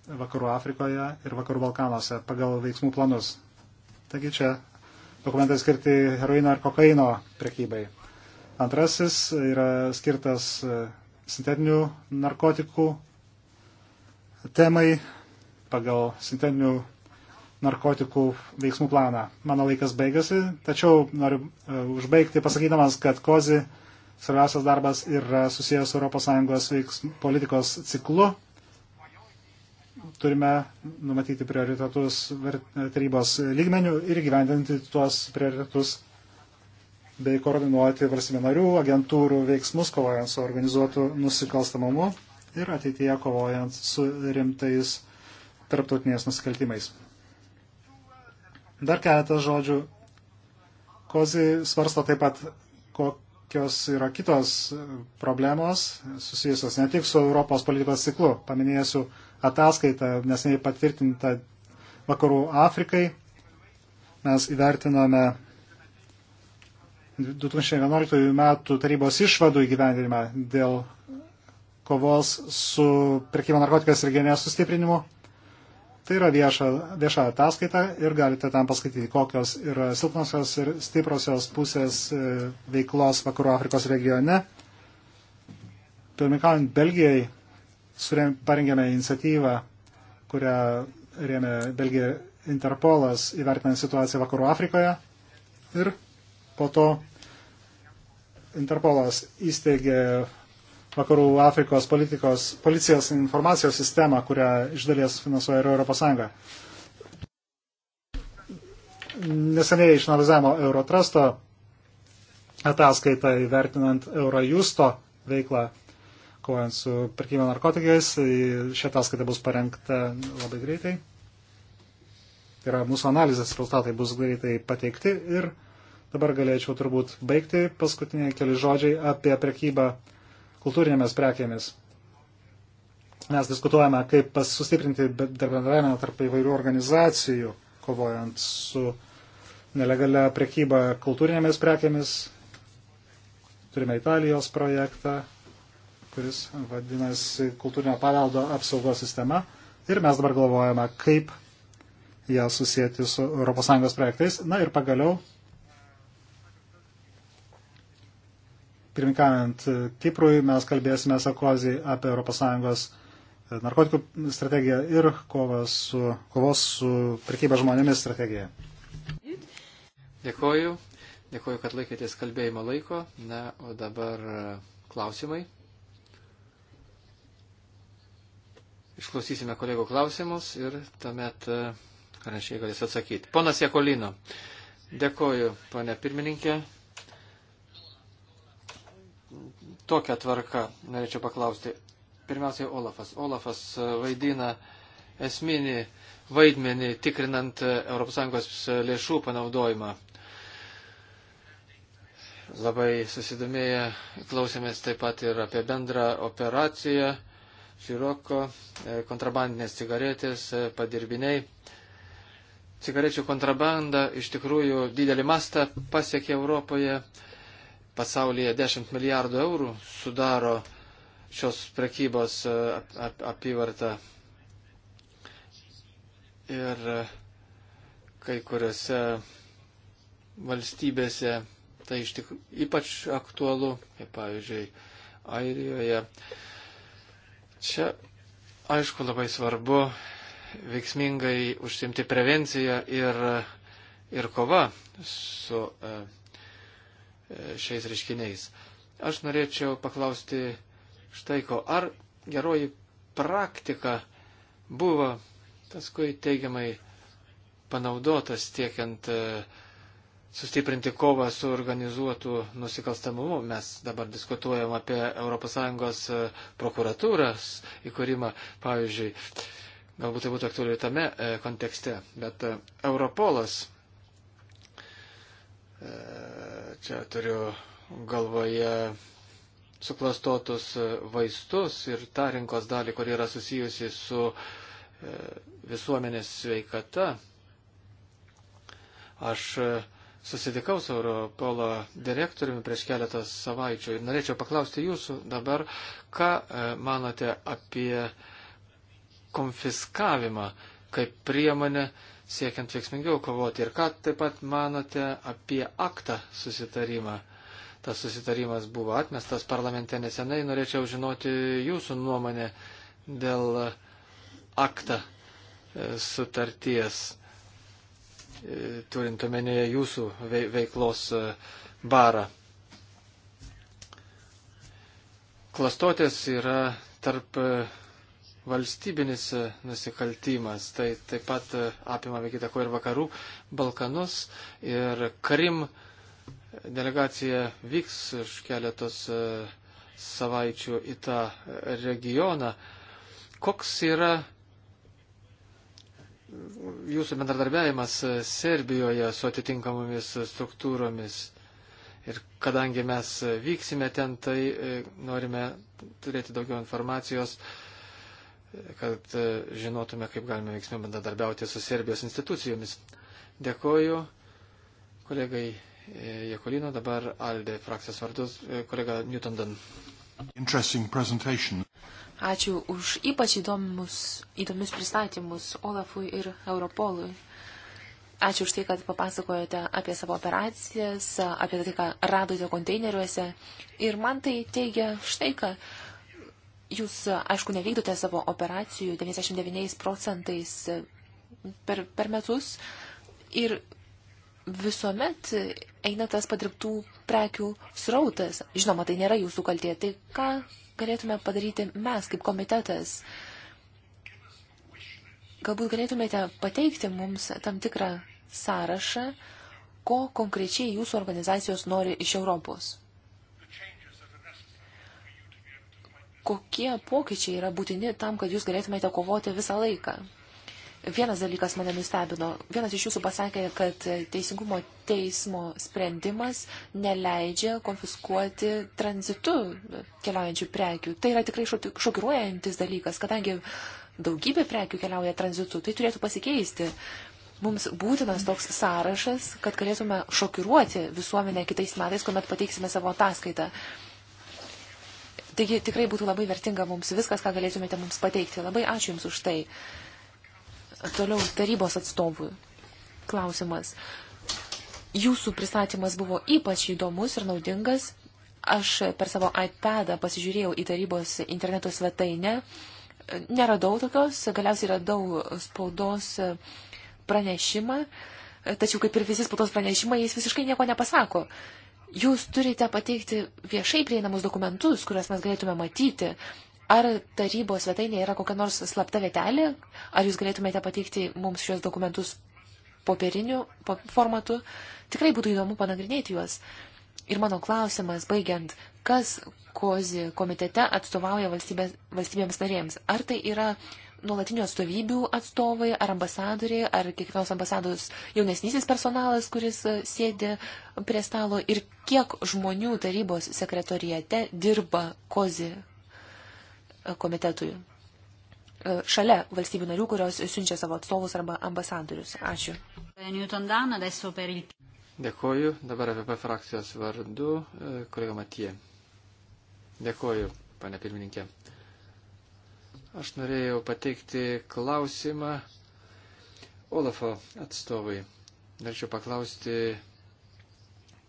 Vakarų Afrikoje ir Vakarų Balkanuose pagal veiksmų planus. Taigi čia dokumentai skirti heroino ir kokaino prekybai. Antrasis yra skirtas sintetinių narkotikų temai pagal sintetinių narkotikų veiksmų planą. Mano laikas baigėsi, tačiau noriu e, užbaigti pasakydamas, kad kozi svarbiausias darbas yra susijęs su ES veiksmų politikos ciklu. Turime numatyti prioritetus tarybos lygmenių ir gyvendinti tuos prioritetus bei koordinuoti valstybė narių agentūrų veiksmus kovojant su organizuotu nusikalstamumu ir ateityje kovojant su rimtais tarptautiniais nusikaltimais. Dar keletas žodžių. Kozi svarsto taip pat, kokios yra kitos problemos susijusios ne tik su Europos politikos ciklu. Paminėsiu ataskaitą, nesnei patvirtinta Vakarų Afrikai. Mes įvertinome 2011 metų tarybos išvadų įgyvendinimą dėl kovos su prekyba narkotikais ir genės sustiprinimu. Tai yra vieša, vieša ataskaita ir galite ten paskaityti, kokios yra silpnosios ir stiprosios pusės e, veiklos Vakarų Afrikos regione. Pirmininkaujant Belgijai, surėm, parengėme iniciatyvą, kurią rėmė Belgija Interpolas įvertinant situaciją Vakarų Afrikoje. Ir Po to Interpolas įsteigė Vakarų Afrikos politikos, policijos informacijos sistemą, kurią iš dalies finansuoja ir Europos Sąjunga. Neseniai išanalizavimo Eurotrasto ataskaitą įvertinant Eurojusto veiklą, kovojant su pirkimo narkotikais. Šią ataskaitą bus parengta labai greitai. Tai yra mūsų analizės rezultatai bus greitai pateikti ir Dabar galėčiau turbūt baigti paskutiniai keli žodžiai apie prekybą kultūrinėmis prekėmis. Mes diskutuojame, kaip sustiprinti bendradarbiavimą tarp įvairių organizacijų, kovojant su nelegalia prekyba kultūrinėmis prekėmis. Turime Italijos projektą, kuris vadinasi kultūrinio paveldo apsaugos sistema. Ir mes dabar galvojame, kaip ją susijęti su ES projektais. Na ir pagaliau pirminkavant Kiprui, mes kalbėsime Sarkozy apie ES narkotikų strategiją ir kovos su, kovos su prekyba žmonėmis strategiją. Dėkoju. Dėkoju, kad laikėtės kalbėjimo laiko. Na, o dabar e, klausimai. Išklausysime kolegų klausimus ir tuomet e, pranešėjai galės atsakyti. Ponas Jekolino, dėkoju, ponė pirmininkė. tokią tvarką norėčiau paklausti. Pirmiausiai Olafas. Olafas vaidina esminį vaidmenį tikrinant ES lėšų panaudojimą. Labai susidomėję klausėmės taip pat ir apie bendrą operaciją Široko, e, kontrabandinės cigaretės, e, padirbiniai. Cigarečių kontrabanda iš tikrųjų didelį mastą pasiekė Europoje pasaulyje 10 milijardų eurų sudaro šios prekybos e, apyvarta. Ir e, kai kuriuose valstybėse tai iš tikrųjų ypač aktualu, kaip pavyzdžiui, Airijoje. Čia, aišku, labai svarbu veiksmingai užsimti prevenciją ir, ir kova su. Uh, šiais reiškiniais. Aš norėčiau paklausti štai ko, ar geroji praktika buvo paskui teigiamai panaudotas tiekiant e, sustiprinti kovą su organizuotu nusikalstamumu. Mes dabar diskutuojam apie ES e, prokuratūros įkūrimą, pavyzdžiui. Galbūt tai būtų aktualiai tame e, kontekste, bet Europolas E, čia turiu galvoje suklastotus vaistus ir tą rinkos dalį, kur yra susijusi su e, visuomenės sveikata. Aš e, susitikau su Europolo direktoriumi prieš keletą savaičių ir norėčiau paklausti jūsų dabar, ką manote apie konfiskavimą kaip priemonę siekiant veiksmingiau kovoti. Ir ką taip pat manote apie aktą susitarimą? Tas susitarimas buvo atmestas parlamente nesenai. Norėčiau žinoti jūsų nuomonę dėl aktą e, sutarties, e, turint omenyje jūsų veiklos e, barą. Klastotės yra tarp valstybinis e, nusikaltimas. Tai taip pat e, apima be kitako ir vakarų Balkanus ir Krim e, delegacija vyks už keletos savaičių į tą regioną. Koks yra jūsų bendradarbiavimas Serbijoje su atitinkamomis struktūromis? Ir kadangi mes vyksime ten, tai norime turėti daugiau informacijos kad e, žinotume, kaip galime veiksmiau bendradarbiauti su Serbijos institucijomis. Dėkoju kolegai e, Jekolino, dabar Alde frakcijos vardus, e, kolega Newton Dunn. Ačiū už ypač įdomus, įdomius pristatymus Olafui ir Europolui. Ačiū už tai, kad papasakojate apie savo operacijas, apie tai, ką radote konteineriuose. Ir man tai teigia štai, kad Jūs, aišku, nevykdote savo operacijų 99 procentais e, per, per metus ir visuomet eina tas padirbtų prekių srautas. Žinoma, tai nėra jūsų kaltė. Tai ką galėtume padaryti mes kaip komitetas? Galbūt galėtumėte pateikti mums tam tikrą sąrašą, ko konkrečiai jūsų organizacijos nori iš Europos. kokie pokyčiai yra būtini tam, kad jūs galėtumėte kovoti visą laiką. Vienas dalykas mane nustebino. Vienas iš jūsų pasakė, kad teisingumo teismo sprendimas neleidžia konfiskuoti tranzitu keliaujančių prekių. Tai yra tikrai šokiruojantis dalykas, kadangi daugybė prekių keliauja tranzitu, tai turėtų pasikeisti. Mums būtinas toks sąrašas, kad galėtume šokiruoti visuomenę kitais metais, kuomet pateiksime savo ataskaitą. Taigi tikrai būtų labai vertinga mums viskas, ką galėtumėte mums pateikti. Labai ačiū Jums už tai. Toliau tarybos atstovų klausimas. Jūsų pristatymas buvo ypač įdomus ir naudingas. Aš per savo iPadą pasižiūrėjau į tarybos interneto svetainę. Neradau tokios, galiausiai radau spaudos pranešimą, tačiau kaip ir visi spaudos pranešimai, jis visiškai nieko nepasako jūs turite pateikti viešai prieinamus dokumentus, kuriuos mes galėtume matyti. Ar tarybos svetainė yra kokia nors slapta vietelė? Ar jūs galėtumėte pateikti mums šios dokumentus popieriniu pop formatu? Tikrai būtų įdomu panagrinėti juos. Ir mano klausimas, baigiant, kas kozi komitete atstovauja valstybės, valstybėms narėms? Ar tai yra nuolatinių atstovybių atstovai ar ambasadoriai, ar kiekvienos ambasados jaunesnysis personalas, kuris e, sėdi prie stalo ir kiek žmonių tarybos sekretorijate dirba kozi e, komitetui e, šalia valstybių narių, kurios siunčia savo atstovus arba ambasadorius. Ačiū. Dėkoju. Dabar apie frakcijos vardu, kolega Matie. Dėkoju, pane pirmininkė. Aš norėjau pateikti klausimą Olafo atstovai. Norėčiau paklausti,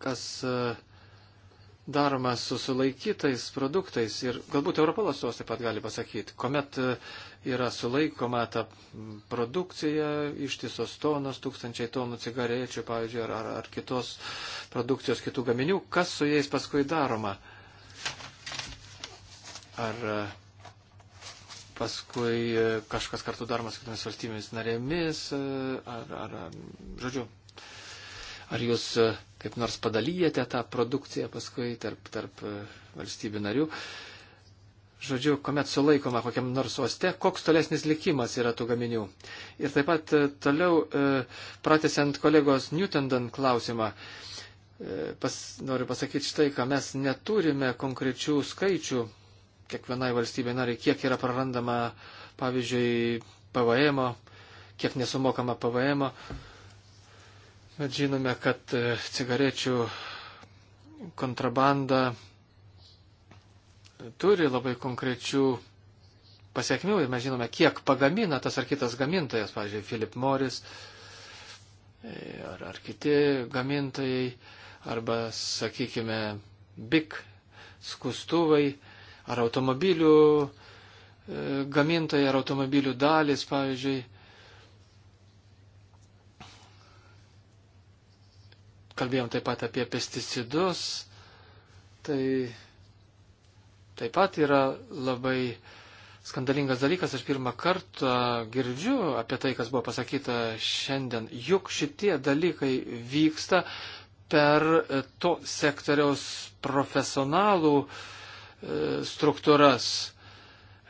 kas e, daroma su sulaikytais produktais ir galbūt Europolas tos taip pat gali pasakyti, kuomet e, yra sulaikoma ta produkcija, ištisos tonos, tūkstančiai tonų cigarečių, pavyzdžiui, ar, ar, ar kitos produkcijos, kitų gaminių, kas su jais paskui daroma. Ar e, paskui e, kažkas kartu daromas kitomis valstybėmis narėmis, e, ar, ar, žodžiu, ar jūs e, kaip nors padalyjate tą produkciją paskui tarp, tarp valstybių narių. Žodžiu, kuomet sulaikoma kokiam nors uoste, koks tolesnis likimas yra tų gaminių. Ir taip pat toliau, pratesiant kolegos Newtendon klausimą, pas, noriu pasakyti štai, ką mes neturime konkrečių skaičių kiekvienai valstybei nariai, kiek yra prarandama, pavyzdžiui, PVM, kiek nesumokama PVM. Bet žinome, kad e, cigarečių kontrabanda turi labai konkrečių pasiekmių ir mes žinome, kiek pagamina tas ar kitas gamintojas, pavyzdžiui, Philip Morris e, ar, ar kiti gamintojai, arba, sakykime, BIC skustuvai ar automobilių e, gamintojai, ar automobilių dalis, pavyzdžiui. Kalbėjom taip pat apie pesticidus. Tai taip pat yra labai skandalingas dalykas. Aš pirmą kartą girdžiu apie tai, kas buvo pasakyta šiandien. Juk šitie dalykai vyksta per to sektoriaus profesionalų uh, E, struktūras,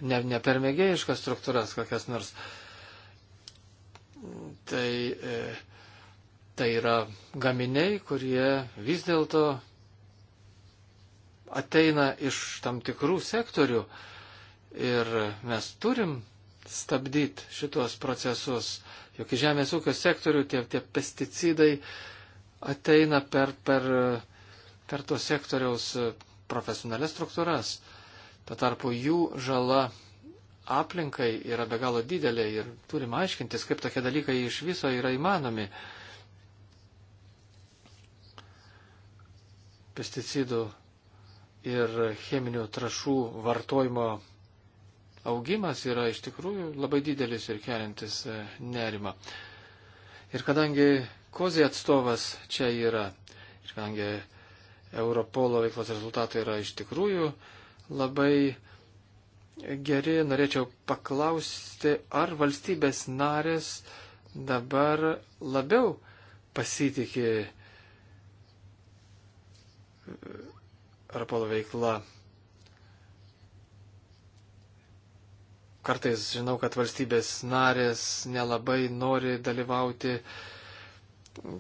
ne, ne per mėgėjiškas struktūras kokias nors. Tai, e, tai yra gaminiai, kurie vis dėlto ateina iš tam tikrų sektorių ir mes turim stabdyti šitos procesus. Juk į žemės ūkio sektorių tie, tie pesticidai ateina per, per, per to sektoriaus profesionalias struktūras. Tuo tarpu jų žala aplinkai yra be galo didelė ir turim aiškintis, kaip tokie dalykai iš viso yra įmanomi. Pesticidų ir cheminių trašų vartojimo augimas yra iš tikrųjų labai didelis ir keliantis e, nerima. Ir kadangi kozė atstovas čia yra, ir kadangi Europolo veiklos rezultatai yra iš tikrųjų labai geri. Norėčiau paklausti, ar valstybės narės dabar labiau pasitikė Europolo veikla. Kartais žinau, kad valstybės narės nelabai nori dalyvauti uh,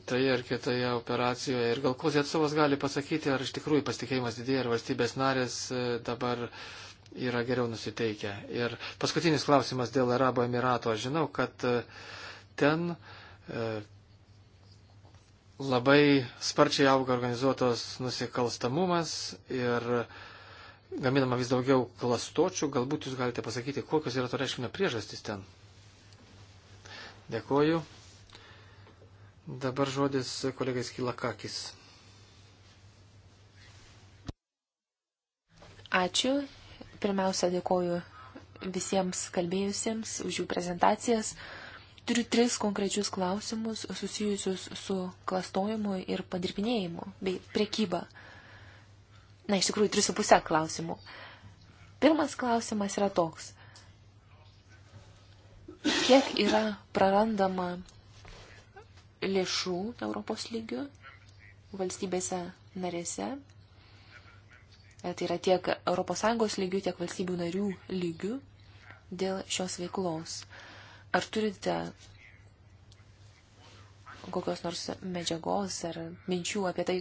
tai ar kitoje operacijoje. Ir gal kozė atstovas gali pasakyti, ar iš tikrųjų pasitikėjimas didėja, ar valstybės narės e, dabar yra geriau nusiteikę. Ir paskutinis klausimas dėl Arabo Emirato. Aš žinau, kad e, ten e, labai sparčiai auga organizuotos nusikalstamumas ir gaminama vis daugiau klastočių. Galbūt jūs galite pasakyti, kokios yra to reiškinio priežastys ten. Dėkuoju. Dabar žodis kolegai Skilakakis. Ačiū. Pirmiausia, dėkoju visiems kalbėjusiems už jų prezentacijas. Turiu tris konkrečius klausimus susijusius su klastojimu ir padirbinėjimu bei priekyba. Na, iš tikrųjų, tris su pusę klausimų. Pirmas klausimas yra toks. Kiek yra prarandama lėšų Europos lygių valstybėse narėse. E, tai yra tiek ES lygių, tiek valstybių narių lygių dėl šios veiklos. Ar turite kokios nors medžiagos ar minčių apie tai,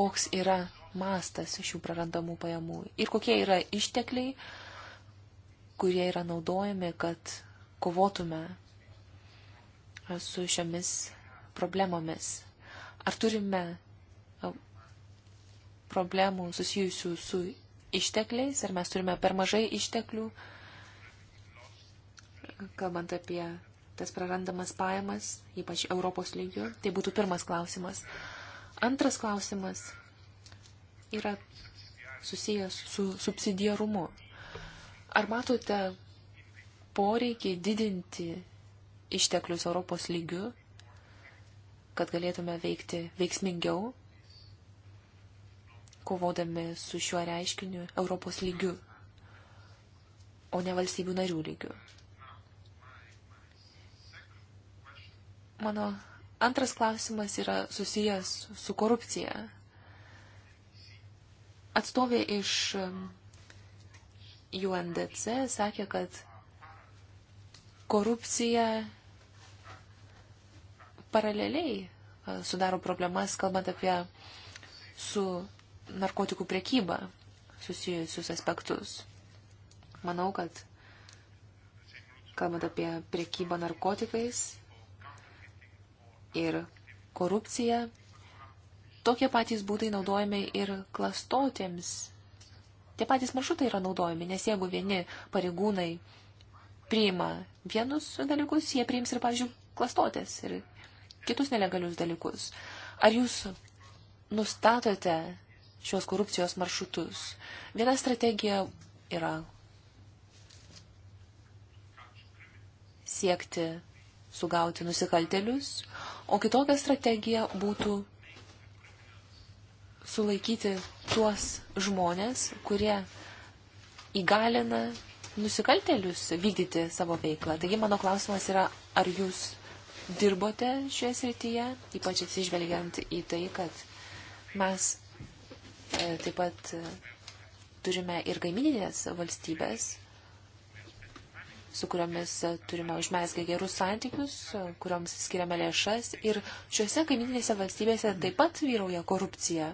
koks yra mastas šių prarandamų pajamų ir kokie yra ištekliai, kurie yra naudojami, kad kovotume su šiomis problemomis. Ar turime problemų susijusių su ištekliais, ar mes turime per mažai išteklių, kalbant apie tas prarandamas pajamas, ypač Europos lygių. Tai būtų pirmas klausimas. Antras klausimas yra susijęs su subsidiarumu. Ar matote poreikį didinti išteklius Europos lygių kad galėtume veikti veiksmingiau, kovodami su šiuo reiškiniu Europos lygiu, o ne valstybių narių lygiu. Mano antras klausimas yra susijęs su korupcija. Atstovė iš UNDC um, sakė, kad korupcija paraleliai e, sudaro problemas, kalbant apie su narkotikų prekyba susijusius aspektus. Manau, kad kalbant apie priekybą narkotikais ir korupciją, tokie patys būdai naudojami ir klastotėms. Tie patys maršrutai yra naudojami, nes jeigu vieni pareigūnai priima vienus dalykus, jie priims ir, pavyzdžiui, klastotės ir kitus nelegalius dalykus. Ar jūs nustatote šios korupcijos maršrutus? Viena strategija yra siekti sugauti nusikaltelius, o kitokia strategija būtų sulaikyti tuos žmonės, kurie įgalina nusikaltelius vykdyti savo veiklą. Taigi mano klausimas yra, ar jūs dirbote šioje srityje, ypač atsižvelgiant į tai, kad mes e, taip pat e, turime ir kaimininės valstybės, su kuriomis e, turime užmesgę gerus santykius, kurioms skiriame lėšas. Ir šiuose kaimininėse valstybėse taip pat vyrauja korupcija.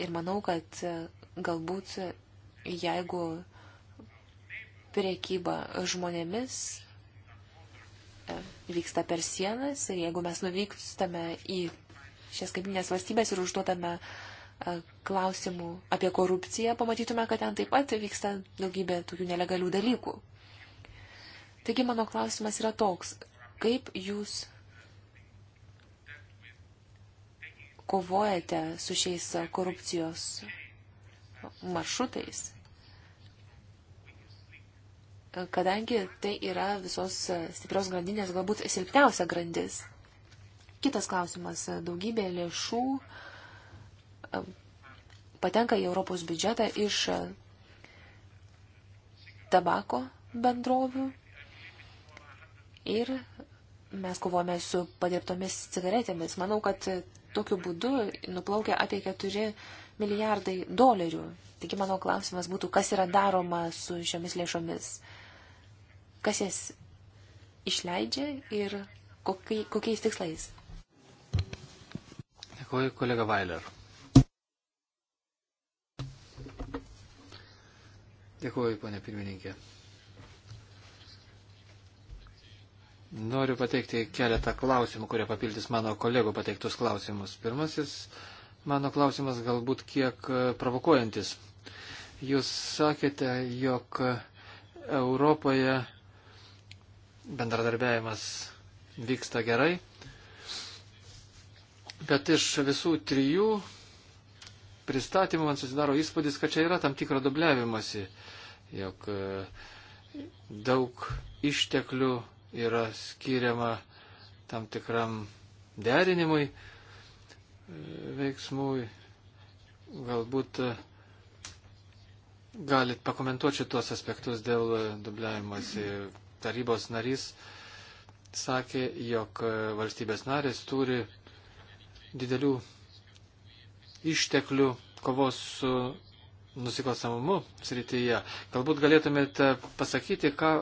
Ir manau, kad galbūt jeigu priekyba žmonėmis vyksta per sienas ir jeigu mes nuvykstame į šias kaiminės valstybės ir užduodame klausimų apie korupciją, pamatytume, kad ten taip pat vyksta daugybė tokių nelegalių dalykų. Taigi mano klausimas yra toks, kaip jūs kovojate su šiais korupcijos maršrutais kadangi tai yra visos e, stiprios grandinės galbūt silpniausia grandis. Kitas klausimas. Daugybė lėšų e, patenka į Europos biudžetą iš e, tabako bendrovių ir mes kovojame su padirbtomis cigaretėmis. Manau, kad tokiu būdu nuplaukia apie 4 milijardai dolerių. Taigi mano klausimas būtų, kas yra daroma su šiomis lėšomis kas jas išleidžia ir kokiai, kokiais tikslais. Dėkuoju, kolega Vailer. Dėkuoju, ponė pirmininkė. Noriu pateikti keletą klausimų, kurie papildys mano kolegų pateiktus klausimus. Pirmasis mano klausimas galbūt kiek e, provokuojantis. Jūs sakėte, jog Europoje bendradarbiavimas vyksta gerai. Bet iš visų trijų pristatymų man susidaro įspūdis, kad čia yra tam tikro dubliavimasi, jog e, daug išteklių yra skiriama tam tikram derinimui e, veiksmui. Galbūt e, galit pakomentuoti šitos aspektus dėl dubliavimasi, tarybos narys sakė, jog e, valstybės narės turi didelių išteklių kovos su nusikalstamumu srityje. Galbūt galėtumėte pasakyti, ką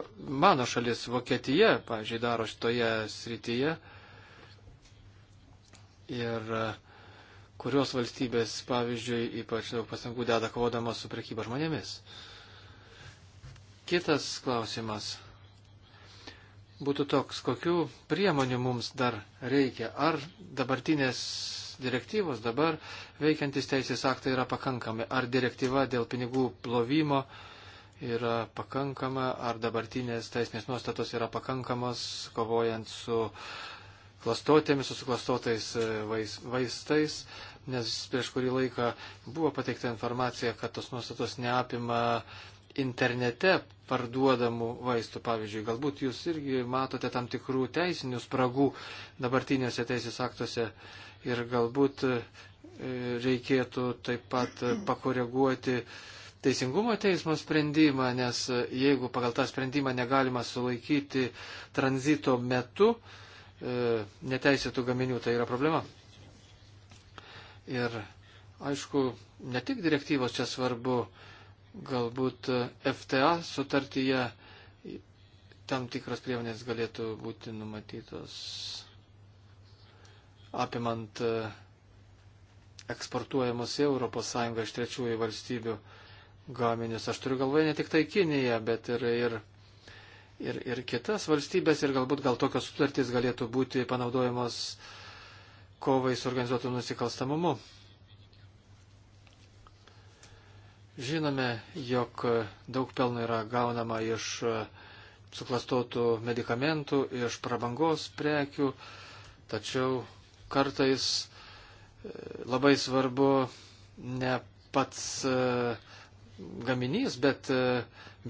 mano šalis Vokietija, pažiūrėjau, daro šitoje srityje ir e, kurios valstybės, pavyzdžiui, ypač daug pasangų deda kovodama su prekyba žmonėmis. Kitas klausimas būtų toks, kokiu priemonių mums dar reikia. Ar dabartinės direktyvos dabar veikiantis teisės aktai yra pakankami, ar direktyva dėl pinigų plovimo yra pakankama, ar dabartinės teisinės nuostatos yra pakankamos, kovojant su klastotėmis, su suklastotais e, vaistais, nes prieš kurį laiką buvo pateikta informacija, kad tos nuostatos neapima internete parduodamų vaistų, pavyzdžiui. Galbūt jūs irgi matote tam tikrų teisinių spragų dabartinėse teisės aktuose ir galbūt e, reikėtų taip pat pakoreguoti Teisingumo teismo sprendimą, nes e, jeigu pagal tą sprendimą negalima sulaikyti tranzito metu e, neteisėtų gaminių, tai yra problema. Ir aišku, ne tik direktyvos čia svarbu Galbūt e, FTA sutartyje tam tikros priemonės galėtų būti numatytos apimant e, eksportuojamus į ES iš trečiųjų valstybių gaminius. Aš turiu galvoje ne tik tai Kiniją, bet ir, ir, ir, ir kitas valstybės ir galbūt gal tokios sutartys galėtų būti panaudojamos kovai su organizuotu nusikalstamumu. Žinome, jog daug pelno yra gaunama iš e, suklastotų medikamentų, iš prabangos prekių, tačiau kartais e, labai svarbu ne pats e, gaminys, bet,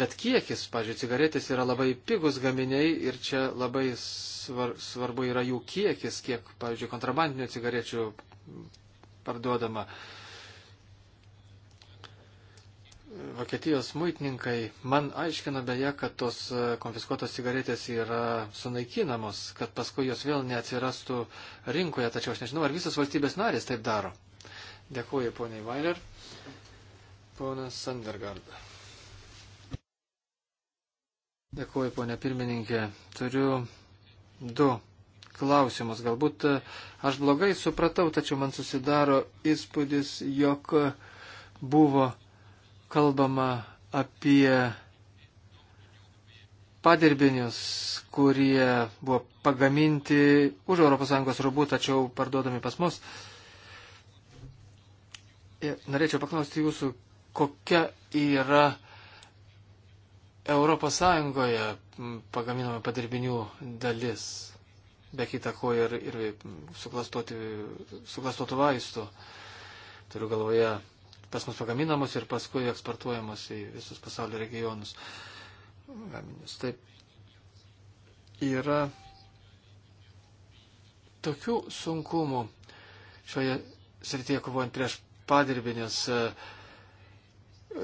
bet kiekis, pažiūrėjau, cigaretės yra labai pigus gaminiai ir čia labai svar, svarbu yra jų kiekis, kiek, pavyzdžiui, kontrabandinių cigarečių parduodama. Uh, Vokietijos muitininkai man aiškina beje, kad tos e, konfiskuotos cigaretės yra sunaikinamos, kad paskui jos vėl neatsirastų rinkoje, tačiau aš nežinau, ar visos valstybės narės taip daro. Dėkuoju poniai Vailer. Ponas Sandergarda. Dėkuoju ponė pirmininkė. Turiu du klausimus. Galbūt e, aš blogai supratau, tačiau man susidaro įspūdis, jog buvo kalbama apie padirbinius, kurie buvo pagaminti už ES ribų, tačiau parduodami pas mus. Ir norėčiau paklausti jūsų, kokia yra ES pagaminama padirbinių dalis, be kita ko ir, ir suklastotų vaistų. Turiu galvoje pas mus pagaminamos ir paskui eksportuojamos į visus pasaulio regionus gaminius. Taip yra tokių sunkumų šioje srityje kovojant prieš padirbinius,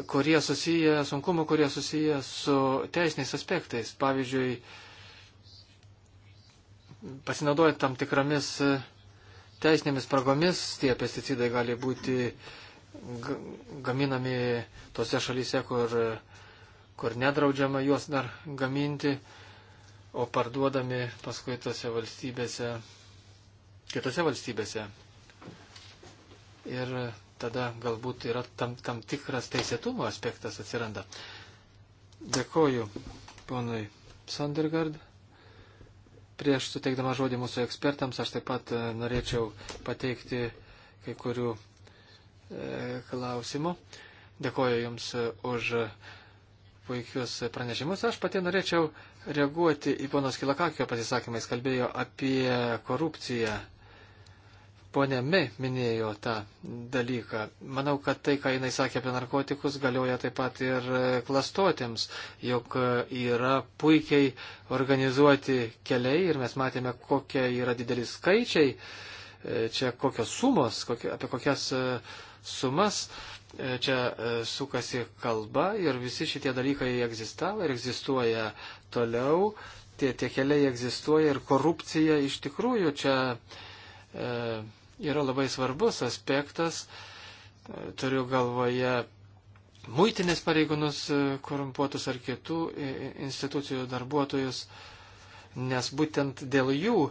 kurie susiję, sunkumų, kurie susiję su teisiniais aspektais. Pavyzdžiui, pasinaudojant tam tikromis teisinėmis spragomis, tie pesticidai gali būti uh, gaminami tose šalyse, kur, kur nedraudžiama juos dar gaminti, o parduodami paskui tose valstybėse, kitose valstybėse. Ir tada galbūt yra tam, tam tikras teisėtumo aspektas atsiranda. Dėkoju ponui Sandergard. Prieš suteikdama žodį mūsų ekspertams, aš taip pat e, norėčiau pateikti kai kurių E, klausimų. Dėkoju Jums e, už puikius pranešimus. Aš pati norėčiau reaguoti į ponos Kilakakio pasisakymą. Jis kalbėjo apie korupciją. Pone Mi minėjo tą dalyką. Manau, kad tai, ką jinai sakė apie narkotikus, galioja taip pat ir klastotėms, jog yra puikiai organizuoti keliai ir mes matėme, kokie yra dideli skaičiai, e, čia kokios sumos, kokie, apie kokias uh, sumas. E, čia e, sukasi kalba ir visi šitie dalykai egzistavo ir egzistuoja toliau. Tie, tie keliai egzistuoja ir korupcija iš tikrųjų čia e, yra labai svarbus aspektas. E, turiu galvoje muitinės pareigūnus, korumpuotus ar kitų institucijų darbuotojus, nes būtent dėl jų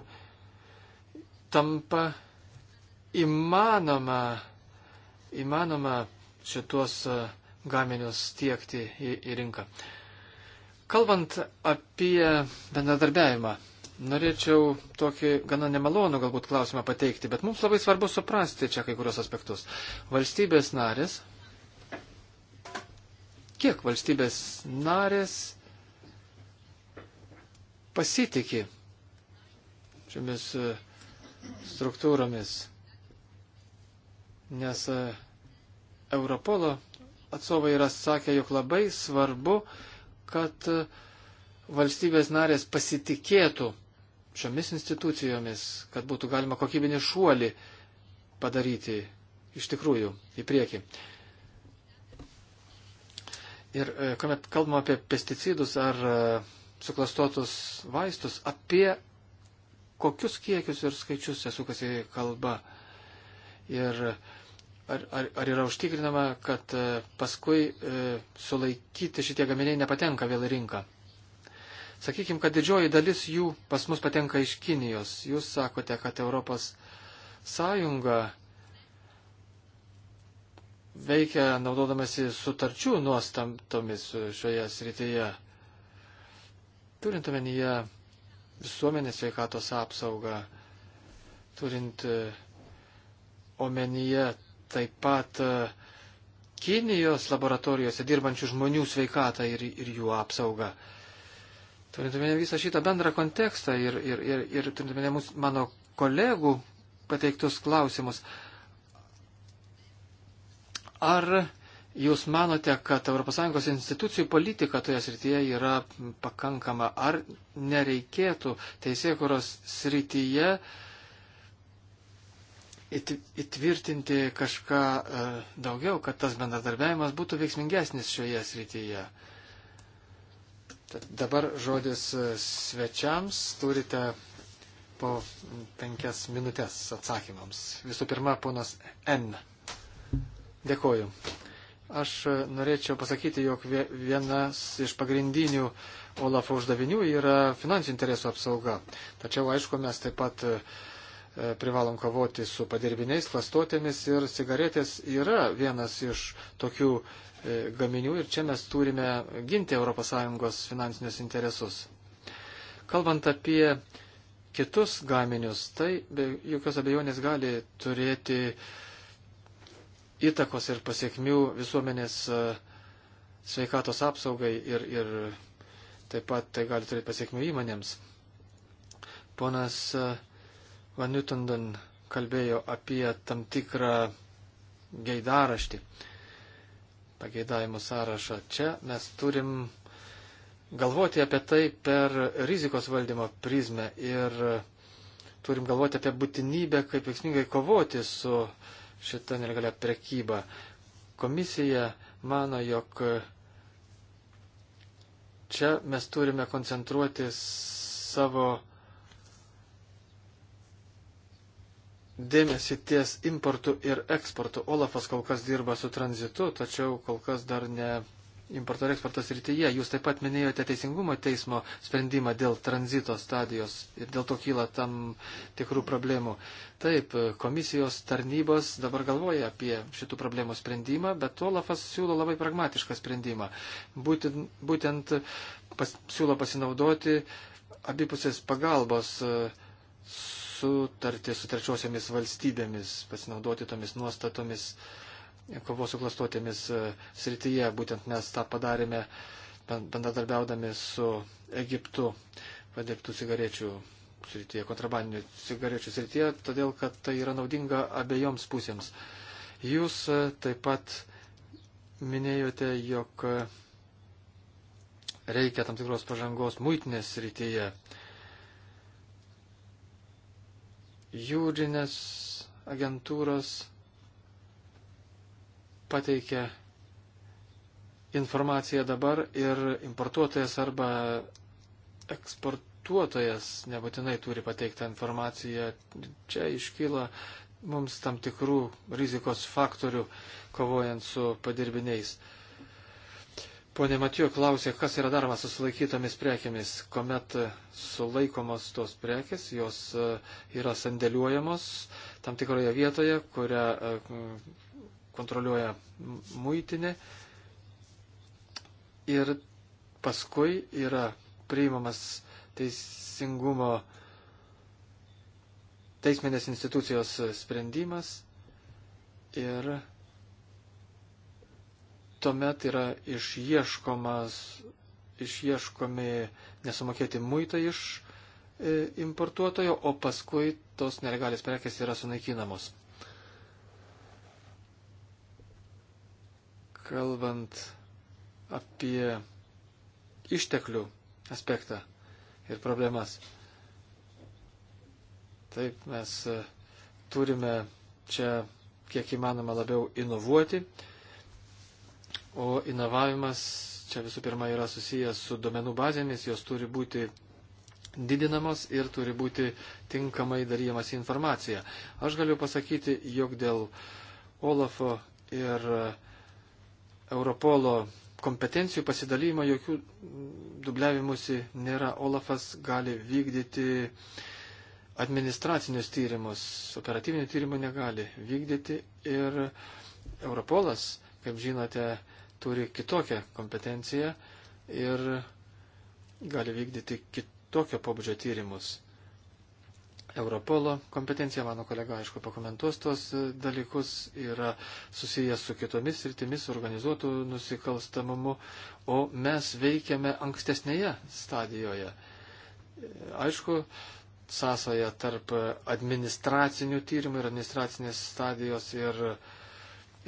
tampa įmanoma įmanoma šitos e, gaminius tiekti į, į rinką. Kalbant apie bendradarbiavimą, norėčiau tokį gana nemalonų galbūt klausimą pateikti, bet mums labai svarbu suprasti čia kai kurios aspektus. Valstybės narės, kiek valstybės narės pasitikė šiomis e, struktūromis nes e, Europolo atstovai yra sakę, jog labai svarbu, kad e, valstybės narės pasitikėtų šiomis institucijomis, kad būtų galima kokybinį šuolį padaryti iš tikrųjų į priekį. Ir e, kuomet kalbam apie pesticidus ar suklastotus vaistus, apie kokius kiekius ir skaičius esukasi kalba. Ir uh, ar, ar, ar yra užtikrinama, kad e, paskui e, sulaikyti šitie gaminiai nepatenka vėl į rinką? Sakykime, kad didžioji dalis jų pas mus patenka iš Kinijos. Jūs sakote, kad Europos Sąjunga veikia naudodamasi sutarčių nuostamtomis šioje srityje. Turint omenyje visuomenės sveikatos apsaugą, turint e, omenyje taip pat e, Kinijos laboratorijose dirbančių žmonių sveikatą ir, ir jų apsaugą. Turintumėne visą šitą bendrą kontekstą ir, ir, ir, ir turintumėne mano kolegų pateiktus klausimus. Ar jūs manote, kad ES institucijų politika toje srityje yra pakankama, ar nereikėtų teisėkuros srityje uh, įtvirtinti kažką e, daugiau, kad tas bendradarbiavimas būtų veiksmingesnis šioje srityje. Tad dabar žodis e, svečiams turite po penkias minutės atsakymams. Visų pirma, ponas N. Dėkoju. Aš e, norėčiau pasakyti, jog vienas iš pagrindinių Olafo uždavinių yra finansinių interesų apsauga. Tačiau, aišku, mes taip pat uh, E, privalom kovoti su padirbiniais klastotėmis ir cigaretės yra vienas iš tokių e, gaminių ir čia mes turime ginti ES finansinius interesus. Kalbant apie kitus gaminius, tai be jokios abejonės gali turėti įtakos ir pasiekmių visuomenės e, sveikatos apsaugai ir, ir taip pat tai gali turėti pasiekmių įmonėms. Ponas uh, Van Newtenden kalbėjo apie tam tikrą geidaraštį, pageidavimų sąrašą. Čia mes turim galvoti apie tai per rizikos valdymo prizmę ir turim galvoti apie būtinybę, kaip veiksmingai kovoti su šita nelegalia prekyba. Komisija mano, jog čia mes turime koncentruoti savo dėmesį ties importu ir eksportu. Olafas kol kas dirba su tranzitu, tačiau kol kas dar ne importo ir eksporto srityje. Jūs taip pat minėjote teisingumo teismo sprendimą dėl tranzito stadijos ir dėl to kyla tam tikrų problemų. Taip, komisijos tarnybos dabar galvoja apie šitų problemų sprendimą, bet Olafas siūlo labai pragmatišką sprendimą. Būtent, būtent pas, siūlo pasinaudoti abipusės pagalbos. Uh, sutartį su trečiosiamis valstybėmis, pasinaudoti tomis nuostatomis kovos su klastotėmis e, srityje. Būtent mes tą padarėme bendradarbiaudami su Egiptu padirbtų cigarečių srityje, kontrabandinių cigarečių srityje, todėl kad tai yra naudinga abiejoms pusėms. Jūs e, taip pat minėjote, jog e, reikia tam tikros pažangos muitinės srityje. jūrinės agentūros pateikia informaciją dabar ir importuotojas arba eksportuotojas nebūtinai turi pateiktą informaciją. Čia iškyla mums tam tikrų rizikos faktorių kovojant su padirbiniais Pone Matijo klausė, kas yra daroma su sulaikytomis prekiamis, kuomet sulaikomos tos prekes, jos e, yra sandėliuojamos tam tikroje vietoje, kurią e, kontroliuoja muitinė. Ir paskui yra priimamas teisingumo teisminės institucijos sprendimas ir tuomet yra išieškomas, išieškomi nesumokėti muitai iš e, importuotojo, o paskui tos nelegalios prekes yra sunaikinamos. Kalbant apie išteklių aspektą ir problemas. Taip, mes e, turime čia kiek įmanoma labiau inovuoti O inovavimas čia visų pirma yra susijęs su domenų bazėmis, jos turi būti didinamos ir turi būti tinkamai dalyjamas informacija. Aš galiu pasakyti, jog dėl Olafo ir Europolo kompetencijų pasidalymo jokių dubliavimusi nėra. Olafas gali vykdyti administracinius tyrimus, operatyvinių tyrimų negali vykdyti ir Europolas, kaip žinote, turi kitokią kompetenciją ir gali vykdyti kitokio pobūdžio tyrimus. Europolo kompetencija, mano kolega aišku pakomentuos tuos dalykus, yra susijęs su kitomis rytimis organizuotų nusikalstamumu, o mes veikiame ankstesnėje stadijoje. Aišku, sąsoja tarp administracinių tyrimų ir administracinės stadijos ir uh,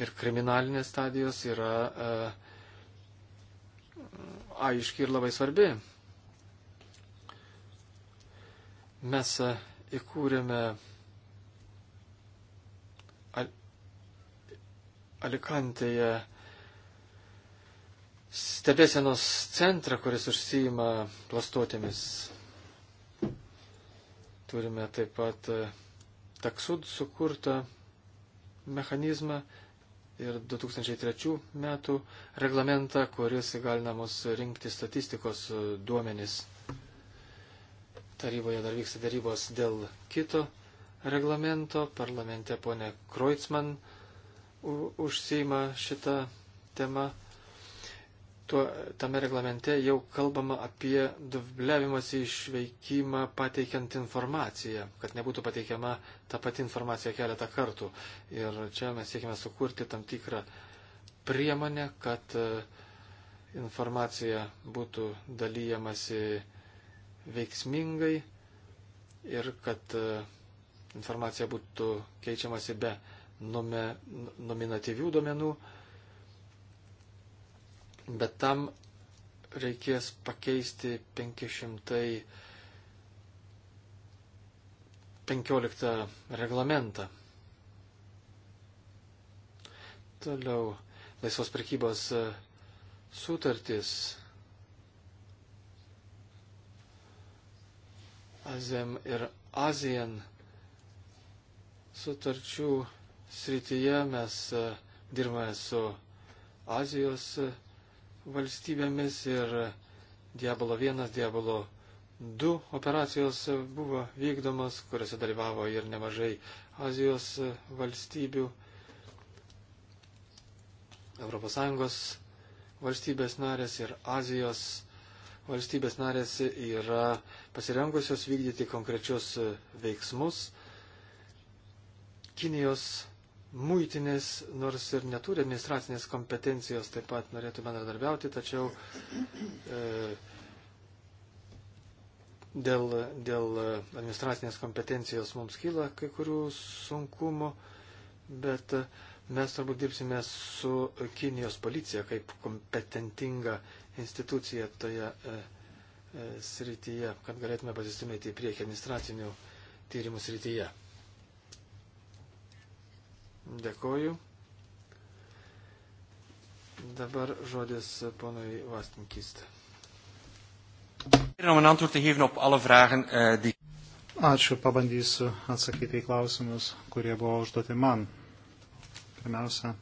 ir kriminalinės stadijos yra e, aiški ir labai svarbi. Mes e, įkūrėme Al Alikantėje stebėsenos centrą, kuris užsijima plastotėmis. Turime taip pat e, taksud sukurtą mechanizmą, ir 2003 metų reglamentą, kuris įgalina mus rinkti statistikos e, duomenis. Taryboje dar vyksta darybos dėl kito reglamento. Parlamente ponė Kreutzmann užsima šitą temą tuo, tame reglamente jau kalbama apie dubliavimąsi išveikimą pateikiant informaciją, kad nebūtų pateikiama ta pati informacija keletą kartų. Ir čia mes siekime sukurti tam tikrą priemonę, kad e, informacija būtų dalyjamasi veiksmingai ir kad e, informacija būtų keičiamasi be nominatyvių duomenų bet tam reikės pakeisti 515 reglamentą. Toliau laisvos prekybos e, sutartys. Azem ir Azijan sutarčių srityje mes e, dirbame su Azijos e, valstybėmis ir Diabolo 1, Diabolo 2 operacijos buvo vykdomas, kuriuose dalyvavo ir nemažai Azijos valstybių, ES valstybės narės ir Azijos valstybės narės yra pasirengusios vykdyti konkrečius veiksmus. Kinijos muitinės, nors ir neturi administracinės kompetencijos, taip pat norėtų bendradarbiauti, tačiau e, dėl, dėl administracinės kompetencijos mums kyla kai kurių sunkumų, bet mes turbūt dirbsime su Kinijos policija kaip kompetentinga institucija toje e, e, srityje, kad galėtume pasistumėti į priekį administracinių tyrimų srityje. Dėkoju. Dabar žodis ponui Vastinkist. Eh, Ačiū, pabandysiu atsakyti į klausimus, kurie buvo užduoti man. Pirmiausia,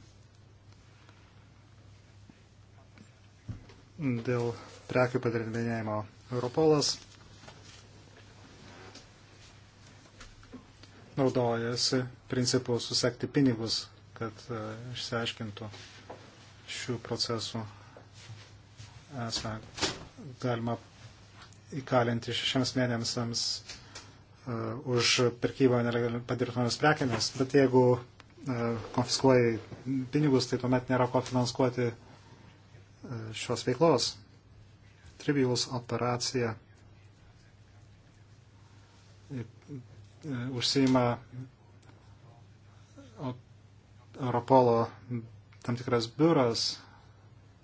dėl prekių padirbinėjimo Europolas naudojasi principu susekti pinigus, kad e, išsiaiškintų šių procesų esmę. Galima įkalinti šešiems mėnesiams uh, už pirkybą padirbtomis prekėmis, bet jeigu uh, konfiskuoji pinigus, tai tuomet nėra ko finansuoti uh, šios veiklos. Trivials operacija E, užsima Europolo tam tikras biuras,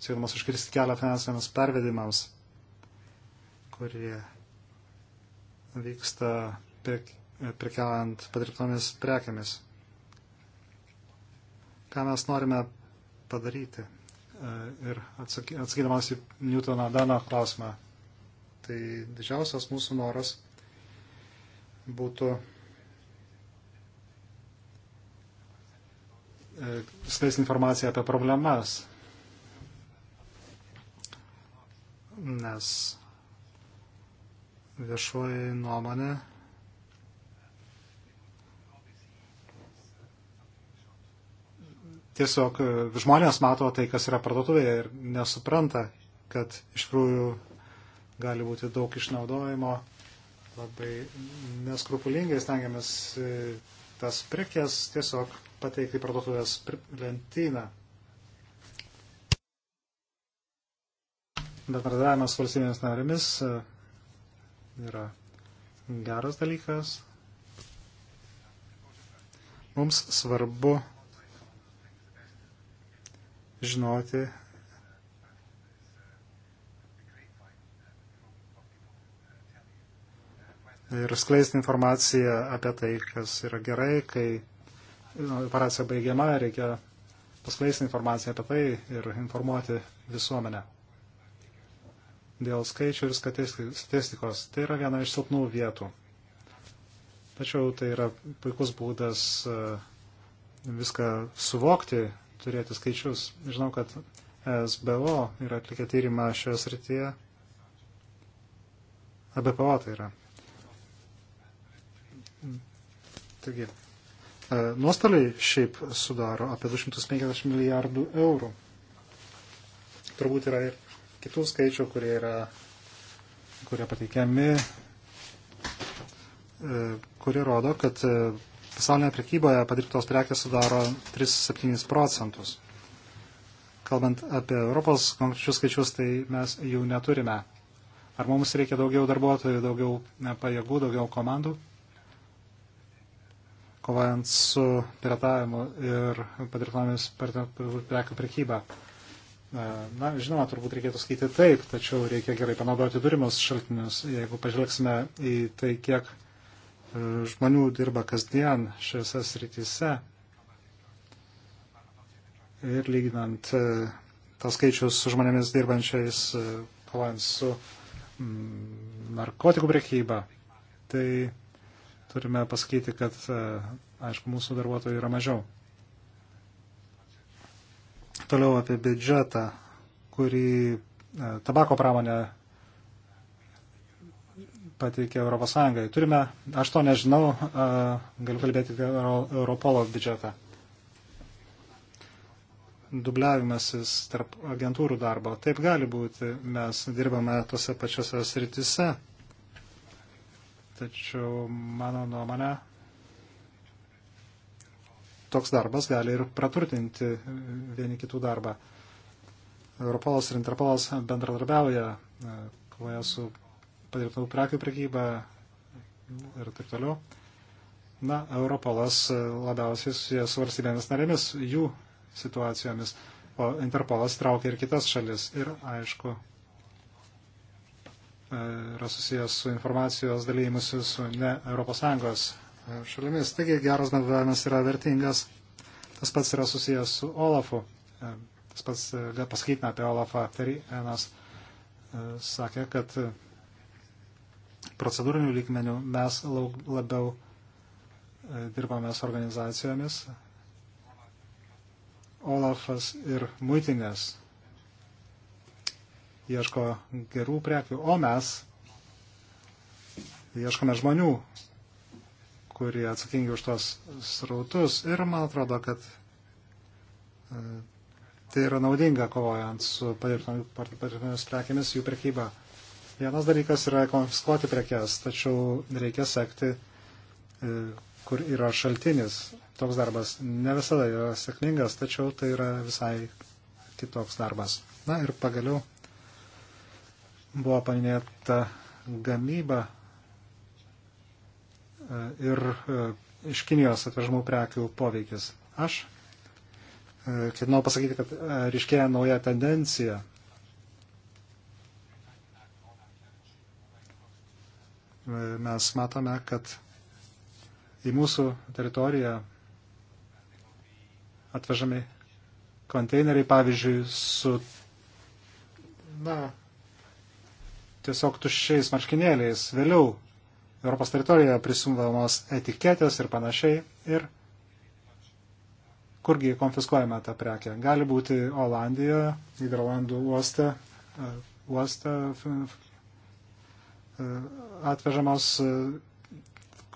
siekdamas užkirsti kelią finansiniams pervedimams, kurie vyksta e, prekiaujant padirbtomis prekiamis. Ką mes norime padaryti? E, ir atsakydamas į Newtoną Dano klausimą, tai didžiausias mūsų noras – būtų e, skleisti informaciją apie problemas. Nes viešoji nuomonė tiesiog žmonės mato tai, kas yra parduotuvėje ir nesupranta, kad iš tikrųjų gali būti daug išnaudojimo labai neskrupulingai stengiamės e, tas prekes tiesiog pateikti į parduotuvės lentyną. Bendradavimas valstybėmis narėmis e, yra geras dalykas. Mums svarbu žinoti ir skleisti informaciją apie tai, kas yra gerai, kai nu, operacija baigiama, reikia paskleisti informaciją apie tai ir informuoti visuomenę. Dėl skaičių ir statistikos tai yra viena iš silpnų vietų. Tačiau tai yra puikus būdas e, viską suvokti, turėti skaičius. Žinau, kad SBO yra atlikę tyrimą šioje srityje. ABPO tai yra. Taigi, e, nuostoliai šiaip sudaro apie 250 milijardų eurų. Turbūt yra ir kitų skaičių, kurie yra kurie pateikiami, e, kurie rodo, kad e, pasaulinėje prekyboje padirbtos prekės sudaro 3-7 procentus. Kalbant apie Europos konkrečius skaičius, tai mes jų neturime. Ar mums reikia daugiau darbuotojų, daugiau pajėgų, daugiau komandų? kovojant su piratavimu ir patirtomis prekių prekyba. Na, žinoma, turbūt reikėtų skaityti taip, tačiau reikia gerai panaudoti turimus šaltinius. Jeigu pažvelgsime į tai, kiek e, žmonių dirba kasdien šiose srityse ir lyginant e, tą skaičių su žmonėmis dirbančiais, e, kovojant su mm, narkotikų prekyba, tai turime pasakyti, kad, e, aišku, mūsų darbuotojų yra mažiau. Toliau apie biudžetą, kurį e, tabako pramonė pateikė Europos Sąjungai. Turime, aš to nežinau, e, galiu kalbėti apie Europolo biudžetą. Dubliavimasis tarp agentūrų darbo. Taip gali būti, mes dirbame tose pačiose sritise tačiau mano nuomonė toks darbas gali ir praturtinti vieni kitų darbą. Europolas ir Interpolas bendradarbiauja, e, kovoja su padirbtų prekių prekyba ir taip toliau. Na, Europolas e, labiausiai susijęs su valstybėmis narėmis, jų situacijomis, o Interpolas traukia ir kitas šalis. Ir aišku, yra susijęs su informacijos dalyjimusi su ne ES e, šalimis. Taigi geras bendravimas yra vertingas. Tas pats yra susijęs su Olafu. E, tas pats e, pasakytina apie Olafą. Terienas sakė, kad procedūrinių lygmenių mes labiau dirbame su organizacijomis. Olafas ir muitinės ieško gerų prekių, o mes ieškome žmonių, kurie atsakingi už tos srautus. Ir man atrodo, kad e, tai yra naudinga kovojant su padirbtomis prekėmis jų prekyba. Vienas dalykas yra konfiskuoti prekes, tačiau reikia sekti, e, kur yra šaltinis. Toks darbas ne visada yra sėkmingas, tačiau tai yra visai kitoks darbas. Na ir pagaliau Buvo paminėta gamyba e, ir e, iš Kinijos atvežamų prekių poveikis. Aš e, ketinau pasakyti, kad ryškėja nauja tendencija. Mes matome, kad į mūsų teritoriją atvežami konteineriai, pavyzdžiui, su na, tiesiog tuščiais marškinėliais. Vėliau Europos teritorijoje prisumdamos etiketės ir panašiai. Ir kurgi konfiskuojame tą prekę? Gali būti Olandijoje, Niderlandų uoste, e, uoste e, atvežamos, e,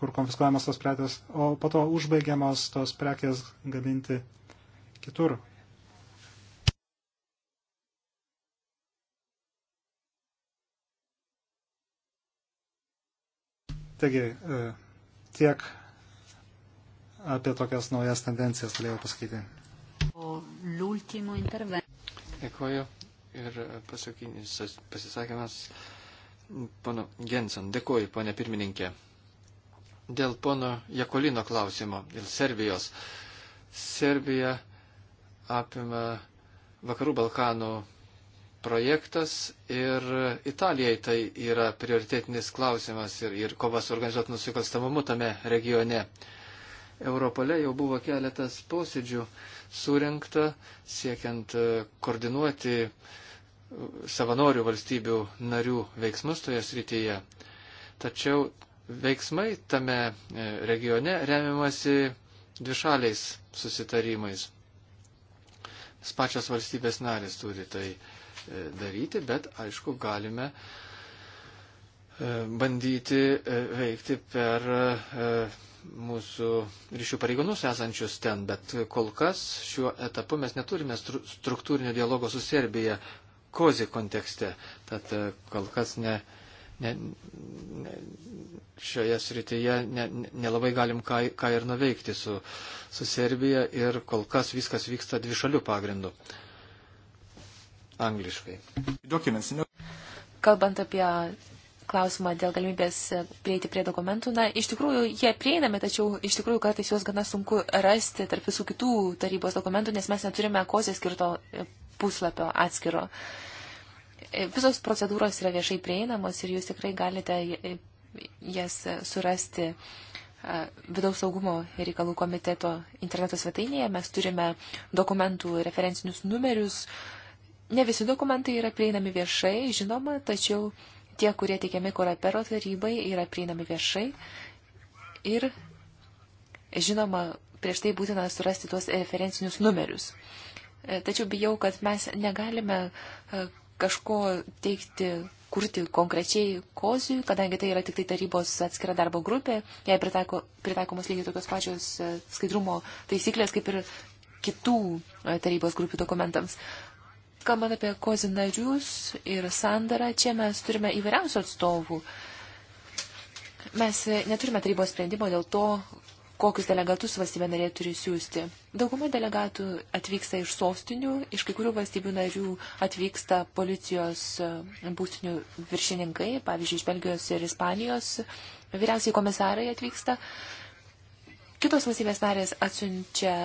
kur konfiskuojamos tos prekės, o po to užbaigiamos tos prekės gaminti kitur. Taigi e, tiek apie tokias naujas tendencijas galėjau pasakyti. Dėkuoju. Ir pasakinis pasisakymas, pono Genson, dėkuoju, ponė pirmininkė. Dėl pono Jakolino klausimo, dėl Serbijos. Serbija apima Vakarų Balkanų projektas ir Italijai tai yra prioritetinis klausimas ir, ir kova su organizuotų nusikalstamumu tame regione. Europole jau buvo keletas posėdžių surinkta, siekiant e, koordinuoti e, savanorių valstybių narių veiksmus toje srityje. Tačiau veiksmai tame e, regione remiamasi dvišaliais susitarimais. Spačios valstybės narės turi tai E, daryti, bet aišku, galime e, bandyti e, veikti per mūsų ryšių pareigūnus esančius ten, bet kol kas šiuo etapu mes neturime struktūrinio dialogo su Serbija kozi kontekste. Tad kol kas ne, ne, ne, šioje srityje nelabai ne, ne galim ką, ką ir nuveikti su, su Serbija ir kol kas viskas vyksta dvišalių pagrindų. Uh, angliškai. Kalbant apie klausimą dėl galimybės prieiti prie dokumentų, na, iš tikrųjų jie prieinami, tačiau iš tikrųjų kartais juos gana sunku rasti tarp visų kitų tarybos dokumentų, nes mes neturime kozės skirto puslapio atskiro. Visos procedūros yra viešai prieinamos ir jūs tikrai galite jas surasti vidaus saugumo reikalų komiteto interneto svetainėje. Mes turime dokumentų referencinius numerius, uh, Ne visi dokumentai yra prieinami viešai, žinoma, tačiau tie, kurie teikiami korapero tarybai, yra prieinami viešai. Ir, žinoma, prieš tai būtina surasti tuos referencinius numerius. E, tačiau bijau, kad mes negalime e, kažko teikti, kurti konkrečiai kozijų, kadangi tai yra tik tai tarybos atskira darbo grupė, jai pritaiko, pritaikomos lygiai tokios pačios e, skaidrumo taisyklės kaip ir kitų tarybos grupių dokumentams. Kalbant apie kozinarius ir sandarą, čia mes turime įvairiausių atstovų. Mes neturime tarybos sprendimo dėl to, kokius delegatus valstybė narė turi siūsti. Dauguma delegatų atvyksta iš sostinių, iš kai kurių valstybių narių atvyksta policijos e, būstinių viršininkai, pavyzdžiui, iš Belgijos ir Ispanijos vyriausiai komisarai atvyksta. Kitos valstybės narės atsiunčia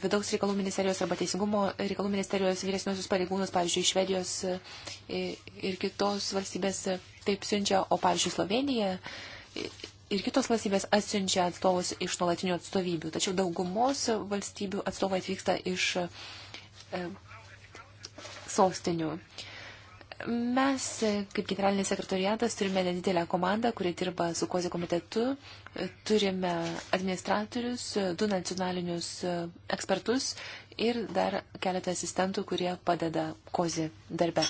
vidaus reikalų ministerijos arba teisingumo reikalų ministerijos vyresniosius pareigūnus, pavyzdžiui, Švedijos e, ir kitos valstybės taip siunčia, o pavyzdžiui, Slovenija e, ir kitos valstybės atsiunčia atstovus iš nuolatinių atstovybių. Tačiau daugumos valstybių atstovai atvyksta iš e, sostinių. Mes, kaip generalinis sekretoriatas, turime nedidelę komandą, kuri dirba su kozi komitetu turime administratorius, du nacionalinius e, ekspertus ir dar keletą asistentų, kurie padeda kozi darbe.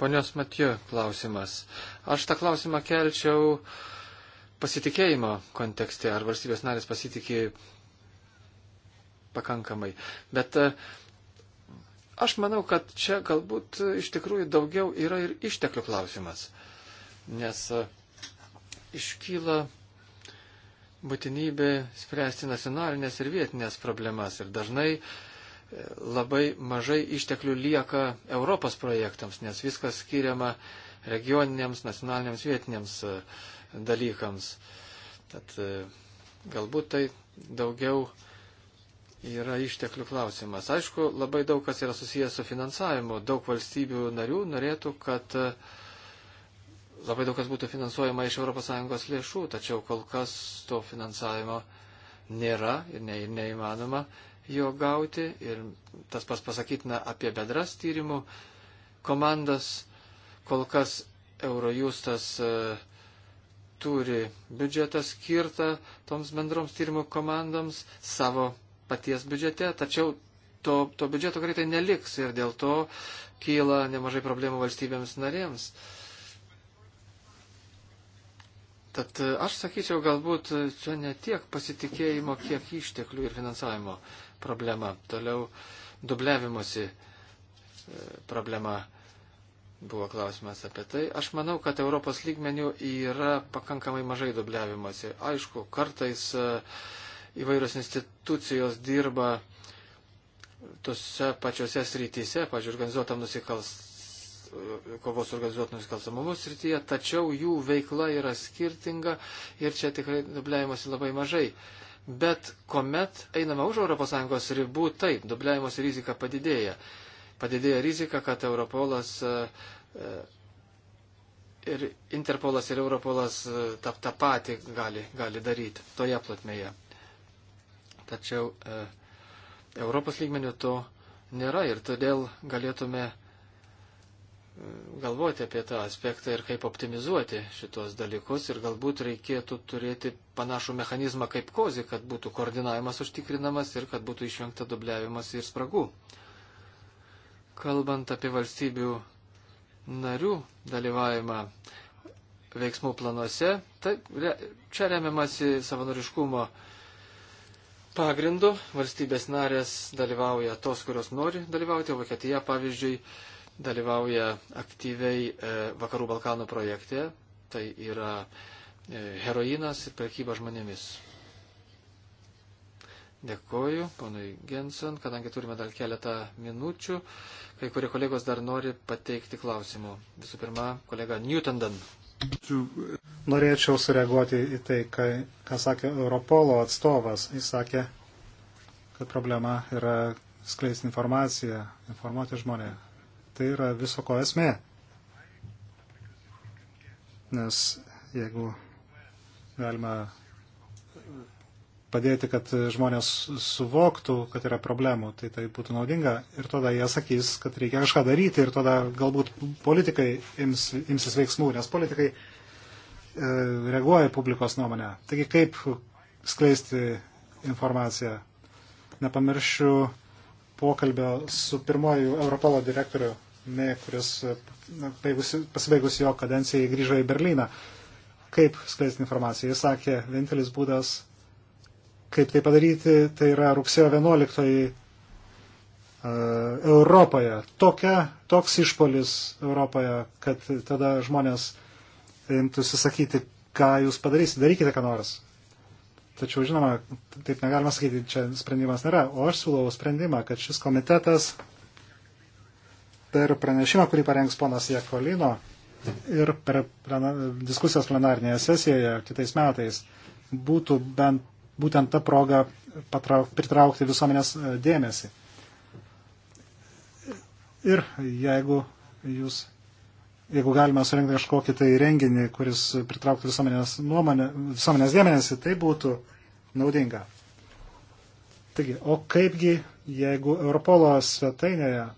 Ponios Matijo klausimas. Aš tą klausimą kelčiau pasitikėjimo kontekste, ar valstybės narės pasitikė pakankamai. Bet e, aš manau, kad čia galbūt iš tikrųjų daugiau yra ir išteklių klausimas. Uh, nes e, iškyla būtinybė spręsti nacionalinės ir vietinės problemas. Ir dažnai e, labai mažai išteklių lieka Europos projektams, nes viskas skiriama regioniniams, nacionaliniams, vietiniams e, dalykams. Tad galbūt tai daugiau yra išteklių klausimas. Aišku, labai daug kas yra susijęs su finansavimu. Daug valstybių narių norėtų, kad uh, labai daug kas būtų finansuojama iš ES lėšų, tačiau kol kas to finansavimo nėra ir, ne, ir neįmanoma jo gauti. Ir tas pas pasakytina apie bedras tyrimų komandas. Kol kas Eurojustas e, turi biudžetą skirtą toms bendroms tyrimų komandoms savo paties biudžete, tačiau to, to biudžeto greitai neliks ir dėl to kyla nemažai problemų valstybėms narėms. Uh, Tad e, aš sakyčiau, galbūt e, čia ne tiek pasitikėjimo, kiek išteklių ir finansavimo problema. Toliau dubliavimosi e, problema buvo klausimas apie tai. Aš manau, kad Europos lygmenių yra pakankamai mažai dubliavimosi. Aišku, kartais įvairios institucijos dirba tose pačiose srityse, pažiūrėjau, organizuotam nusikalstamumui kovos organizuotų nusikalstamumų srityje, tačiau jų veikla yra skirtinga ir čia tikrai dubliavimuose labai mažai. Bet kuomet einame už ES ribų, taip, dubliavimuose rizika padidėja. Padidėja rizika, kad Europolas e, e, ir Interpolas ir Europolas e, tą, tą patį gali, gali daryti toje platmėje. Tačiau e, Europos lygmenių to nėra ir todėl galėtume galvoti apie tą aspektą ir kaip optimizuoti šitos dalykus ir galbūt reikėtų turėti panašų mechanizmą kaip kozi, kad būtų koordinavimas užtikrinamas ir kad būtų išvengta dubliavimas ir spragų. Kalbant apie valstybių narių dalyvavimą veiksmų planuose, tai čia remiamasi savanoriškumo pagrindu. Valstybės narės dalyvauja tos, kurios nori dalyvauti. Vokietija, pavyzdžiui, dalyvauja aktyviai e, Vakarų Balkanų projekte, tai yra e, heroinas ir prekyba žmonėmis. Dėkoju, ponui Genson, kadangi turime dar keletą minučių, kai kurie kolegos dar nori pateikti klausimų. Visų pirma, kolega Newtondon. Norėčiau sureaguoti į tai, kai, ką sakė Europolo atstovas. Jis sakė, kad problema yra skleisti informaciją, informuoti žmonės tai yra viso ko esmė. Nes jeigu galima padėti, kad žmonės suvoktų, kad yra problemų, tai tai būtų naudinga ir tada jie sakys, kad reikia kažką daryti ir tada galbūt politikai ims, imsis veiksmų, nes politikai e, reaguoja publikos nuomonę. Taigi kaip skleisti informaciją? Nepamiršiu pokalbio su pirmoju Europolo direktoriu Mė, kuris pasibaigus jo kadencijai grįžo į Berliną. Kaip skleisti informaciją? Jis sakė, vienintelis būdas, kaip tai padaryti, tai yra rugsėjo 11-oji uh, e, Europoje. Tokia, toks išpolis Europoje, kad tada žmonės imtųsi sakyti, ką jūs padarysite, darykite ką nors. Tačiau, žinoma, taip negalima sakyti, čia sprendimas nėra, o aš siūlau sprendimą, kad šis komitetas per pranešimą, kurį parengs ponas Jekolino ir per plena, diskusijos plenarnėje sesijoje kitais metais būtų bent, būtent ta proga patrauk, pritraukti visuomenės e, dėmesį. Ir jeigu jūs, jeigu galima surinkti kažkokį tai renginį, kuris pritrauktų visuomenės, nuomonę, visuomenės dėmesį, tai būtų naudinga. Taigi, o kaipgi, jeigu Europolo svetainėje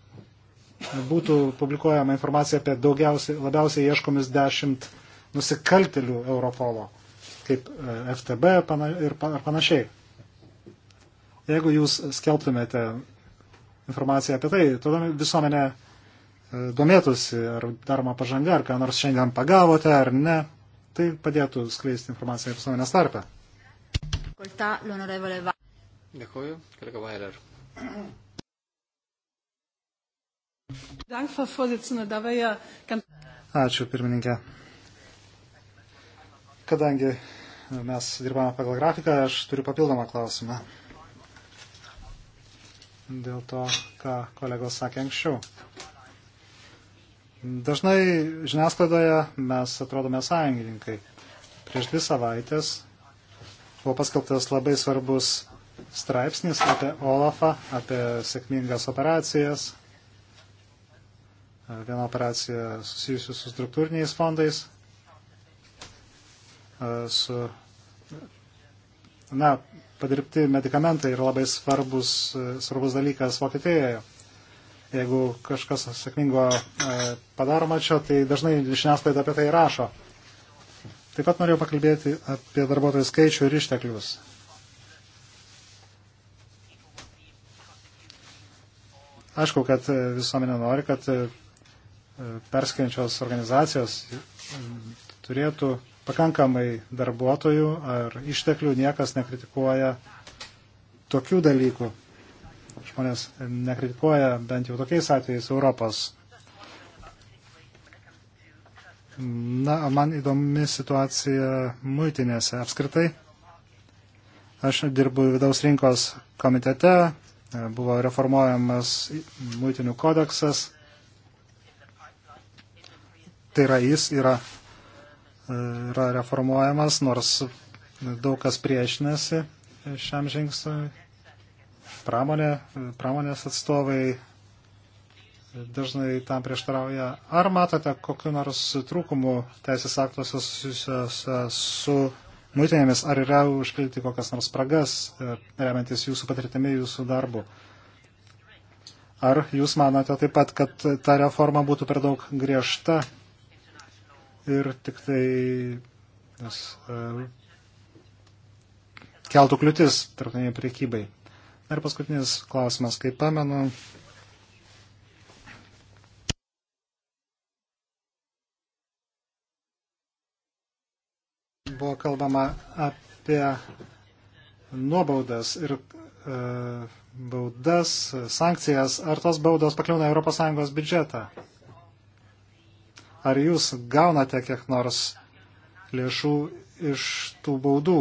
būtų publikuojama informacija apie daugiausiai, labiausiai ieškomis dešimt nusikaltelių Europolo, kaip e, FTB pana, ir, pan, ir panašiai. Jeigu jūs skelbtumėte informaciją apie tai, tada visuomenė e, domėtųsi, ar daroma pažanga, ar ką nors šiandien pagavote, ar ne. Tai padėtų skleisti informaciją visuomenės tarpe. Dėkuoju, kolega Vailer. Ačiū, pirmininkė. Kadangi mes dirbame pagal grafiką, aš turiu papildomą klausimą. Dėl to, ką kolegos sakė anksčiau. Dažnai žiniasklaidoje mes atrodome sąjungininkai. Prieš dvi savaitės buvo paskelbtas labai svarbus straipsnis apie Olafą, apie sėkmingas operacijas, Viena operacija susijusi su struktūriniais fondais, e, su, na, padirbti medikamentai yra labai svarbus, e, svarbus dalykas Vokietijoje. Jeigu kažkas sėkmingo e, padaroma čia, tai dažnai žiniasklaida apie tai rašo. Taip pat norėjau pakalbėti apie darbuotojų skaičių ir išteklius. Aišku, kad visuomenė nori, kad E, perskaičios organizacijos mm, turėtų pakankamai darbuotojų ar išteklių, niekas nekritikuoja tokių dalykų. Žmonės nekritikuoja bent jau tokiais atvejais Europos. Na, man įdomi situacija muitinėse apskritai. Aš dirbu vidaus rinkos komitete, e, buvo reformuojamas muitinių kodeksas tai yra jis yra, e, yra reformuojamas, nors daug kas priešinasi šiam žingsniui. Pramonė, pramonės atstovai dažnai tam prieštarauja. Ar matote kokiu nors trūkumu teisės aktuose susijusiuose su muitinėmis, ar yra užpilti kokias nors spragas, e, remiantis jūsų patirtimi, jūsų darbu? Ar jūs manote taip pat, kad ta reforma būtų per daug griežta ir tik tai nes, e, keltų kliūtis tarptautiniai priekybai. Ir paskutinis klausimas, kaip pamenu. Buvo kalbama apie nuobaudas ir e, baudas, sankcijas, ar tos baudos pakliūna ES biudžetą. Ar jūs gaunate kiek nors lėšų iš tų baudų?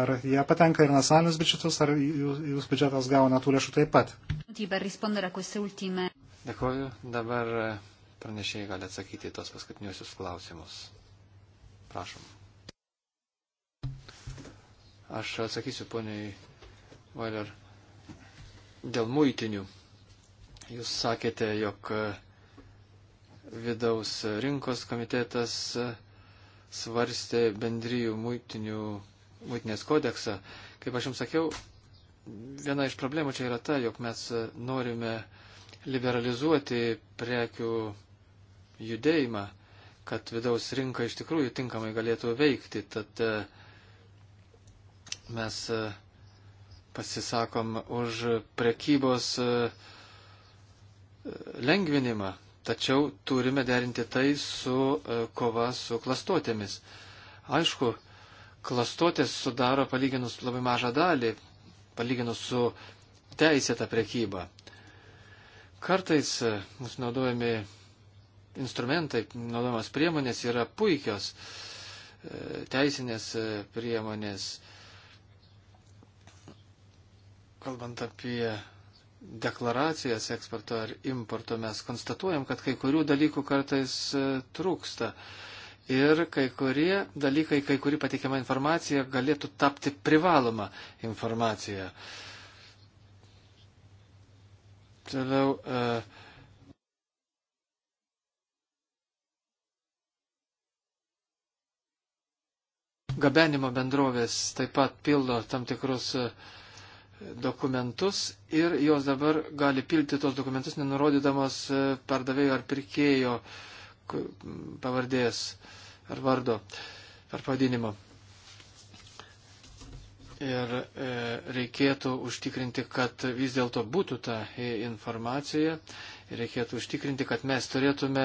Ar jie patenka ir nacionalinius biudžetus, ar jūs, jūs biudžetas gauna tų lėšų taip pat? Dėkuoju. Dabar e, pranešėjai gali atsakyti tos paskutiniusius klausimus. Prašom. Aš atsakysiu poniai Vailer dėl muitinių. Jūs sakėte, jog e, Vidaus rinkos komitetas svarstė bendryjų muitinių, muitinės kodeksą. Kaip aš jums sakiau, viena iš problemų čia yra ta, jog mes norime liberalizuoti prekių judėjimą, kad vidaus rinka iš tikrųjų tinkamai galėtų veikti. Tad e, mes e, pasisakom už prekybos e, lengvinimą, Tačiau turime derinti tai su e, kova su klastotėmis. Aišku, klastotės sudaro palyginus labai mažą dalį, palyginus su teisėta prekyba. Kartais e, mūsų naudojami instrumentai, naudojamas priemonės yra puikios e, teisinės priemonės. Kalbant apie deklaracijas eksporto ar importo mes konstatuojam, kad kai kurių dalykų kartais e, trūksta. Ir kai kurie dalykai, kai kuri pateikiama informacija galėtų tapti privaloma informacija. Toliau. Uh, gabenimo bendrovės taip pat pildo tam tikrus uh, dokumentus ir jos dabar gali pilti tos dokumentus, nenurodydamas e, pardavėjo ar pirkėjo pavardės ar vardo ar pavadinimo. Ir e, reikėtų užtikrinti, kad vis dėlto būtų ta informacija reikėtų užtikrinti, kad mes turėtume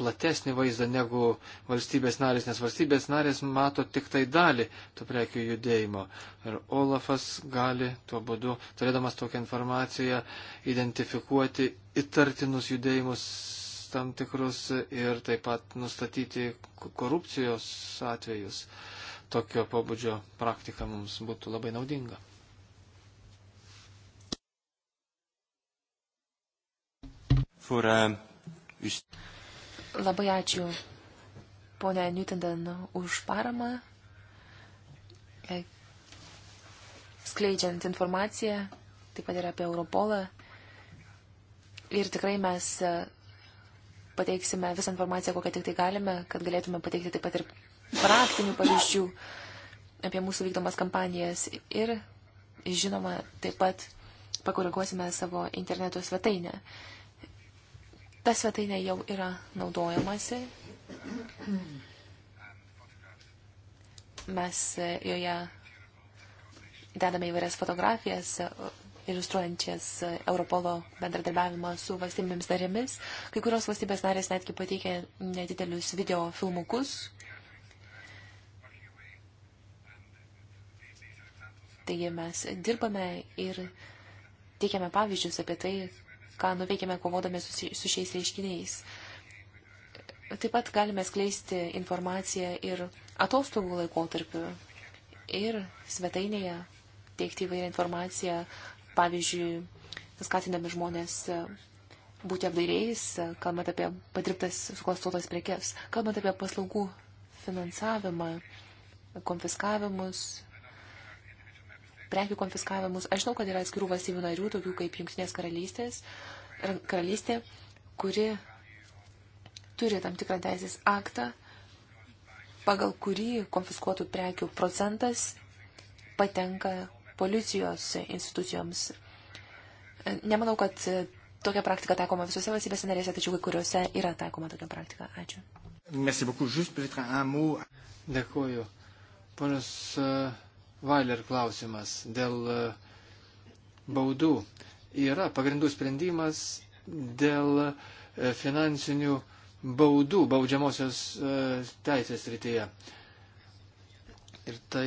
platesnį vaizdą negu valstybės narės, nes valstybės narės mato tik tai dalį tų prekių judėjimo. Ir Olafas gali tuo būdu, turėdamas tokią informaciją, identifikuoti įtartinus judėjimus tam tikrus ir taip pat nustatyti korupcijos atvejus. Tokio pobūdžio praktika mums būtų labai naudinga. for uh, Labai ačiū, ponia Newtenden, už paramą, e, skleidžiant informaciją, taip pat ir apie Europolą. Ir tikrai mes e, pateiksime visą informaciją, kokią tik tai galime, kad galėtume pateikti taip pat ir praktinių pavyzdžių apie mūsų vykdomas kampanijas. Ir, žinoma, taip pat pakoreguosime savo interneto svetainę. Ta svetainė jau yra naudojamasi. Mes e, joje dedame įvairias fotografijas, e, iliustruojančias e, Europolo bendradarbiavimą su valstybėmis narėmis. Kai kurios valstybės narės netgi pateikė nedidelius video filmukus. Taigi mes dirbame ir teikiame pavyzdžius apie tai, ką nuveikėme kovodami su, su šiais reiškiniais. Taip pat galime skleisti informaciją ir atostogų laikotarpiu ir svetainėje teikti įvairią informaciją, pavyzdžiui, skatinami žmonės būti apdairiais, kalbant apie padirbtas suklastotas prekes, kalbant apie paslaugų finansavimą, konfiskavimus, prekių konfiskavimus. Aš žinau, kad yra atskirų valstybių narių, tokių kaip Junktinės karalystės, karalystė, kuri turi tam tikrą teisės aktą, pagal kurį konfiskuotų prekių procentas patenka policijos institucijoms. Nemanau, kad tokia praktika taikoma visose valstybėse narėse, tačiau kai kuriuose yra taikoma tokia praktika. Ačiū. Merci beaucoup. Juste peut-être un mot. Dėkuoju. Ponas uh, Vailer klausimas dėl e, baudų. Yra pagrindų sprendimas dėl e, finansinių baudų baudžiamosios e, teisės rytyje. Ir tai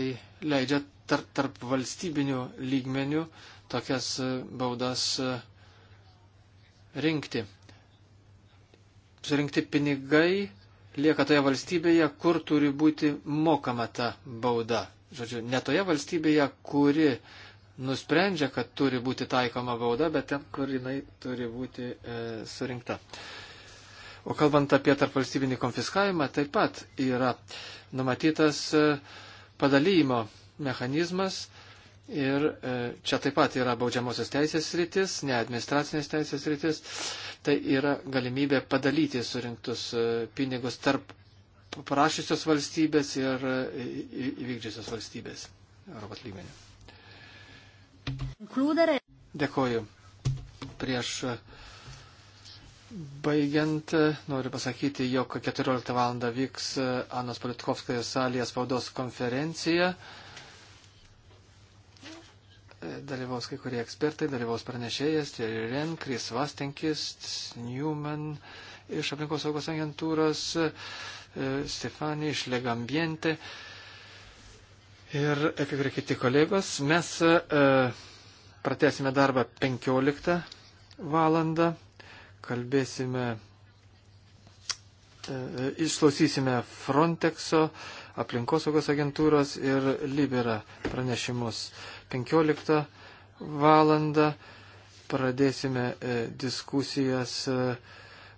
leidžia tarp, tarp valstybinių lygmenių tokias baudas rinkti. Surinkti pinigai lieka toje valstybėje, kur turi būti mokama ta bauda. Žodžiu, ne toje valstybėje, kuri nusprendžia, kad turi būti taikoma bauda, bet ten, kur jinai turi būti e, surinkta. O kalbant apie tarpvalstybinį konfiskavimą, taip pat yra numatytas e, padalymo mechanizmas ir e, čia taip pat yra baudžiamosios teisės rytis, ne administracinės teisės rytis, tai yra galimybė padalyti surinktus e, pinigus tarp paprašysios valstybės ir įvykdžiusios valstybės Europos lygmenį. Dėkoju. Prieš baigiant noriu pasakyti, jog 14 val. vyks Anos Politkovskoje salėje spaudos konferencija. Dalyvaus kai kurie ekspertai, dalyvaus pranešėjas, Thierry Ren, Chris Vastenkis, Newman iš aplinkos saugos agentūros. E, Stefani iš Legambiente ir e, kai kurie kiti kolegos. Mes e, pratesime darbą 15 valandą, kalbėsime, išklausysime Frontexo aplinkosaugos agentūros ir Libera pranešimus. 15 valandą pradėsime diskusijas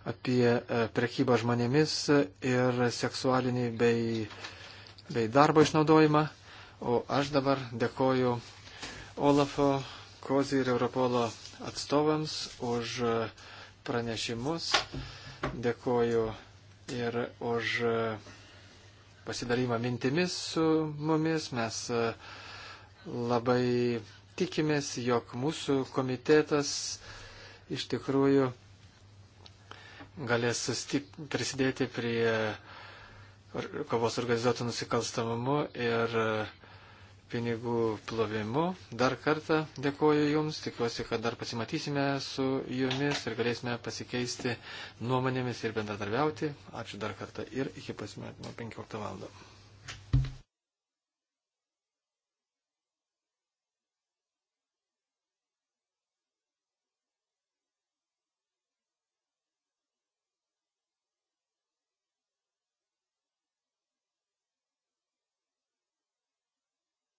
apie e, prekybą žmonėmis ir seksualinį bei, bei darbo išnaudojimą. O aš dabar dėkoju Olafo, Kozi ir Europolo atstovams už e, pranešimus. Dėkoju ir už e, pasidalymą mintimis su mumis. Mes labai tikimės, jog mūsų komitetas iš tikrųjų galės sustip, prisidėti prie kovos organizuotų nusikalstamumu ir e, pinigų plovimu. Dar kartą dėkoju Jums, tikiuosi, kad dar pasimatysime su Jumis ir galėsime pasikeisti nuomonėmis ir bendradarbiauti. Ačiū dar kartą ir iki pasimatymo 15 val.